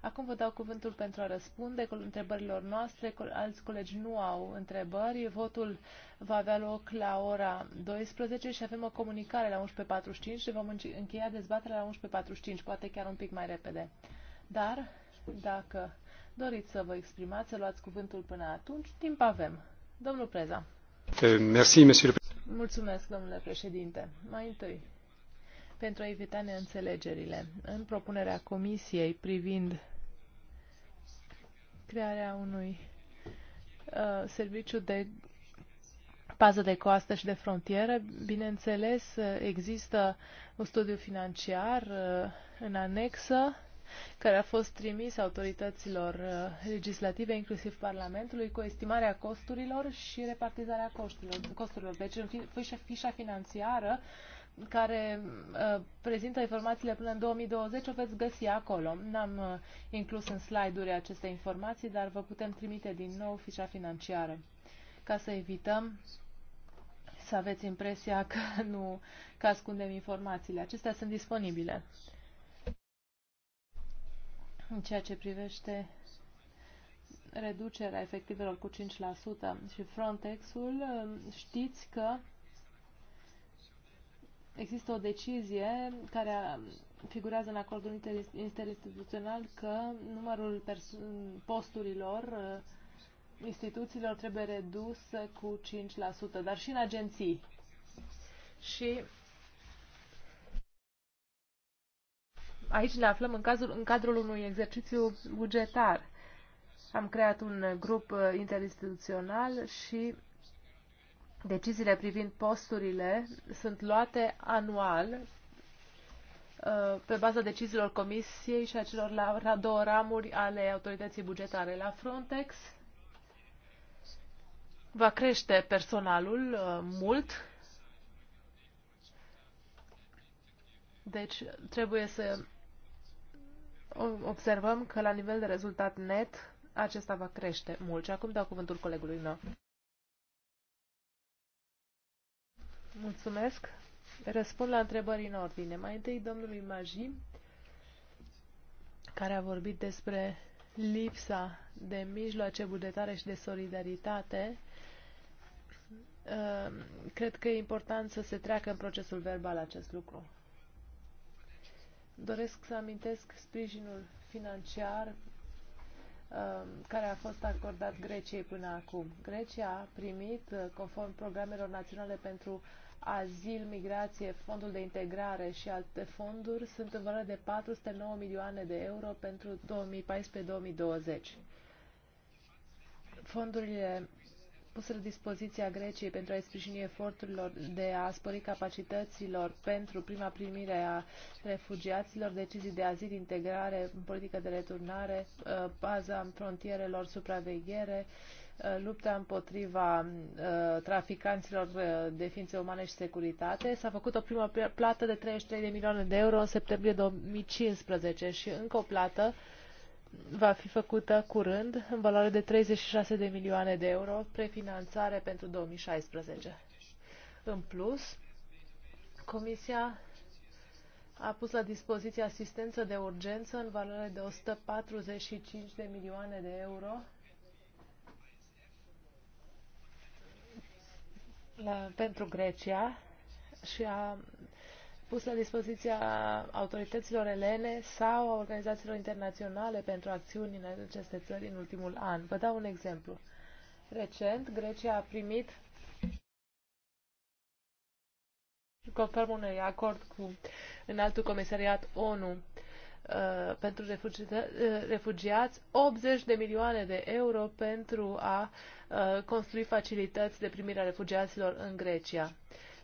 Acum vă dau cuvântul pentru a răspunde întrebărilor noastre. Alți colegi nu au întrebări. Votul va avea loc la ora 12 și avem o comunicare la 11.45 și vom încheia dezbaterea la 11.45, poate chiar un pic mai repede. Dar dacă doriți să vă exprimați, să luați cuvântul până atunci, timp avem. Domnul Preza. Eh, merci, monsieur. Mulțumesc, domnule președinte. Mai întâi, pentru a evita neînțelegerile, în propunerea comisiei privind crearea unui uh, serviciu de pază de coastă și de frontieră. Bineînțeles, uh, există un studiu financiar uh, în anexă care a fost trimis autorităților uh, legislative, inclusiv Parlamentului, cu estimarea costurilor și repartizarea costurilor. costurilor. Deci în fișa, fișa financiară care uh, prezintă informațiile până în 2020, o veți găsi acolo. N-am uh, inclus în slide-uri aceste informații, dar vă putem trimite din nou fișa financiară ca să evităm să aveți impresia că *laughs* nu că ascundem informațiile. Acestea sunt disponibile în ceea ce privește reducerea efectivelor cu 5% și Frontex-ul, um, știți că există o decizie care um, figurează în acordul interinstituțional că numărul posturilor uh, instituțiilor trebuie redus cu 5%, dar și în agenții. Și aici ne aflăm în, cazul, în cadrul unui exercițiu bugetar. Am creat un grup uh, interinstituțional și deciziile privind posturile sunt luate anual uh, pe baza deciziilor Comisiei și a celor la două ramuri ale autorității bugetare. La Frontex va crește personalul uh, mult, deci trebuie să observăm că la nivel de rezultat net acesta va crește mult. Și acum dau cuvântul colegului meu. Mulțumesc. Răspund la întrebări în ordine. Mai întâi domnului Maji, care a vorbit despre lipsa de mijloace bugetare și de solidaritate. Ă, cred că e important să se treacă în procesul verbal acest lucru. Doresc să amintesc sprijinul financiar um, care a fost acordat Greciei până acum. Grecia a primit, uh, conform programelor naționale pentru azil, migrație, fondul de integrare și alte fonduri, sunt în valoare de 409 milioane de euro pentru 2014-2020. Fondurile pusă la dispoziția Greciei pentru a-i sprijini eforturilor de a spori capacităților pentru prima primire a refugiaților, decizii de azil, integrare, politică de returnare, uh, baza frontierelor, supraveghere, uh, lupta împotriva uh, traficanților de ființe umane și securitate. S-a făcut o primă plată de 33 de milioane de euro în septembrie 2015 și încă o plată va fi făcută curând în valoare de 36 de milioane de euro prefinanțare pentru 2016. În plus, Comisia a pus la dispoziție asistență de urgență în valoare de 145 de milioane de euro la, pentru Grecia și a pus la dispoziția autorităților elene sau a organizațiilor internaționale pentru acțiuni în aceste țări în ultimul an. Vă dau un exemplu. Recent, Grecia a primit, conform unui acord cu înaltul comisariat ONU uh, pentru uh, refugiați, 80 de milioane de euro pentru a uh, construi facilități de primire a refugiaților în Grecia.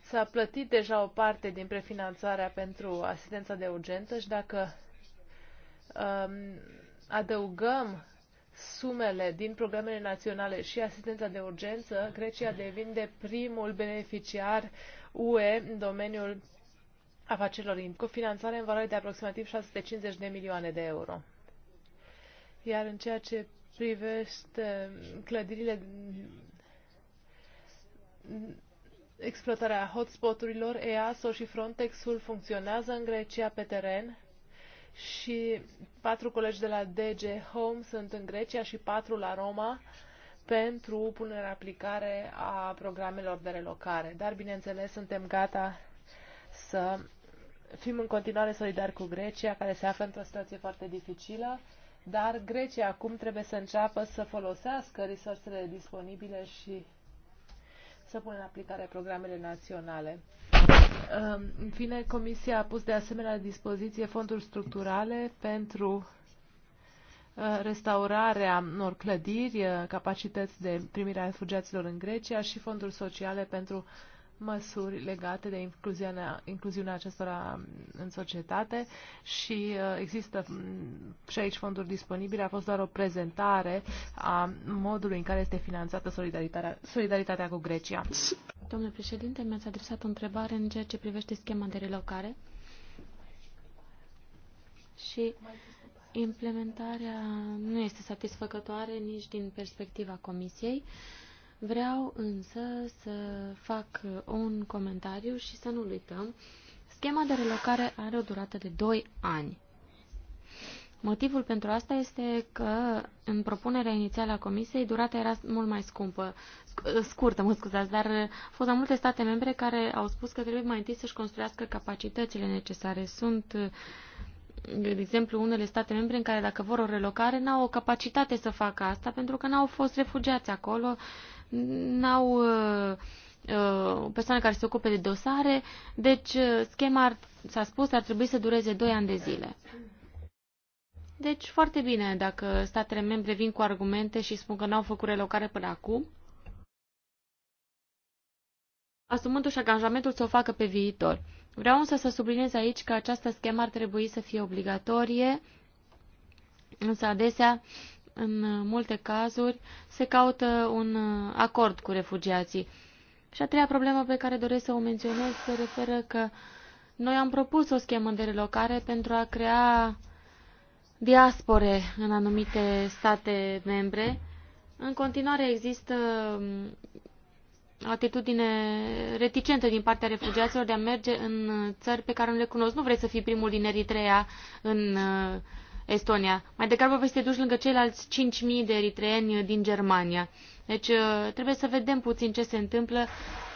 S-a plătit deja o parte din prefinanțarea pentru asistența de urgență și dacă um, adăugăm sumele din programele naționale și asistența de urgență, Grecia devine primul beneficiar UE în domeniul afacerilor cu finanțare în valoare de aproximativ 650 de milioane de euro. Iar în ceea ce privește clădirile exploatarea hotspoturilor, EASO și Frontexul funcționează în Grecia pe teren și patru colegi de la DG Home sunt în Grecia și patru la Roma pentru punerea aplicare a programelor de relocare. Dar, bineînțeles, suntem gata să fim în continuare solidari cu Grecia, care se află într-o situație foarte dificilă, dar Grecia acum trebuie să înceapă să folosească resursele disponibile și să pună în aplicare programele naționale. În fine, Comisia a pus de asemenea la dispoziție fonduri structurale pentru uh, restaurarea unor clădiri, uh, capacități de primire a refugiaților în Grecia și fonduri sociale pentru uh, măsuri legate de incluziunea, incluziunea acestora în societate și uh, există mm, și aici fonduri disponibile. A fost doar o prezentare a modului în care este finanțată solidaritatea, solidaritatea cu Grecia. Domnule președinte, mi-ați adresat o întrebare în ceea ce privește schema de relocare și implementarea nu este satisfăcătoare nici din perspectiva Comisiei. Uh, Vreau însă să fac un comentariu și să nu uităm. Schema de relocare are o durată de 2 ani. Motivul pentru asta este că în propunerea inițială a Comisiei durata era mult mai scumpă, scurtă, mă scuzați, dar au fost multe state membre care au spus că trebuie mai întâi să-și construiască capacitățile necesare. Sunt, de exemplu, unele state membre în care dacă vor o relocare n-au o capacitate să facă asta pentru că n-au fost refugiați acolo n-au uh, uh, persoane care se ocupe de dosare, deci uh, schema, s-a spus, ar trebui să dureze 2 ani de zile. Deci foarte bine dacă statele membre vin cu argumente și spun că n-au făcut relocare până acum, asumându-și angajamentul să o facă pe viitor. Vreau însă să subliniez aici că această schemă ar trebui să fie obligatorie, însă adesea uh, în uh, multe cazuri, se caută un uh, acord cu refugiații. Și a treia problemă pe care doresc să o menționez se referă că noi am propus o schemă de relocare pentru a crea diaspore în anumite state membre. În continuare există um, o atitudine reticentă din partea refugiaților de a merge în uh, țări pe care nu le cunosc. Nu vrei să fii primul din Eritrea în Estonia. Mai degrabă vei să te duci lângă ceilalți 5.000 de eritreeni din Germania. Deci uh, trebuie să vedem puțin ce se întâmplă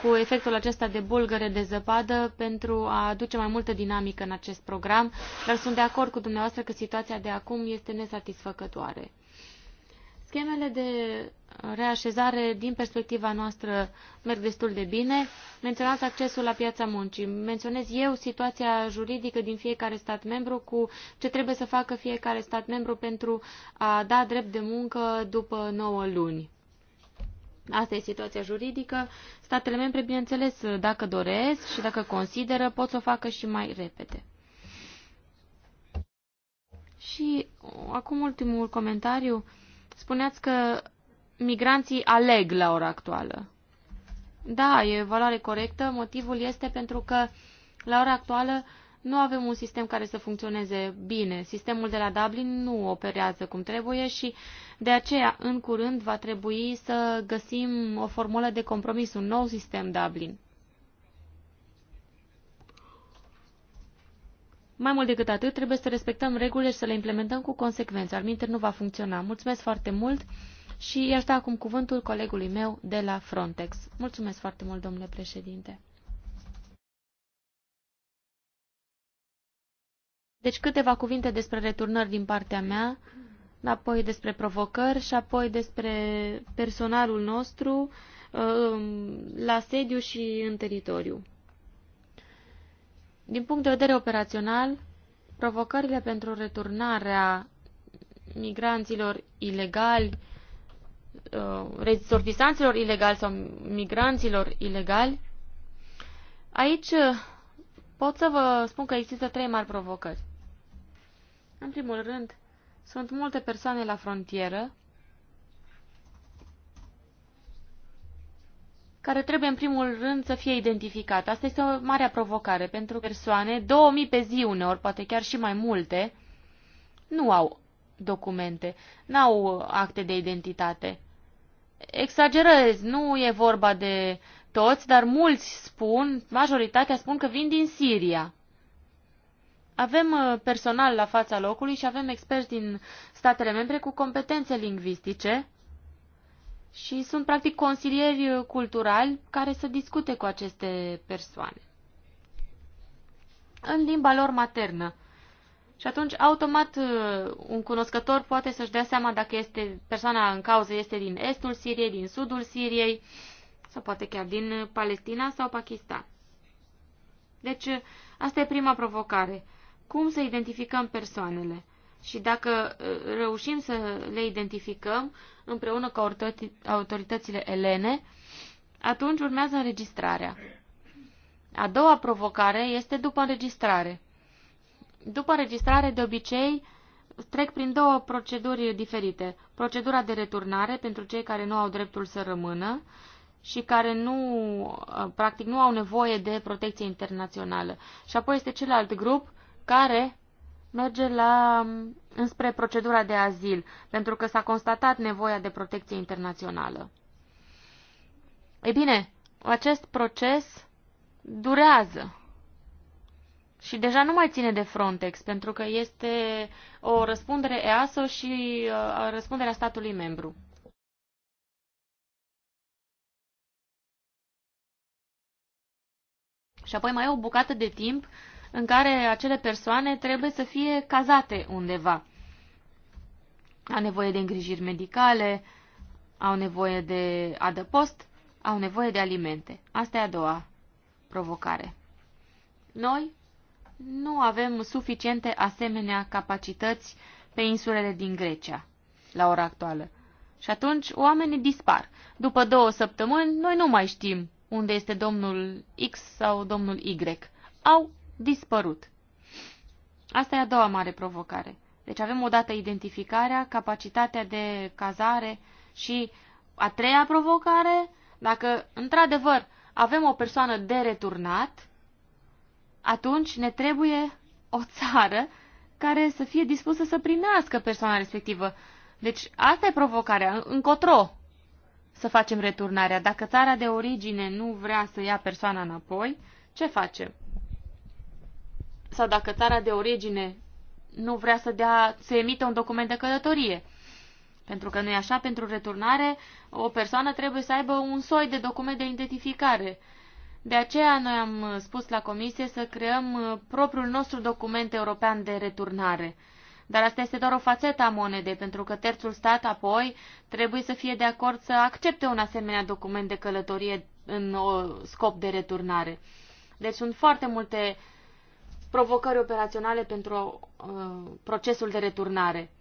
cu efectul acesta de bulgăre de zăpadă pentru a aduce mai multă dinamică în acest program, dar sunt de acord cu dumneavoastră că situația de acum este nesatisfăcătoare. Schemele de reașezare, din perspectiva noastră, merg destul de bine. Menționați accesul la piața muncii. Menționez eu situația juridică din fiecare stat membru cu ce trebuie să facă fiecare stat membru pentru a da drept de muncă după 9 luni. Asta e situația juridică. Statele membre, bineînțeles, dacă doresc și dacă consideră, pot să o facă și mai repede. Și acum ultimul comentariu. Spuneați că migranții aleg la ora actuală. Da, e valoare corectă. Motivul este pentru că la ora actuală nu avem un sistem care să funcționeze bine. Sistemul de la Dublin nu operează cum trebuie și de aceea în curând va trebui să găsim o formulă de compromis, un nou sistem Dublin. Mai mult decât atât, trebuie să respectăm regulile și să le implementăm cu consecvență. Alminter nu va funcționa. Mulțumesc foarte mult și i-aș da acum cuvântul colegului meu de la Frontex. Mulțumesc foarte mult, domnule președinte. Deci câteva cuvinte despre returnări din partea mea, apoi despre provocări și apoi despre personalul nostru uh, la sediu și în teritoriu. Din punct de vedere operațional, provocările pentru returnarea migranților ilegali, uh, resortisanților ilegali sau migranților ilegali, aici uh, pot să vă spun că există trei mari provocări. În primul rând, sunt multe persoane la frontieră care trebuie în primul rând să fie identificată. Asta este o mare provocare pentru persoane, 2000 pe zi uneori, poate chiar și mai multe, nu au documente, n-au acte de identitate. Exagerez, nu e vorba de toți, dar mulți spun, majoritatea spun că vin din Siria. Avem uh, personal la fața locului și avem experți din statele membre cu competențe lingvistice și sunt practic consilieri culturali care să discute cu aceste persoane în limba lor maternă. Și atunci, automat, uh, un cunoscător poate să-și dea seama dacă este, persoana în cauză este din estul Siriei, din sudul Siriei, sau poate chiar din Palestina sau Pakistan. Deci, uh, asta e prima provocare. Cum să identificăm persoanele? Și dacă uh, reușim să le identificăm, împreună cu autoritățile elene, atunci urmează înregistrarea. A doua provocare este după înregistrare. După înregistrare, de obicei, trec prin două proceduri diferite. Procedura de returnare pentru cei care nu au dreptul să rămână și care nu, ă, practic, nu au nevoie de protecție internațională. Și apoi este celălalt grup care merge la înspre procedura de azil, pentru că s-a constatat nevoia de protecție internațională. Ei bine, acest proces durează și deja nu mai ține de Frontex, pentru că este o răspundere EASO și uh, răspunderea statului membru. Și apoi mai e o bucată de timp în care acele persoane trebuie să fie cazate undeva. Au nevoie de îngrijiri medicale, au nevoie de adăpost, au nevoie de alimente. Asta e a doua provocare. Noi nu avem suficiente asemenea capacități pe insulele din Grecia, la ora actuală. Și atunci oamenii dispar. După două săptămâni, noi nu mai știm unde este domnul X sau domnul Y. Au dispărut. Asta e a doua mare provocare. Deci avem odată identificarea, capacitatea de cazare și a treia provocare, dacă într-adevăr avem o persoană de returnat, atunci ne trebuie o țară care să fie dispusă să primească persoana respectivă. Deci asta e provocarea, încotro să facem returnarea. Dacă țara de origine nu vrea să ia persoana înapoi, ce facem? sau dacă țara de origine nu vrea să, dea, să emită un document de călătorie. Pentru că nu e așa, pentru returnare, o persoană trebuie să aibă un soi de document de identificare. De aceea noi am spus la comisie să creăm uh, propriul nostru document european de returnare. Dar asta este doar o fațetă a monedei, pentru că terțul stat apoi trebuie să fie de acord să accepte un asemenea document de călătorie în uh, scop de returnare. Deci sunt foarte multe uh, provocări operaționale pentru uh, procesul de returnare.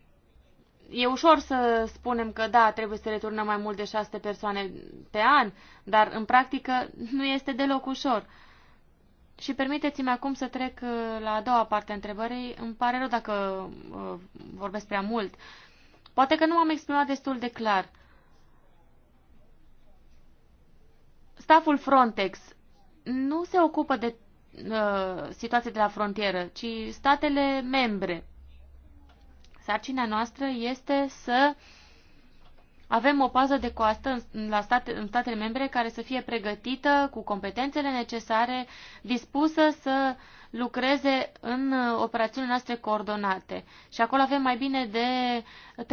E ușor să spunem că da, trebuie să returnăm mai mult de 600 persoane pe an, dar în practică nu este deloc ușor. Și permiteți-mi acum să trec uh, la a doua parte a întrebării. Îmi pare rău dacă uh, vorbesc prea mult. Poate că nu m-am exprimat destul de clar. Staful Frontex nu se ocupă de Uh, situație de la frontieră, ci statele membre. Sarcina noastră este să avem o pază de coastă în, la state, în statele membre care să fie pregătită cu competențele necesare, dispusă să lucreze în uh, operațiunile noastre coordonate. Și acolo avem mai bine de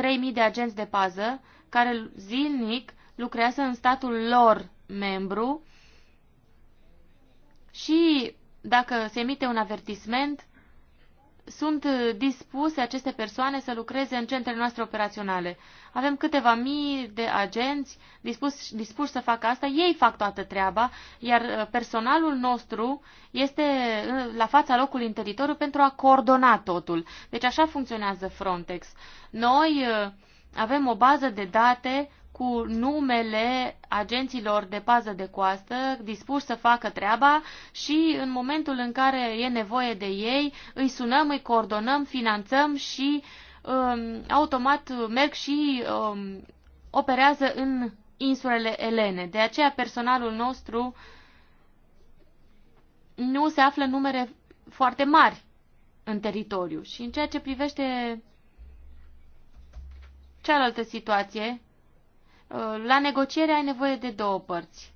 3.000 de agenți de pază care zilnic lucrează în statul lor membru și dacă se emite un avertisment, sunt dispuse aceste persoane să lucreze în centrele noastre operaționale. Avem câteva mii de agenți dispuși, dispus să facă asta, ei fac toată treaba, iar uh, personalul nostru este uh, la fața locului în teritoriu pentru a coordona totul. Deci așa funcționează Frontex. Noi uh, avem o bază de date cu numele agenților de pază de coastă dispuși să facă treaba și în momentul în care e nevoie de ei, îi sunăm, îi coordonăm, finanțăm și um, automat merg și um, operează în insulele Elene. De aceea personalul nostru nu se află numere foarte mari în teritoriu. Și în ceea ce privește cealaltă situație, Uh, la negociere ai nevoie de două părți.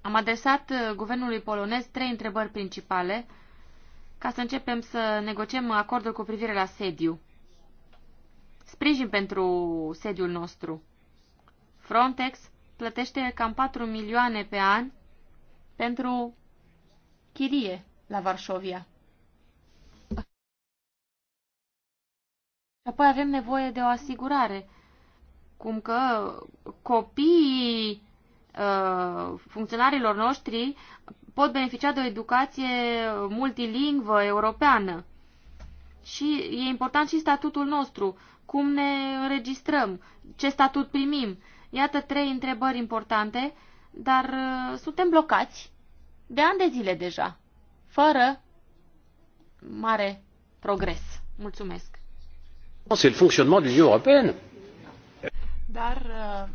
Am adresat uh, guvernului polonez trei întrebări principale ca să începem să negociem acordul cu privire la sediu. Sprijin pentru sediul nostru. Frontex plătește cam 4 milioane pe an pentru chirie la Varșovia. Apoi avem nevoie de o asigurare, cum că copiii uh, funcționarilor noștri pot beneficia de o educație multilingvă europeană. Și e important și statutul nostru, cum ne înregistrăm, ce statut primim. Iată trei întrebări importante, dar uh, suntem blocați de ani de zile deja, fără mare progres. Mulțumesc! C'est le fonctionnement de l'Union européenne. Dar uh,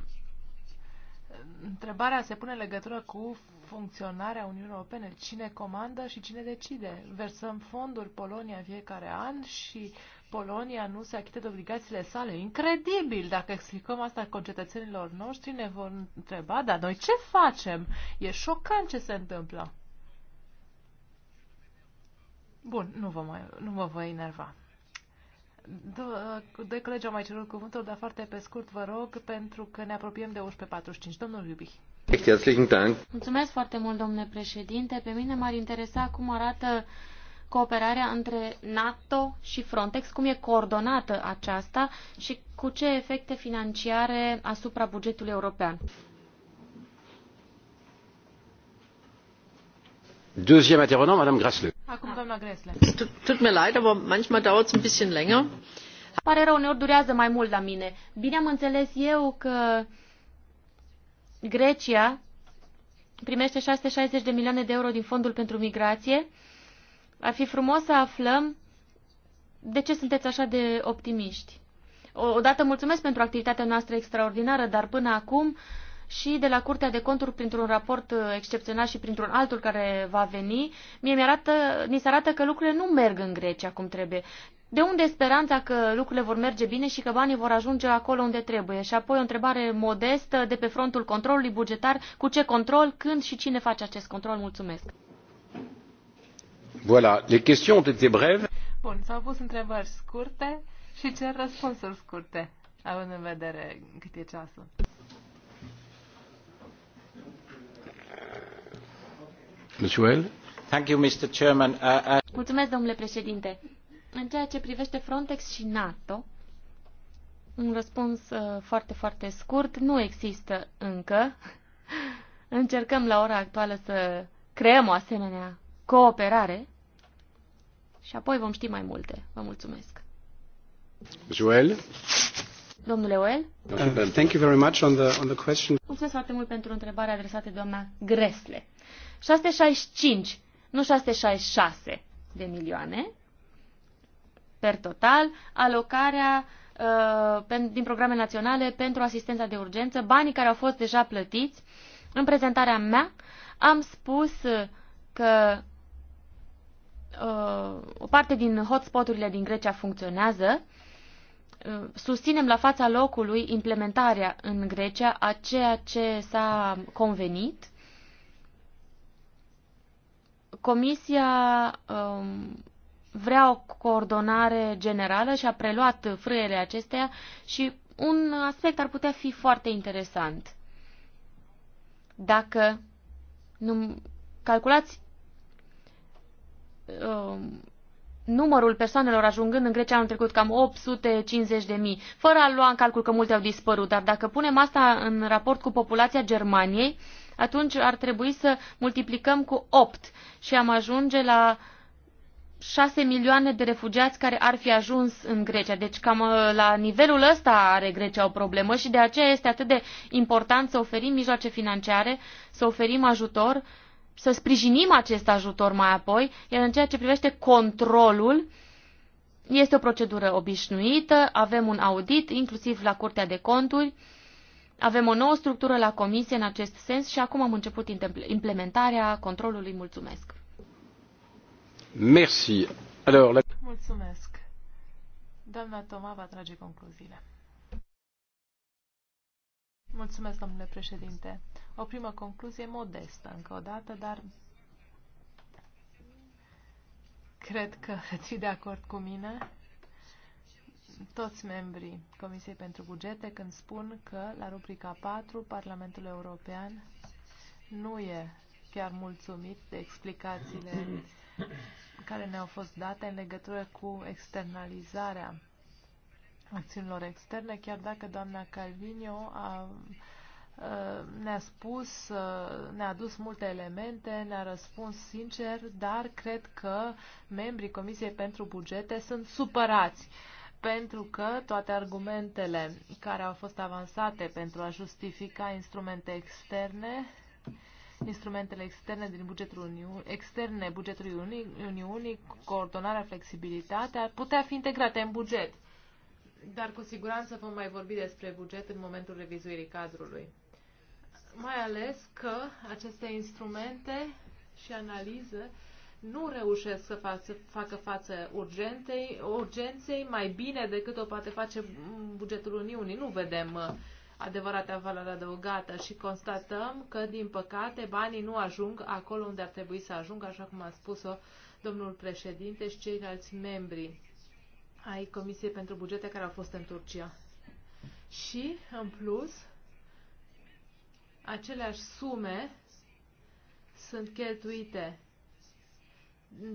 întrebarea se pune în legătură cu funcționarea Uniunii Europene. Cine comandă și cine decide? Versăm fonduri Polonia fiecare an și Polonia nu se achită de obligațiile sale. Incredibil! Dacă explicăm asta concetățenilor noștri, ne vor întreba, dar noi ce facem? E șocant ce se întâmplă. Bun, nu vă, mai, nu vă voi enerva. Doi da, colegi au mai cerut cuvântul, dar foarte pe scurt, vă rog, pentru că ne apropiem de 11.45. Domnul Iubi. Mulțumesc foarte mult, domnule președinte. Pe mine m-ar interesa cum arată cooperarea între NATO și Frontex, cum e coordonată aceasta și cu ce efecte financiare asupra bugetului european. Acum, Tut mir leid, aber manchmal dauert es ein bisschen länger. Pare rău, uneori durează mai mult la mine. Bine am înțeles eu că Grecia primește 660 de milioane de euro din Fondul pentru Migrație. Ar fi frumos să aflăm de ce sunteți așa de optimiști. Odată mulțumesc pentru activitatea noastră extraordinară, dar până acum uh, și de la Curtea de Conturi printr-un raport uh, excepțional și printr-un altul care va veni, mie mi, arată, mi se arată că lucrurile nu merg în Grecia cum trebuie. De unde speranța că lucrurile vor merge bine și că banii vor ajunge acolo unde trebuie? Și apoi o întrebare modestă de pe frontul controlului bugetar, cu ce control, când și cine face acest control? Mulțumesc! Voilà, les questions ont été brèves. Bun, s-au pus întrebări scurte și cer răspunsuri scurte, având în vedere cât e ceasul. Uh, uh, mulțumesc, domnule președinte. În ceea ce privește Frontex și NATO, un răspuns uh, foarte, foarte scurt. Nu există încă. *laughs* Încercăm la ora actuală să creăm o asemenea cooperare și apoi vom ști mai multe. Vă mulțumesc. Joel? Domnule Oel? Uh, thank you very much on the, on the question. Mulțumesc foarte mult pentru întrebarea adresată doamna Gresle. 665, nu 666 de milioane per total, alocarea uh, din programe naționale pentru asistența de urgență, banii care au fost deja plătiți. În prezentarea mea am spus uh, că uh, o parte din hotspoturile din Grecia funcționează. susținem la fața locului implementarea în Grecia a ceea ce s-a convenit Comisia um, vrea o coordonare generală și a preluat frâiele acesteia și un aspect ar putea fi foarte interesant. Dacă nu, calculați um, numărul persoanelor ajungând în Grecia anul trecut cam 850 de mii, fără a lua în calcul că multe au dispărut, dar dacă punem asta în raport cu populația Germaniei, uh, atunci ar trebui să multiplicăm cu 8 și am ajunge la 6 milioane de refugiați care ar fi ajuns în Grecia. Deci cam uh, la nivelul ăsta are Grecia o problemă și de aceea este atât de important să oferim mijloace financiare, să oferim ajutor, să sprijinim acest ajutor mai apoi, iar în ceea ce privește controlul, este o procedură obișnuită, avem un audit, inclusiv la Curtea de Conturi, avem o nouă structură la comisie în acest sens și acum am început implementarea controlului. Mulțumesc! Merci. Alors, la... Mulțumesc! Doamna Toma va trage concluziile. Mulțumesc, domnule președinte. O primă concluzie modestă, încă o dată, dar cred că veți *laughs* fi de acord cu mine toți membrii Comisiei pentru Bugete când spun că la rubrica 4 Parlamentul European nu e chiar mulțumit de explicațiile care ne-au fost date în legătură cu externalizarea acțiunilor externe, chiar dacă doamna Calvino a ne-a spus, ne-a adus multe elemente, ne-a răspuns sincer, dar cred că membrii Comisiei pentru Bugete sunt supărați pentru că toate argumentele care au fost avansate pentru a justifica instrumente externe, instrumentele externe din bugetul Uniunii, externe bugetului Uniunii, coordonarea, flexibilitatea, putea fi integrate în buget. Dar cu siguranță vom mai vorbi despre buget în momentul revizuirii cadrului. Mai ales că aceste instrumente și analize nu reușesc să, fac, facă față urgentei, urgenței mai bine decât o poate face bugetul Uniunii. Nu vedem uh, adevărata valoare adăugată și constatăm că, din păcate, banii nu ajung acolo unde ar trebui să ajungă, așa cum a spus-o domnul președinte și ceilalți membri ai Comisiei pentru Bugete care au fost în Turcia. Și, în plus, aceleași sume sunt cheltuite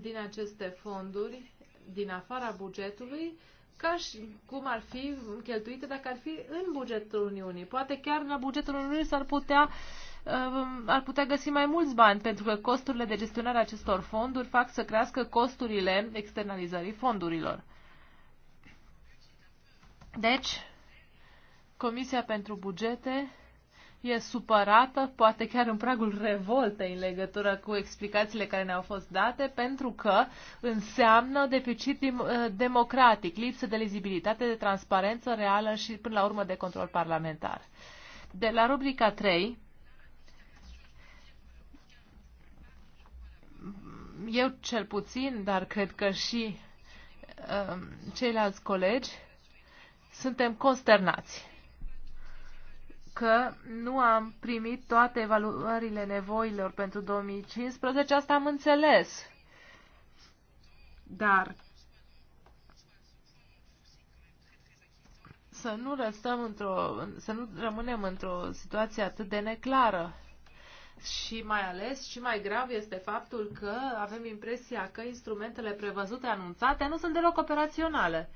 din aceste fonduri din afara bugetului ca și cum ar fi cheltuite dacă ar fi în bugetul Uniunii. Poate chiar la bugetul Uniunii s-ar putea um, ar putea găsi mai mulți bani, pentru că costurile de gestionare a acestor fonduri fac să crească costurile externalizării fondurilor. Deci, Comisia pentru Bugete e supărată, poate chiar în pragul revoltei în legătură cu explicațiile care ne-au fost date, pentru că înseamnă deficit uh, democratic, lipsă de lizibilitate, de transparență reală și până la urmă de control parlamentar. De la rubrica 3, eu cel puțin, dar cred că și uh, ceilalți colegi, suntem consternați că nu am primit toate evaluările nevoilor pentru 2015, asta am înțeles. Dar să nu, restăm într-o, să nu rămânem într-o situație atât de neclară. Și mai ales și mai grav este faptul că avem impresia că instrumentele prevăzute, anunțate, nu sunt deloc operaționale.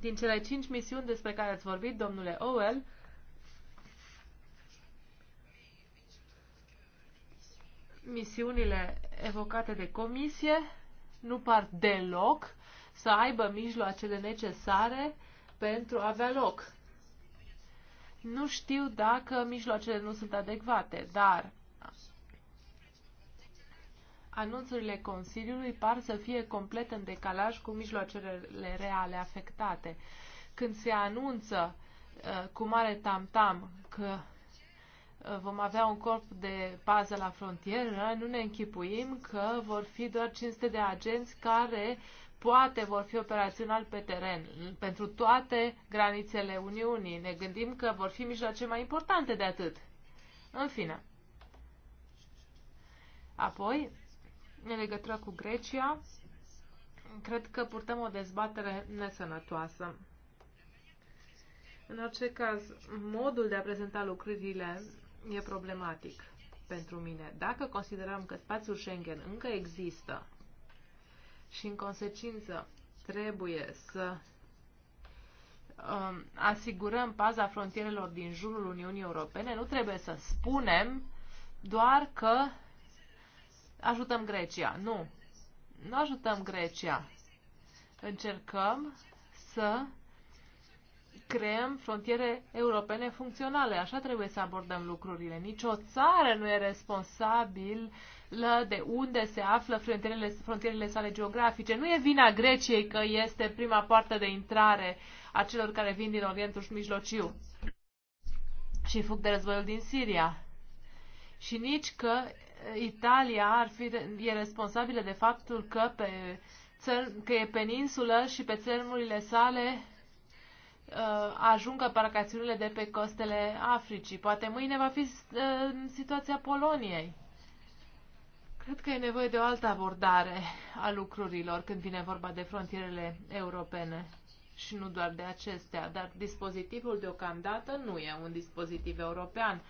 din cele cinci misiuni despre care ați vorbit, domnule Owell, misiunile evocate de comisie nu par deloc să aibă mijloacele necesare pentru a avea loc. Nu știu dacă mijloacele nu sunt adecvate, dar anunțurile Consiliului par să fie complet în decalaj cu mijloacele reale afectate. Când se anunță uh, cu mare tamtam -tam că uh, vom avea un corp de pază la frontieră, nu ne închipuim că vor fi doar 500 de agenți care poate vor fi operațional pe teren pentru toate granițele Uniunii. Ne gândim că vor fi mijloace mai importante de atât. În fine. Apoi, în legătură cu Grecia, cred că purtăm o dezbatere nesănătoasă. În orice caz, modul de a prezenta lucrurile e problematic pentru mine. Dacă considerăm că spațiul Schengen încă există și în consecință trebuie să um, asigurăm paza frontierelor din jurul Uniunii Europene, nu trebuie să spunem doar că ajutăm Grecia. Nu. Nu ajutăm Grecia. Încercăm să creăm frontiere europene funcționale. Așa trebuie să abordăm lucrurile. Nici o țară nu e responsabilă de unde se află frontierele, frontierele sale geografice. Nu e vina Greciei că este prima poartă de intrare a celor care vin din Orientul și Mijlociu și fug de războiul din Siria. Și nici că Italia ar fi, e responsabilă de faptul că, pe țăr, că e peninsulă și pe țărmurile sale uh, ajungă parcațiunile de pe costele Africii. Poate mâine va fi uh, situația Poloniei. Cred că e nevoie de o altă abordare a lucrurilor când vine vorba de frontierele europene și nu doar de acestea, dar dispozitivul deocamdată nu e un dispozitiv european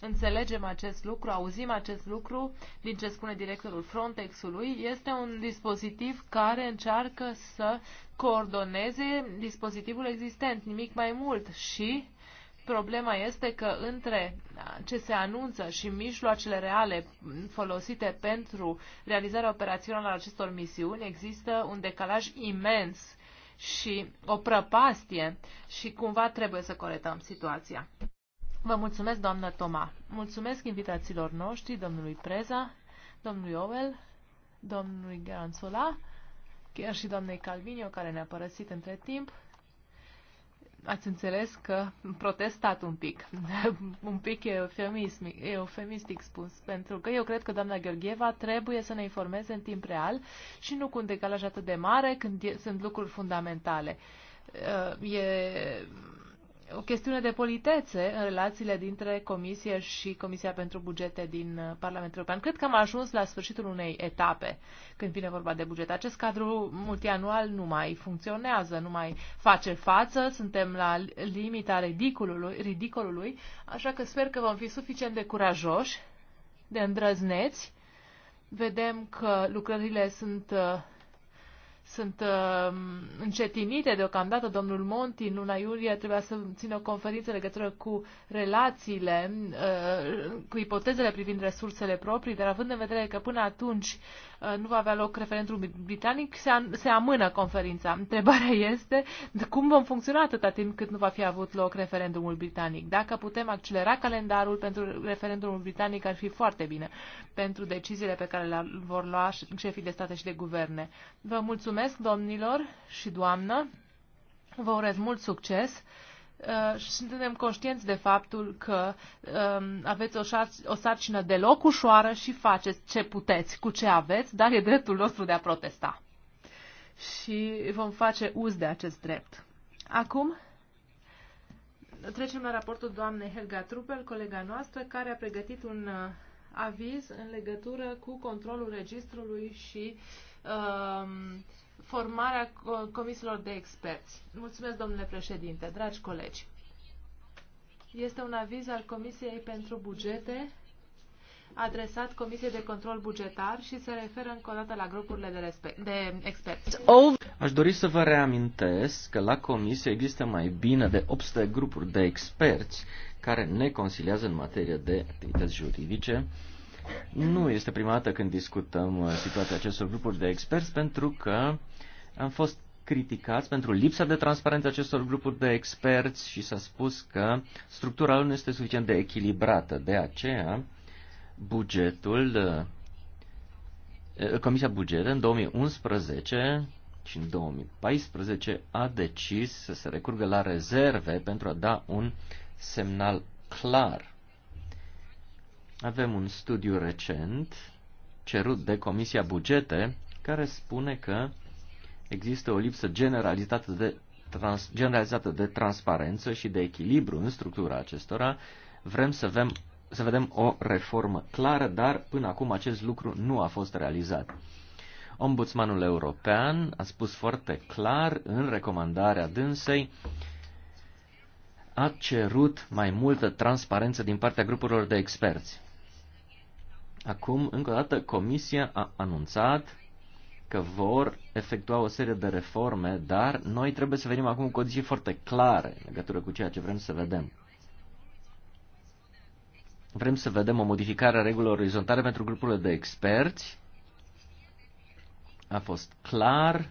înțelegem acest lucru, auzim acest lucru din ce spune directorul Frontex-ului. Este un dispozitiv care încearcă să coordoneze dispozitivul existent, nimic mai mult și Problema este că între ce se anunță și mijloacele reale folosite pentru realizarea operațională a acestor misiuni există un decalaj imens și o prăpastie și cumva trebuie să corectăm situația. Vă mulțumesc, doamnă Toma. Mulțumesc invitațiilor noștri, domnului Preza, domnului Owell, domnului Garanzola, chiar și doamnei Calvinio, care ne-a părăsit între timp. Ați înțeles că protestat un pic, *laughs* un pic eufemistic, eufemistic spus, pentru că eu cred că doamna Gheorgheva trebuie să ne informeze în timp real și nu cu un decalaj atât de mare când sunt lucruri fundamentale. Uh, e o chestiune de politețe în relațiile dintre Comisie și Comisia pentru Bugete din uh, Parlamentul European. Cred că am ajuns la sfârșitul unei etape când vine vorba de buget. Acest cadru multianual nu mai funcționează, nu mai face față, suntem la limita ridicolului, ridicolului așa că sper că vom fi suficient de curajoși, de îndrăzneți. Vedem că lucrările sunt uh, sunt uh, încetinite deocamdată. Domnul Monti, în luna iulie, trebuia să țină o conferință legătură cu relațiile, uh, cu ipotezele privind resursele proprii, dar având în vedere că până atunci uh, nu va avea loc referendumul britanic, se, an- se amână conferința. Întrebarea *laughs* este cum vom funcționa atâta timp cât nu va fi avut loc referendumul britanic. Dacă putem accelera calendarul pentru referendumul britanic, ar fi foarte bine pentru deciziile pe care le vor lua șefii de state și de guverne. Vă mulțumesc mulțumesc domnilor și doamnă. Vă urez mult succes uh, și suntem conștienți de faptul că um, aveți o, sarcină deloc ușoară și faceți ce puteți cu ce aveți, dar e dreptul nostru de a protesta. Și vom face uz de acest drept. Acum trecem la raportul doamnei Helga Trupel, colega noastră, care a pregătit un uh, aviz în legătură cu controlul registrului și uh, formarea comisiilor de experți. Mulțumesc, domnule președinte, dragi colegi. Este un aviz al Comisiei pentru Bugete adresat Comisiei de Control Bugetar și se referă încă o dată la grupurile de, de experți. Aș dori să vă reamintesc că la Comisie există mai bine de 800 grupuri de experți care ne consiliază în materie de activități juridice nu este prima dată când discutăm uh, situația acestor grupuri de experți, pentru că am fost criticați pentru lipsa de transparență acestor grupuri de experți și s-a spus că structura lor nu este suficient de echilibrată. De aceea, bugetul, uh, Comisia Bugete în 2011 și în 2014 a decis să se recurgă la rezerve pentru a da un semnal clar avem un studiu recent cerut de Comisia Bugete care spune că există o lipsă generalizată de, trans, generalizată de transparență și de echilibru în structura acestora. Vrem să, vem, să vedem o reformă clară, dar până acum acest lucru nu a fost realizat. Ombudsmanul european a spus foarte clar în recomandarea dânsei a cerut mai multă transparență din partea grupurilor de experți. Acum, încă o dată, Comisia a anunțat că vor efectua o serie de reforme, dar noi trebuie să venim acum cu condiții foarte clare în legătură cu ceea ce vrem să vedem. Vrem să vedem o modificare a regulilor orizontale pentru grupurile de experți. A fost clar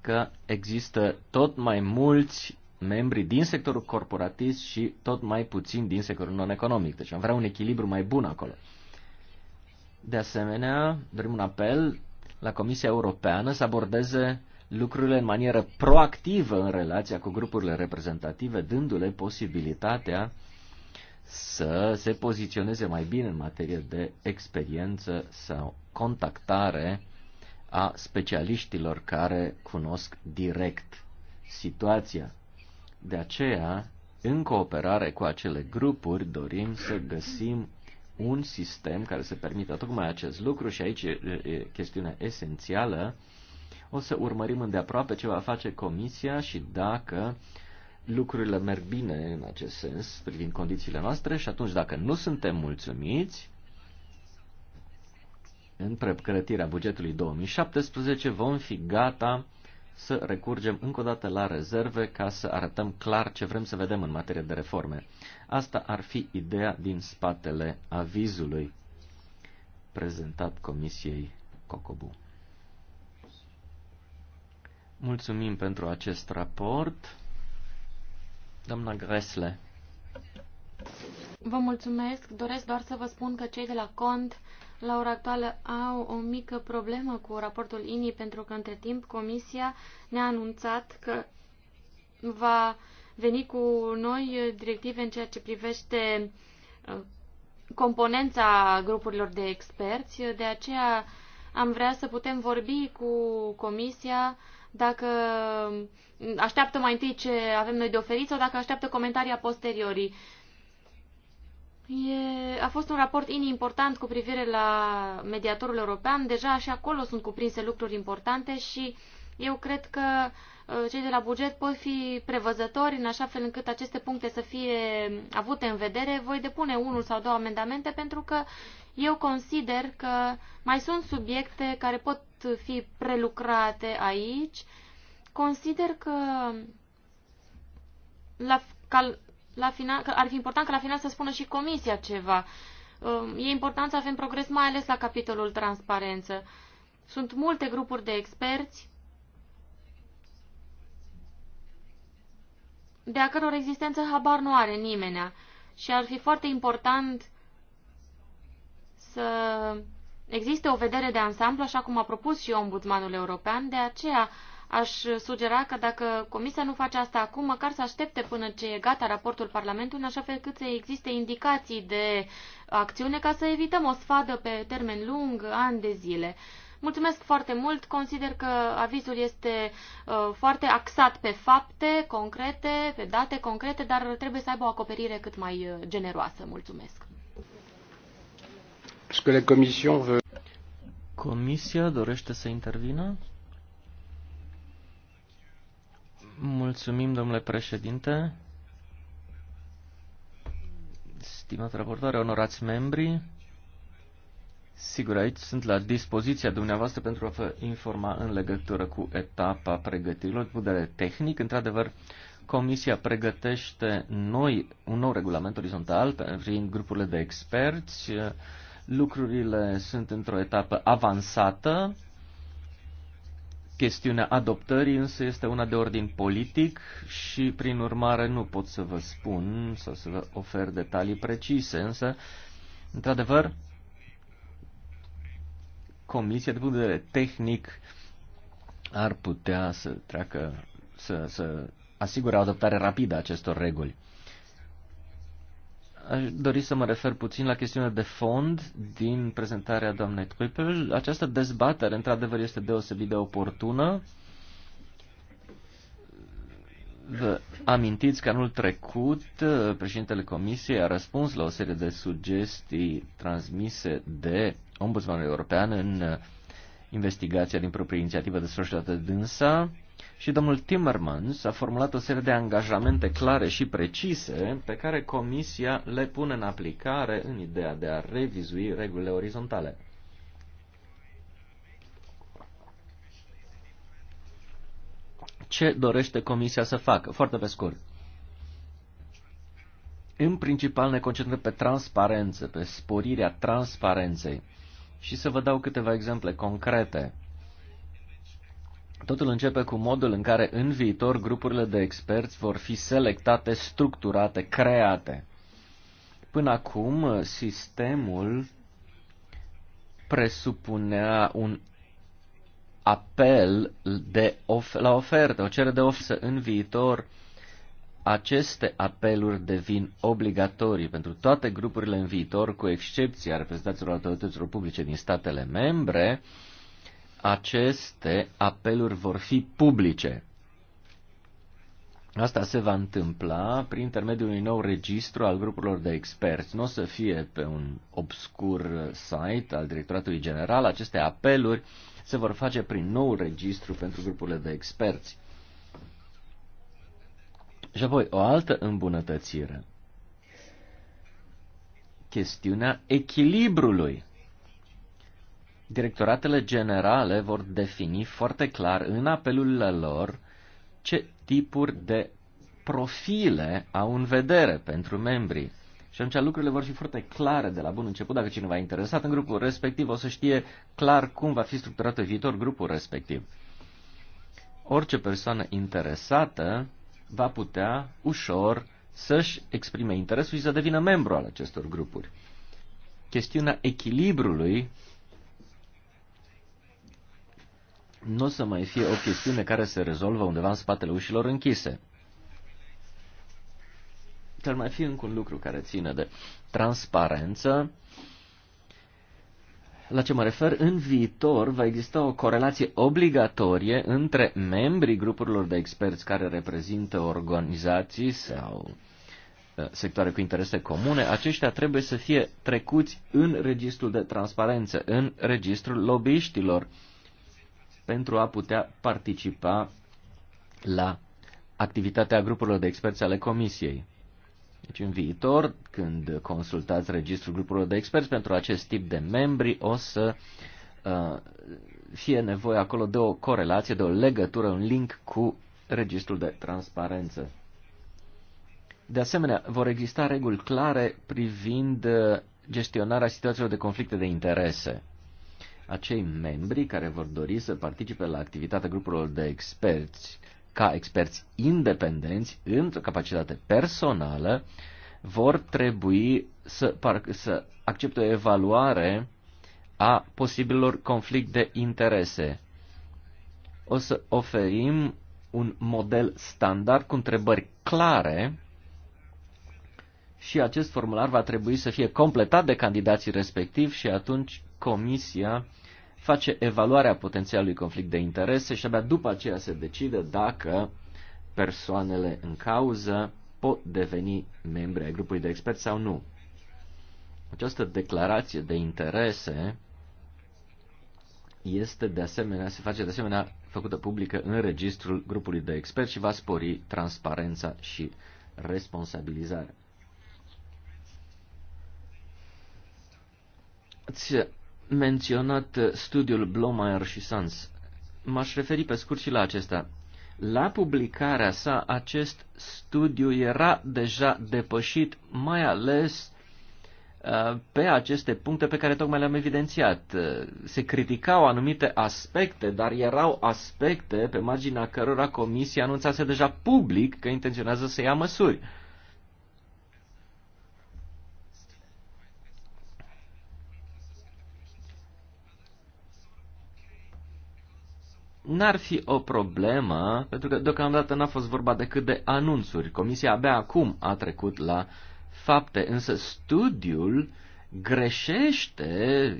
că există tot mai mulți membri din sectorul corporatist și tot mai puțin din sectorul non-economic. Deci am vrea un echilibru mai bun acolo. De asemenea, dorim un apel la Comisia Europeană să abordeze lucrurile în manieră proactivă în relația cu grupurile reprezentative, dându-le posibilitatea să se poziționeze mai bine în materie de experiență sau contactare a specialiștilor care cunosc direct situația. De aceea, în cooperare cu acele grupuri, dorim să găsim un sistem care să permită tocmai acest lucru și aici e, e chestiunea esențială. O să urmărim îndeaproape ce va face Comisia și dacă lucrurile merg bine în acest sens privind condițiile noastre și atunci dacă nu suntem mulțumiți, în pregătirea bugetului 2017 vom fi gata să recurgem încă o dată la rezerve ca să arătăm clar ce vrem să vedem în materie de reforme. Asta ar fi ideea din spatele avizului prezentat Comisiei Cocobu. Mulțumim pentru acest raport. Doamna Gresle. Vă mulțumesc. Doresc doar să vă spun că cei de la cont la ora actuală au o mică problemă cu raportul INI pentru că între timp Comisia ne-a anunțat că va veni cu noi directive în ceea ce privește uh, componența grupurilor de experți. De aceea am vrea să putem vorbi cu Comisia dacă așteaptă mai întâi ce avem noi de oferit sau dacă așteaptă comentarii a posteriori. E, a fost un raport inimportant cu privire la mediatorul european. Deja și acolo sunt cuprinse lucruri importante și eu cred că uh, Uh, cei de la buget pot fi prevăzători în așa fel încât aceste puncte să fie avute în vedere, voi depune unul sau două amendamente pentru că eu consider că mai sunt subiecte care pot fi prelucrate aici. Consider că la, ca, la final, că ar fi important ca la final să spună și comisia ceva. Um, e important să avem progres, mai ales la capitolul transparență. Sunt multe grupuri de experți de a căror existență habar nu are nimeni, Și ar fi foarte important să existe o vedere de ansamblu, așa cum a propus și ombudsmanul european, de aceea aș sugera că dacă Comisia nu face asta acum, măcar să aștepte până ce e gata raportul Parlamentului, în așa fel cât să existe indicații de acțiune ca să evităm o sfadă pe termen lung, ani de zile. Mulțumesc foarte mult. Consider că avizul este uh, foarte axat pe fapte concrete, pe date concrete, dar trebuie să aibă o acoperire cât mai uh, generoasă. Mulțumesc. Comisia dorește să intervină? Mulțumim, domnule președinte. Stimați raportoare, onorați membri. Sigur, aici sunt la dispoziția dumneavoastră pentru a vă informa în legătură cu etapa pregătirilor. De vedere tehnic, într-adevăr, Comisia pregătește noi un nou regulament orizontal prin grupurile de experți. Lucrurile sunt într-o etapă avansată. Chestiunea adoptării însă este una de ordin politic și, prin urmare, nu pot să vă spun sau să vă ofer detalii precise, însă, într-adevăr, comisia, de punct de vedere tehnic, ar putea să treacă, să, să asigure o adoptare rapidă a acestor reguli. Aș dori să mă refer puțin la chestiunea de fond din prezentarea doamnei Trüppel. Această dezbatere, într-adevăr, este deosebit de oportună. Vă amintiți că anul trecut președintele Comisiei a răspuns la o serie de sugestii transmise de Ombudsmanul european în uh, investigația din proprie inițiativă desfășurată dânsa și domnul Timmermans a formulat o serie de angajamente clare și precise pe care Comisia le pune în aplicare în ideea de a revizui regulile orizontale. Ce dorește Comisia să facă? Foarte pe scurt. În principal ne concentrăm pe transparență, pe sporirea transparenței. Și să vă dau câteva exemple concrete. Totul începe cu modul în care în viitor grupurile de experți vor fi selectate, structurate, create. Până acum, sistemul presupunea un apel de of- la ofertă, o cerere de ofertă în viitor aceste apeluri devin obligatorii pentru toate grupurile în viitor, cu excepția reprezentanților autorităților publice din statele membre, aceste apeluri vor fi publice. Asta se va întâmpla prin intermediul unui nou registru al grupurilor de experți. Nu o să fie pe un obscur site al Directoratului General. Aceste apeluri se vor face prin nou registru pentru grupurile de experți. Și apoi o altă îmbunătățire. Chestiunea echilibrului. Directoratele generale vor defini foarte clar în apelurile lor ce tipuri de profile au în vedere pentru membrii. Și atunci lucrurile vor fi foarte clare de la bun început. Dacă cineva e interesat în grupul respectiv, o să știe clar cum va fi structurat viitor grupul respectiv. Orice persoană interesată va putea ușor să-și exprime interesul și să devină membru al acestor grupuri. Chestiunea echilibrului nu o să mai fie o chestiune care se rezolvă undeva în spatele ușilor închise. Ar mai fi încă un lucru care ține de transparență la ce mă refer, în viitor va exista o corelație obligatorie între membrii grupurilor de experți care reprezintă organizații sau uh, sectoare cu interese comune, aceștia trebuie să fie trecuți în registrul de transparență, în registrul lobbyiștilor, pentru a putea participa la activitatea grupurilor de experți ale comisiei. Deci în viitor, când consultați registrul grupurilor de experți pentru acest tip de membri, o să uh, fie nevoie acolo de o corelație, de o legătură, un link cu registrul de transparență. De asemenea, vor exista reguli clare privind uh, gestionarea situațiilor de conflicte de interese. Acei membri care vor dori să participe la activitatea grupurilor de experți ca experți independenți, într-o capacitate personală, vor trebui să, par, să accepte o evaluare a posibilor conflict de interese. O să oferim un model standard cu întrebări clare și acest formular va trebui să fie completat de candidații respectivi și atunci comisia face evaluarea potențialului conflict de interese și abia după aceea se decide dacă persoanele în cauză pot deveni membri ai grupului de experți sau nu. Această declarație de interese este de asemenea, se face de asemenea făcută publică în registrul grupului de experți și va spori transparența și responsabilizarea menționat studiul Blomeyer și Sons. M-aș referi pe scurt și la acesta. La publicarea sa, acest studiu era deja depășit, mai ales uh, pe aceste puncte pe care tocmai le-am evidențiat. Uh, se criticau anumite aspecte, dar erau aspecte pe marginea cărora Comisia anunțase deja public că intenționează să ia măsuri. Uh, n-ar fi o problemă, pentru că deocamdată n-a fost vorba decât de anunțuri. Comisia abia acum a trecut la fapte, însă studiul greșește,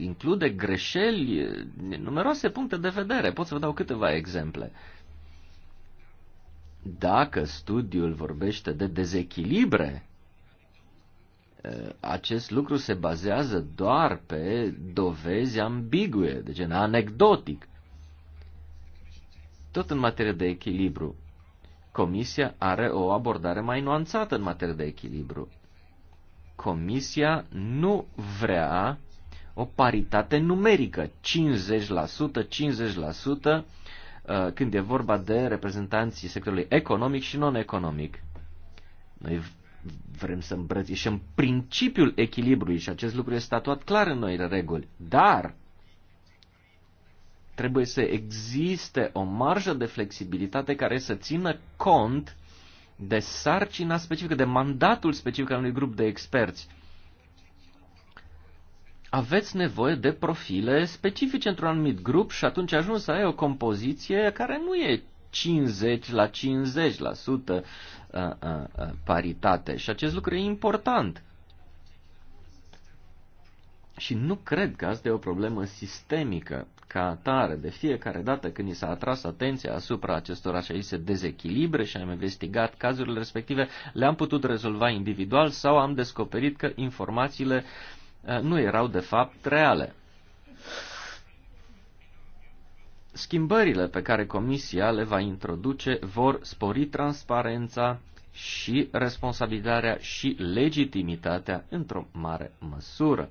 include greșeli numeroase puncte de vedere. Pot să vă dau câteva exemple. Dacă studiul vorbește de dezechilibre, ă, acest lucru se bazează doar pe dovezi ambigue, deci anecdotic. Tot în materie de echilibru, Comisia are o abordare mai nuanțată în materie de echilibru. Comisia nu vrea o paritate numerică, 50%, 50%, uh, când e vorba de reprezentanții sectorului economic și non-economic. Noi vrem să îmbrățișăm principiul echilibrului și acest lucru este statuat clar în noi reguli, dar Trebuie să existe o marjă de flexibilitate care să țină cont de sarcina specifică, de mandatul specific al unui grup de experți. Aveți nevoie de profile specifice într-un anumit grup și atunci ajungi să ai o compoziție care nu e 50 la 50% uh, uh, uh, paritate. Și acest lucru e important. Și nu cred că asta e o problemă sistemică ca atare. De fiecare dată când i s-a atras atenția asupra acestor așa zise dezechilibre și am investigat cazurile respective, le-am putut rezolva individual sau am descoperit că informațiile uh, nu erau de fapt reale. Schimbările pe care Comisia le va introduce vor spori transparența și responsabilitatea și legitimitatea într-o mare măsură.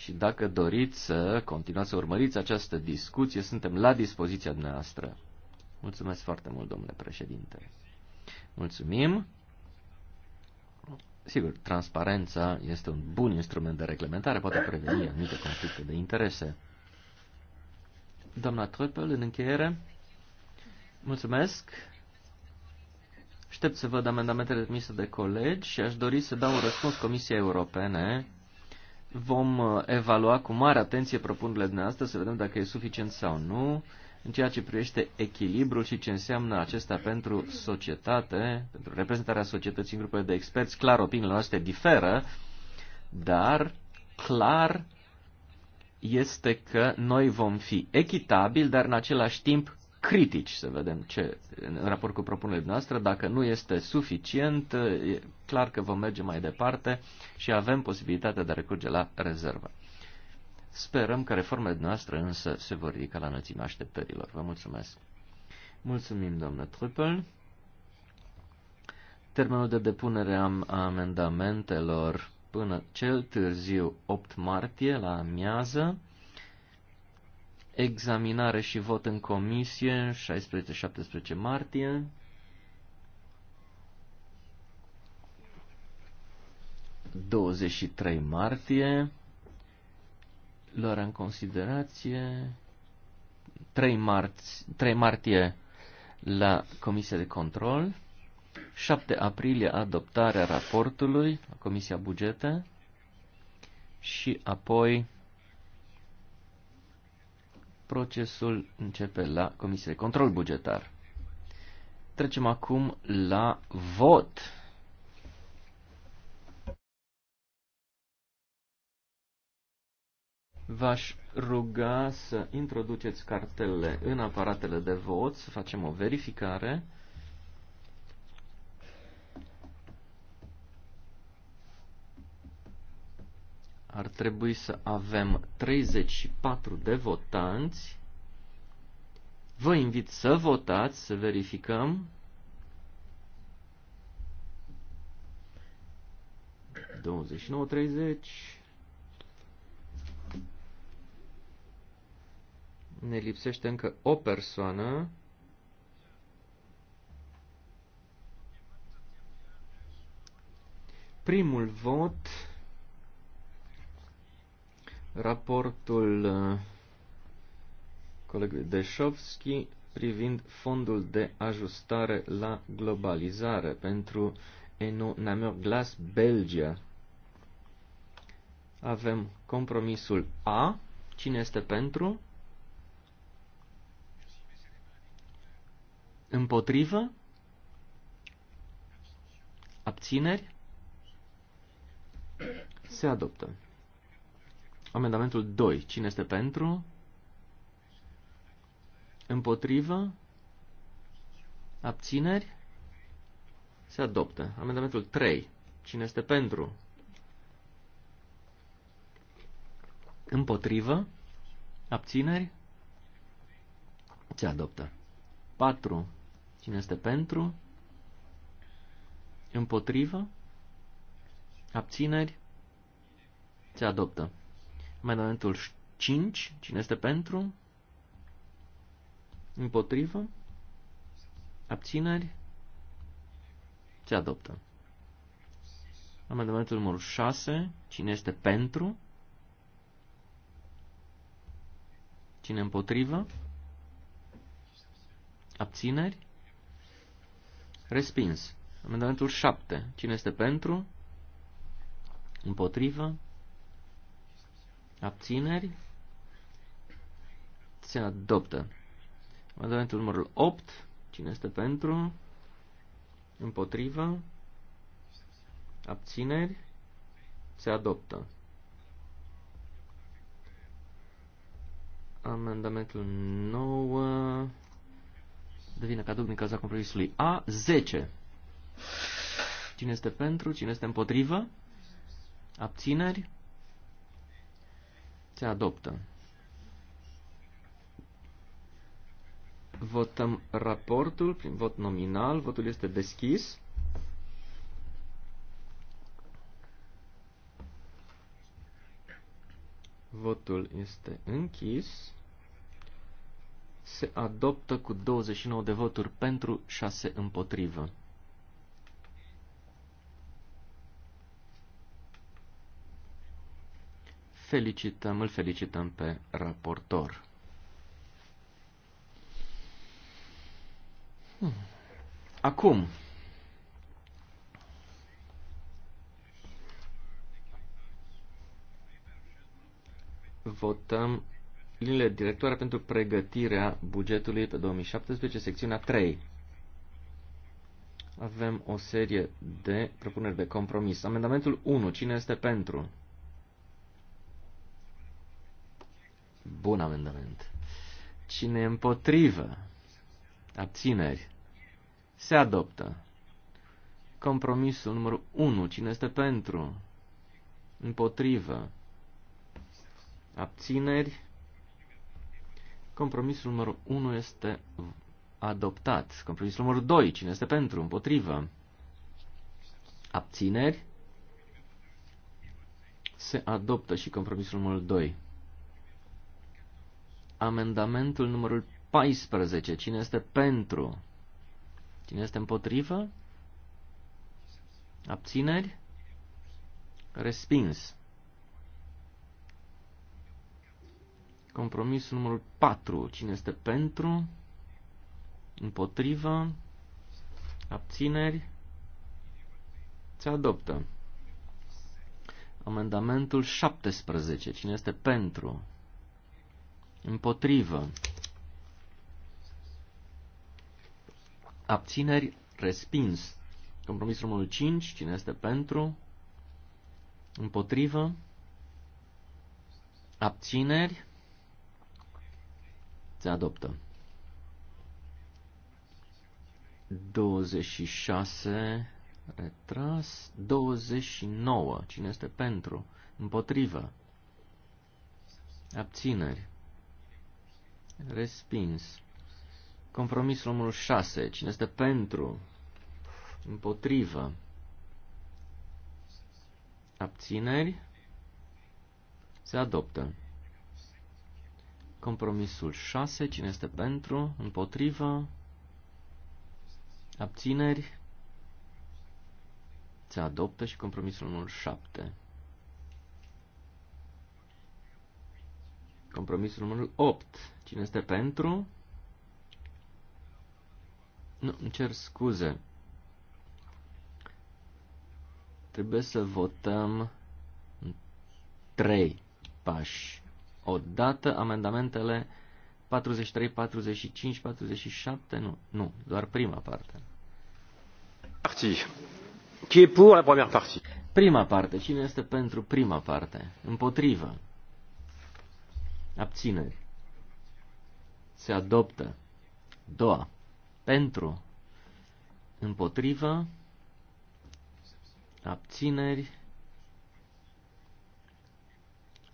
Și dacă doriți să continuați să urmăriți această discuție, suntem la dispoziția dumneavoastră. Mulțumesc foarte mult, domnule președinte. Mulțumim. Sigur, transparența este un bun instrument de reglementare, poate preveni anumite conflicte de interese. Doamna Tröpel, în încheiere, mulțumesc. Aștept să văd amendamentele trimise de colegi și aș dori să dau un răspuns Comisiei Europene Vom uh, evalua cu mare atenție propunerile dumneavoastră să vedem dacă e suficient sau nu în ceea ce privește echilibrul și ce înseamnă acesta pentru societate, pentru reprezentarea societății în grupurile de experți. Clar, opiniile noastre diferă, dar clar este că noi vom fi echitabili, dar în același timp critici, să vedem ce, în raport cu propunerile noastre, dacă nu este suficient, e clar că vom merge mai departe și avem posibilitatea de a recurge la rezervă. Sperăm că reformele noastre însă se vor ridica la înălțimea așteptărilor. Vă mulțumesc! Mulțumim, domnule Trupel. Termenul de depunere a amendamentelor până cel târziu 8 martie la amiază examinare și vot în comisie 16-17 martie. ...23 martie, luarea în considerație, 3, marți, 3 martie la Comisia de Control, 7 aprilie adoptarea raportului la Comisia Bugete și apoi Procesul începe la Comisia de Control Bugetar. Trecem acum la vot. V-aș ruga să introduceți cartele în aparatele de vot, să facem o verificare. ar trebui să avem 34 de votanți. Vă invit să votați, să verificăm. Douăzeci nouă, treizeci. Ne lipsește încă o persoană. Primul vot raportul uh, colegului Deșovski privind fondul de ajustare la globalizare pentru Eno Namur Glas Belgia. Avem compromisul A. Cine este pentru? Împotrivă? Abțineri? Se adoptă. Amendamentul 2. Cine este pentru? Împotrivă? Abțineri? Se adoptă. Amendamentul 3. Cine este pentru? Împotrivă? Abțineri? Se adoptă. 4. Cine este pentru? Împotrivă? Abțineri? Se adoptă. Amendamentul 5. Cine este pentru? Împotrivă? Abțineri? Se adoptă. Amendamentul numărul 6. Cine este pentru? Cine împotrivă? Abțineri? Respins. Amendamentul 7. Cine este pentru? Împotrivă? Abțineri. Se adoptă. Amendamentul numărul 8. Cine este pentru? Împotrivă. Abțineri. Se adoptă. Amendamentul 9 devine caduc din cauza compromisului A. 10. Cine este pentru? Cine este împotrivă? Abțineri? Se adoptă. Votăm raportul prin vot nominal. Votul este deschis. Votul este închis. Se adoptă cu 29 de voturi pentru, 6 împotrivă. felicităm, îl felicităm pe raportor. Hmm. Acum, votăm linile directoare pentru pregătirea bugetului pe 2017, secțiunea 3. Avem o serie de propuneri de compromis. Amendamentul 1. Cine este pentru? Bun amendament. Cine împotrivă? Abțineri. Se adoptă. Compromisul numărul 1. Cine este pentru? Împotrivă. Abțineri. Compromisul numărul 1 este adoptat. Compromisul numărul 2. Cine este pentru? Împotrivă. Abțineri. Se adoptă și compromisul numărul 2 amendamentul numărul 14. Cine este pentru? Cine este împotrivă? Abțineri? Respins. Compromisul numărul 4. Cine este pentru? Împotrivă? Abțineri? Se adoptă. Amendamentul 17. Cine este pentru? Împotrivă. Abțineri. Respins. Compromisul numărul 5. Cine este pentru? Împotrivă. Abțineri. Se adoptă. 26 retras, 29. Cine este pentru? Împotrivă. Abțineri. Respins. Compromisul numărul 6. Cine este pentru? Împotrivă. Abțineri. Se adoptă. Compromisul 6. Cine este pentru? Împotrivă. Abțineri. Se adoptă și compromisul numărul 7. Compromisul numărul 8. Cine este pentru? Nu, îmi cer scuze. Trebuie să votăm în trei pași. Odată amendamentele 43, 45, 47, nu, nu, doar prima parte. Parti. Qui est pour la première partie? Prima parte. Cine este pentru prima parte? Împotrivă. Abțineri. Se adoptă. Doa. Pentru. Împotrivă. Abțineri.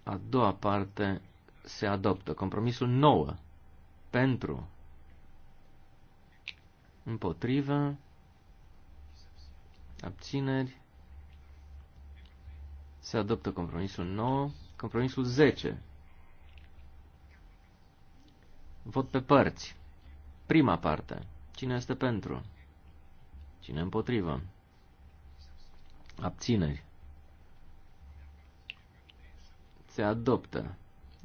A doua parte se adoptă. Compromisul nouă Pentru. Împotrivă. Abțineri. Se adoptă compromisul 9. Compromisul 10. Vot pe părți. Prima parte. Cine este pentru? Cine împotrivă? Abțineri. Se adoptă.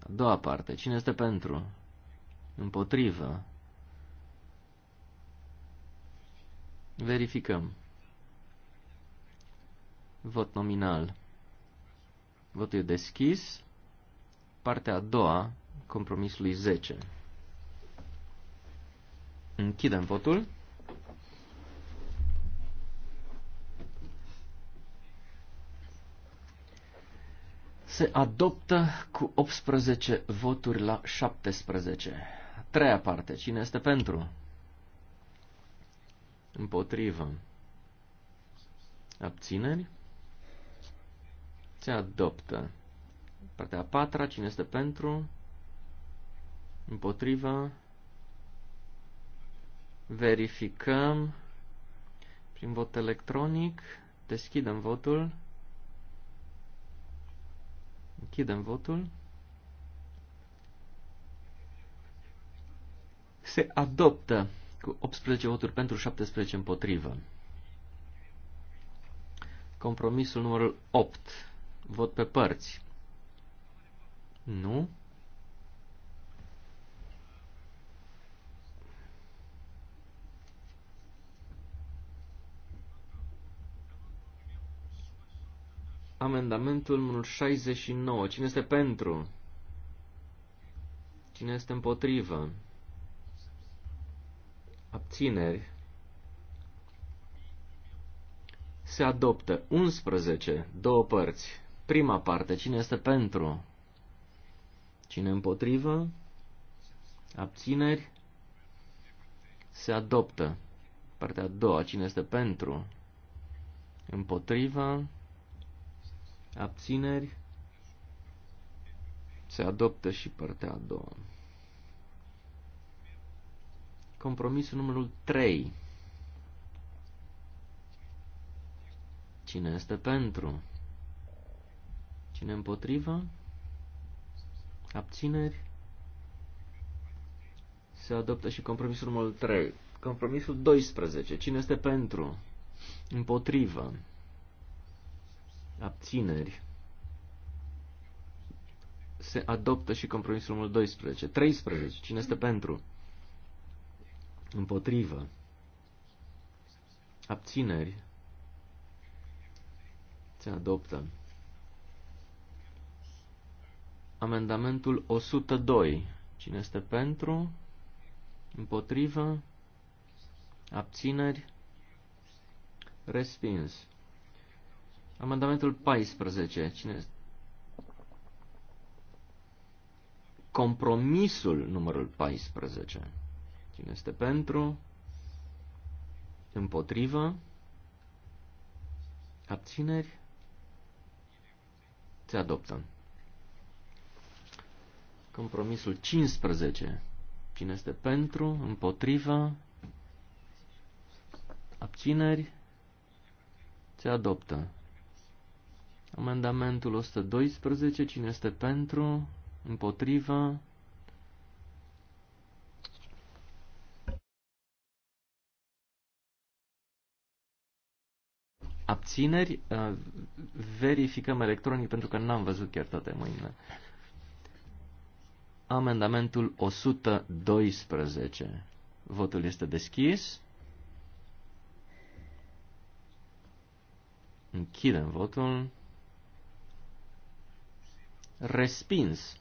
A doua parte. Cine este pentru? Împotrivă. Verificăm. Vot nominal. Votul e deschis. Partea a doua, compromisului 10. Închidem votul. Se adoptă cu 18 voturi la 17. A treia parte. Cine este pentru? Împotrivă. Abțineri. Se adoptă. Partea a patra. Cine este pentru? Împotrivă. Verificăm prin vot electronic. Deschidem votul. Închidem votul. Se adoptă cu 18 voturi pentru 17 împotrivă. Compromisul numărul 8. Vot pe părți. Nu. Amendamentul numărul 69. Cine este pentru? Cine este împotrivă? Abțineri. Se adoptă 11, două părți. Prima parte, cine este pentru? Cine împotrivă? Abțineri. Se adoptă. Partea a doua, cine este pentru? Împotriva abțineri, se adoptă și partea a doua. Compromisul numărul 3. Cine este pentru? Cine împotriva? Abțineri? Se adoptă și compromisul numărul 3. Compromisul 12. Cine este pentru? Împotrivă abțineri, se adoptă și compromisul numărul 12. 13. Cine este pentru? Împotrivă. Abțineri. Se adoptă. Amendamentul 102. Cine este pentru? Împotrivă? Abțineri? Respins. Amendamentul 14. Cine este? Compromisul numărul 14. Cine este pentru? Împotrivă? Abțineri? Se adoptă. Compromisul 15. Cine este pentru? Împotrivă? Abțineri? Se adoptă. Amendamentul 112, cine este pentru? Împotrivă? Abțineri? Uh, verificăm electronic pentru că n-am văzut chiar toate mâinile. Amendamentul 112. Votul este deschis. Închidem votul respins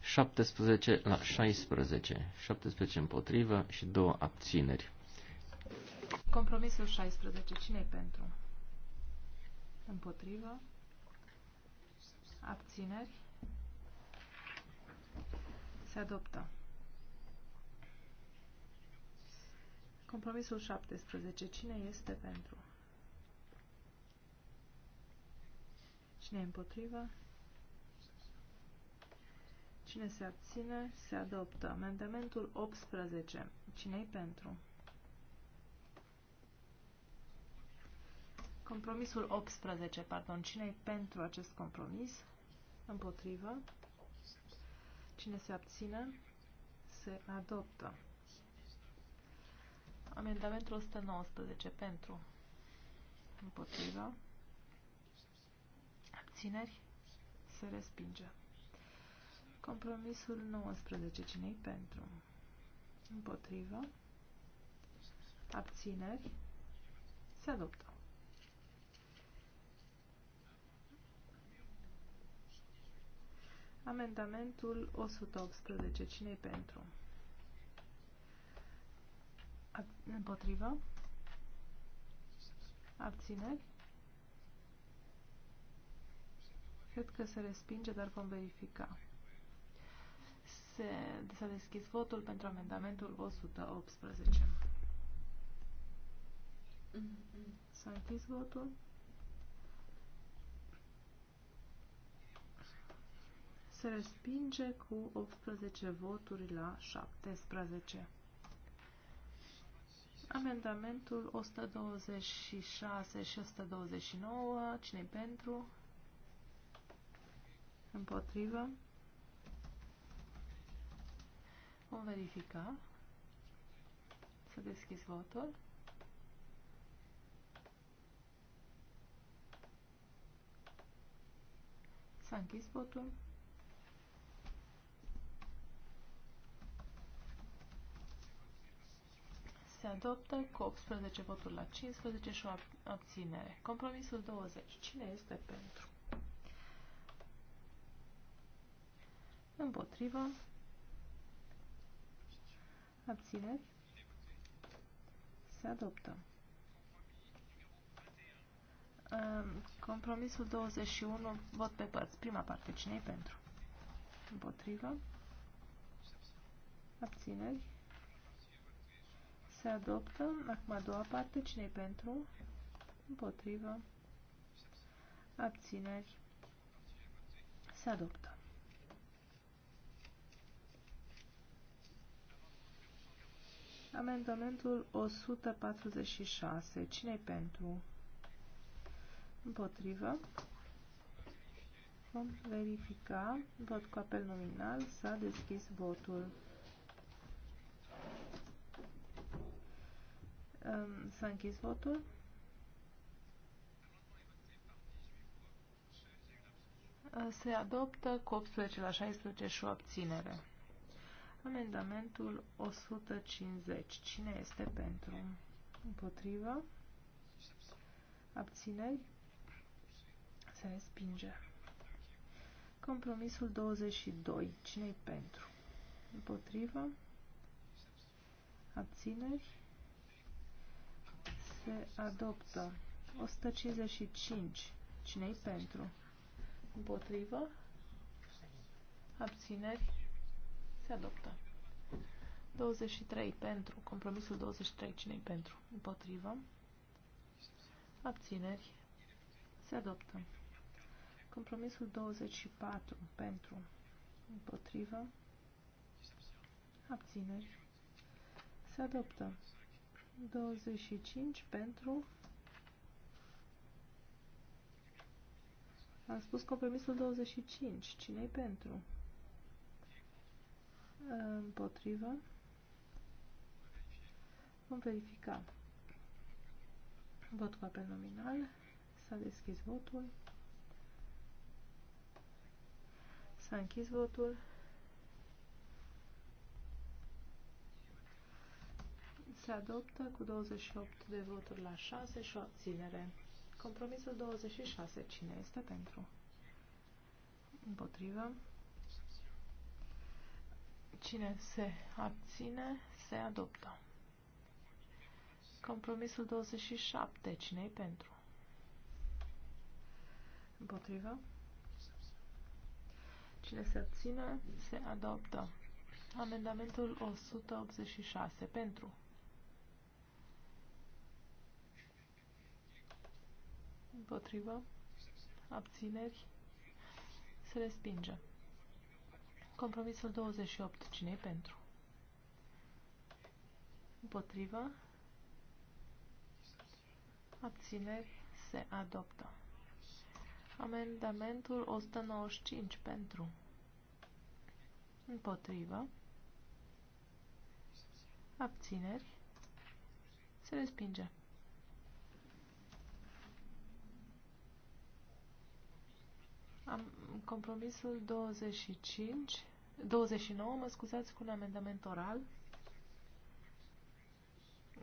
17 la 16, 17 împotrivă și două abțineri. Compromisul 16. cine e pentru? Împotrivă. Abțineri. Se adoptă. Compromisul 17. Cine este pentru? Cine e împotrivă? Cine se abține, se adoptă. Amendamentul 18. Cine-i pentru? Compromisul 18, pardon. Cine-i pentru acest compromis? Împotrivă. Cine se abține, se adoptă. Amendamentul 119 pentru. Împotrivă. Abțineri. Se respinge. Compromisul 19. cine pentru? Împotrivă. Abțineri. Se adoptă. Amendamentul 118. cine pentru? Ab împotrivă. Abțineri. Cred că se respinge, dar vom verifica. Se, s-a deschis votul pentru amendamentul 118. S-a închis votul. Se respinge cu 18 voturi la 17. Amendamentul 126 și 129. Cine-i pentru? Împotrivă? Vom verifica. Să deschizi votul. S-a închis votul. Se adoptă cu 18 voturi la 15 și o abținere. Compromisul 20. Cine este pentru? Împotrivă. Abțineri. Se adoptă. Compromisul 21, vot pe părți. Prima parte, cine e pentru? Împotrivă. Abțineri. Se adoptă. Acum a doua parte, cine e pentru? Împotrivă. Abțineri. Se adoptă. Amendamentul 146. Cine-i pentru? Împotrivă. Vom verifica. Vot cu apel nominal. S-a deschis votul. S-a închis votul. Se adoptă cu 18 la 16 și o abținere. Amendamentul 150. Cine este pentru? Împotrivă? Abțineri? Se respinge. Compromisul 22. cine e pentru? Împotrivă? Abțineri? Se adoptă. 155. cine e pentru? Împotrivă? Abțineri? Se adoptă. 23 pentru. Compromisul 23. cine pentru? Împotrivă. Abțineri. Se adoptă. Compromisul 24 pentru. Împotrivă. Abțineri. Se adoptă. 25 pentru. Am spus compromisul 25. Cine-i pentru? împotrivă. Vom verifica. Vot cu apel nominal. S-a deschis votul. S-a închis votul. Se adoptă cu 28 de voturi la 6 și o abținere. Compromisul 26. Cine este pentru? Împotrivă. Cine se abține, se adoptă. Compromisul 27. Cine-i pentru? Împotrivă? Cine se abține, se adoptă. Amendamentul 186. Pentru. Împotrivă? Abțineri? Se respinge. Compromisul 28. cine e pentru? Împotrivă. Abțineri. Se adoptă. Amendamentul 195 pentru. Împotrivă. Abțineri. Se respinge. Am compromisul 25, 29, mă scuzați, cu un amendament oral.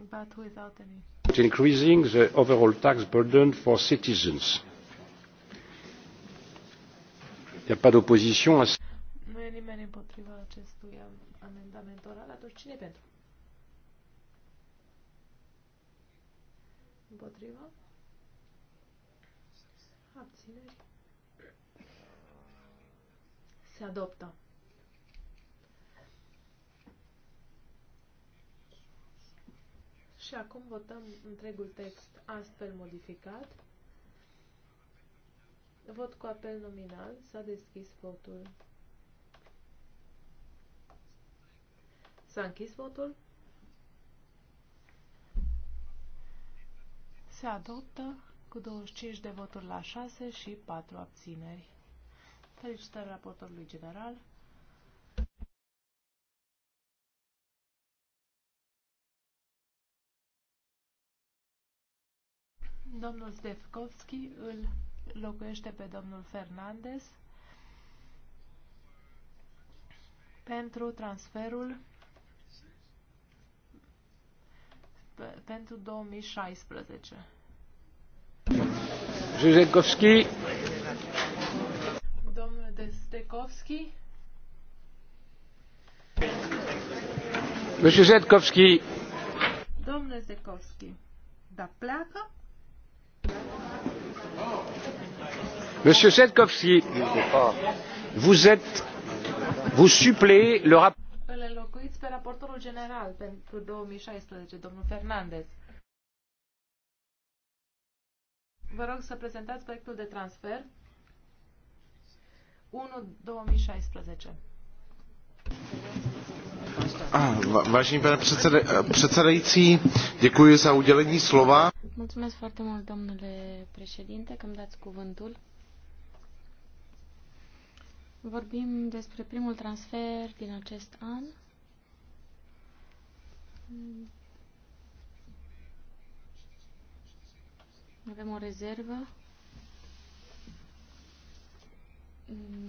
But without any. Increasing the overall tax burden for citizens. Il n'y a pas d'opposition à Nu e nimeni împotriva acestui amendament oral, atunci cine pentru? Împotriva? Abțineri? Se adoptă. Și acum votăm întregul text astfel modificat. Vot cu apel nominal. S-a deschis votul. S-a închis votul. Se adoptă cu 25 de voturi la 6 și 4 abțineri. Felicitări raportorului general. Domnul Stefkovski îl locuiește pe domnul Fernandez pentru transferul pentru 2016. Zdefkovski Monsieur Zdekovski. Domnule Zdekovski, da pleacă? Monsieur Zdekovski, vous êtes, vous suppléez le rapport. pe raportorul general pentru 2016, domnul Fernandez. Vă rog să prezentați proiectul de transfer. 1-2016. Ah, vážený pane předsedající, děkuji za udělení slova. Mulțumesc foarte mult, domnule președinte, că îmi dați cuvântul. Vorbim despre primul transfer din acest an. Avem o rezervă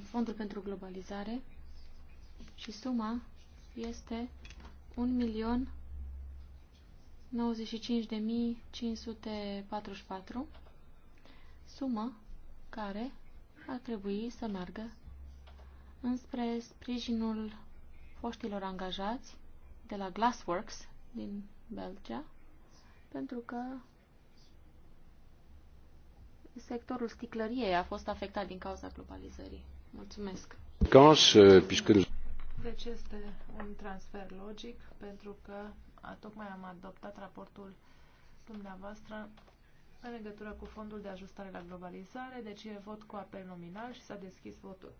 fondul pentru globalizare și suma este 1.095.544, milion sumă care ar trebui să meargă înspre sprijinul foștilor angajați de la Glassworks din Belgia, pentru că sectorul sticlăriei a fost afectat din cauza globalizării. Mulțumesc. Uh, deci este un transfer logic pentru că a, tocmai am adoptat raportul dumneavoastră în legătură cu fondul de ajustare la globalizare, deci e vot cu apel nominal și s-a deschis votul.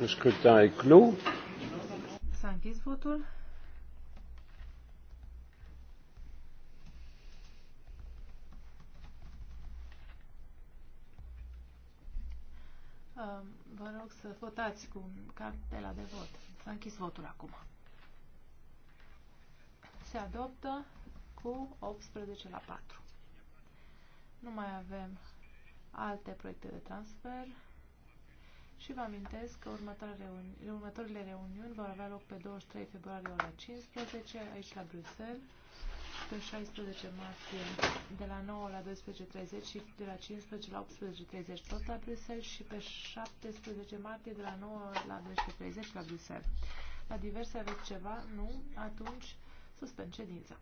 Le scrutin est clos. S-a închis votul. Um, vă rog să votați cu cartela de vot. S-a închis votul acum. Se adoptă cu 18 la 4. Nu mai avem alte proiecte de transfer și vă amintesc că următoarele reuni reuniuni vor avea loc pe 23 februarie ora 15 aici la Bruxelles pe 16 martie de la 9 la 12.30 și de la 15 la 18.30 tot la Bruxelles și pe 17 martie de la 9 la 12.30 la Bruxelles. La diverse aveți ceva? Nu? Atunci suspend ședința.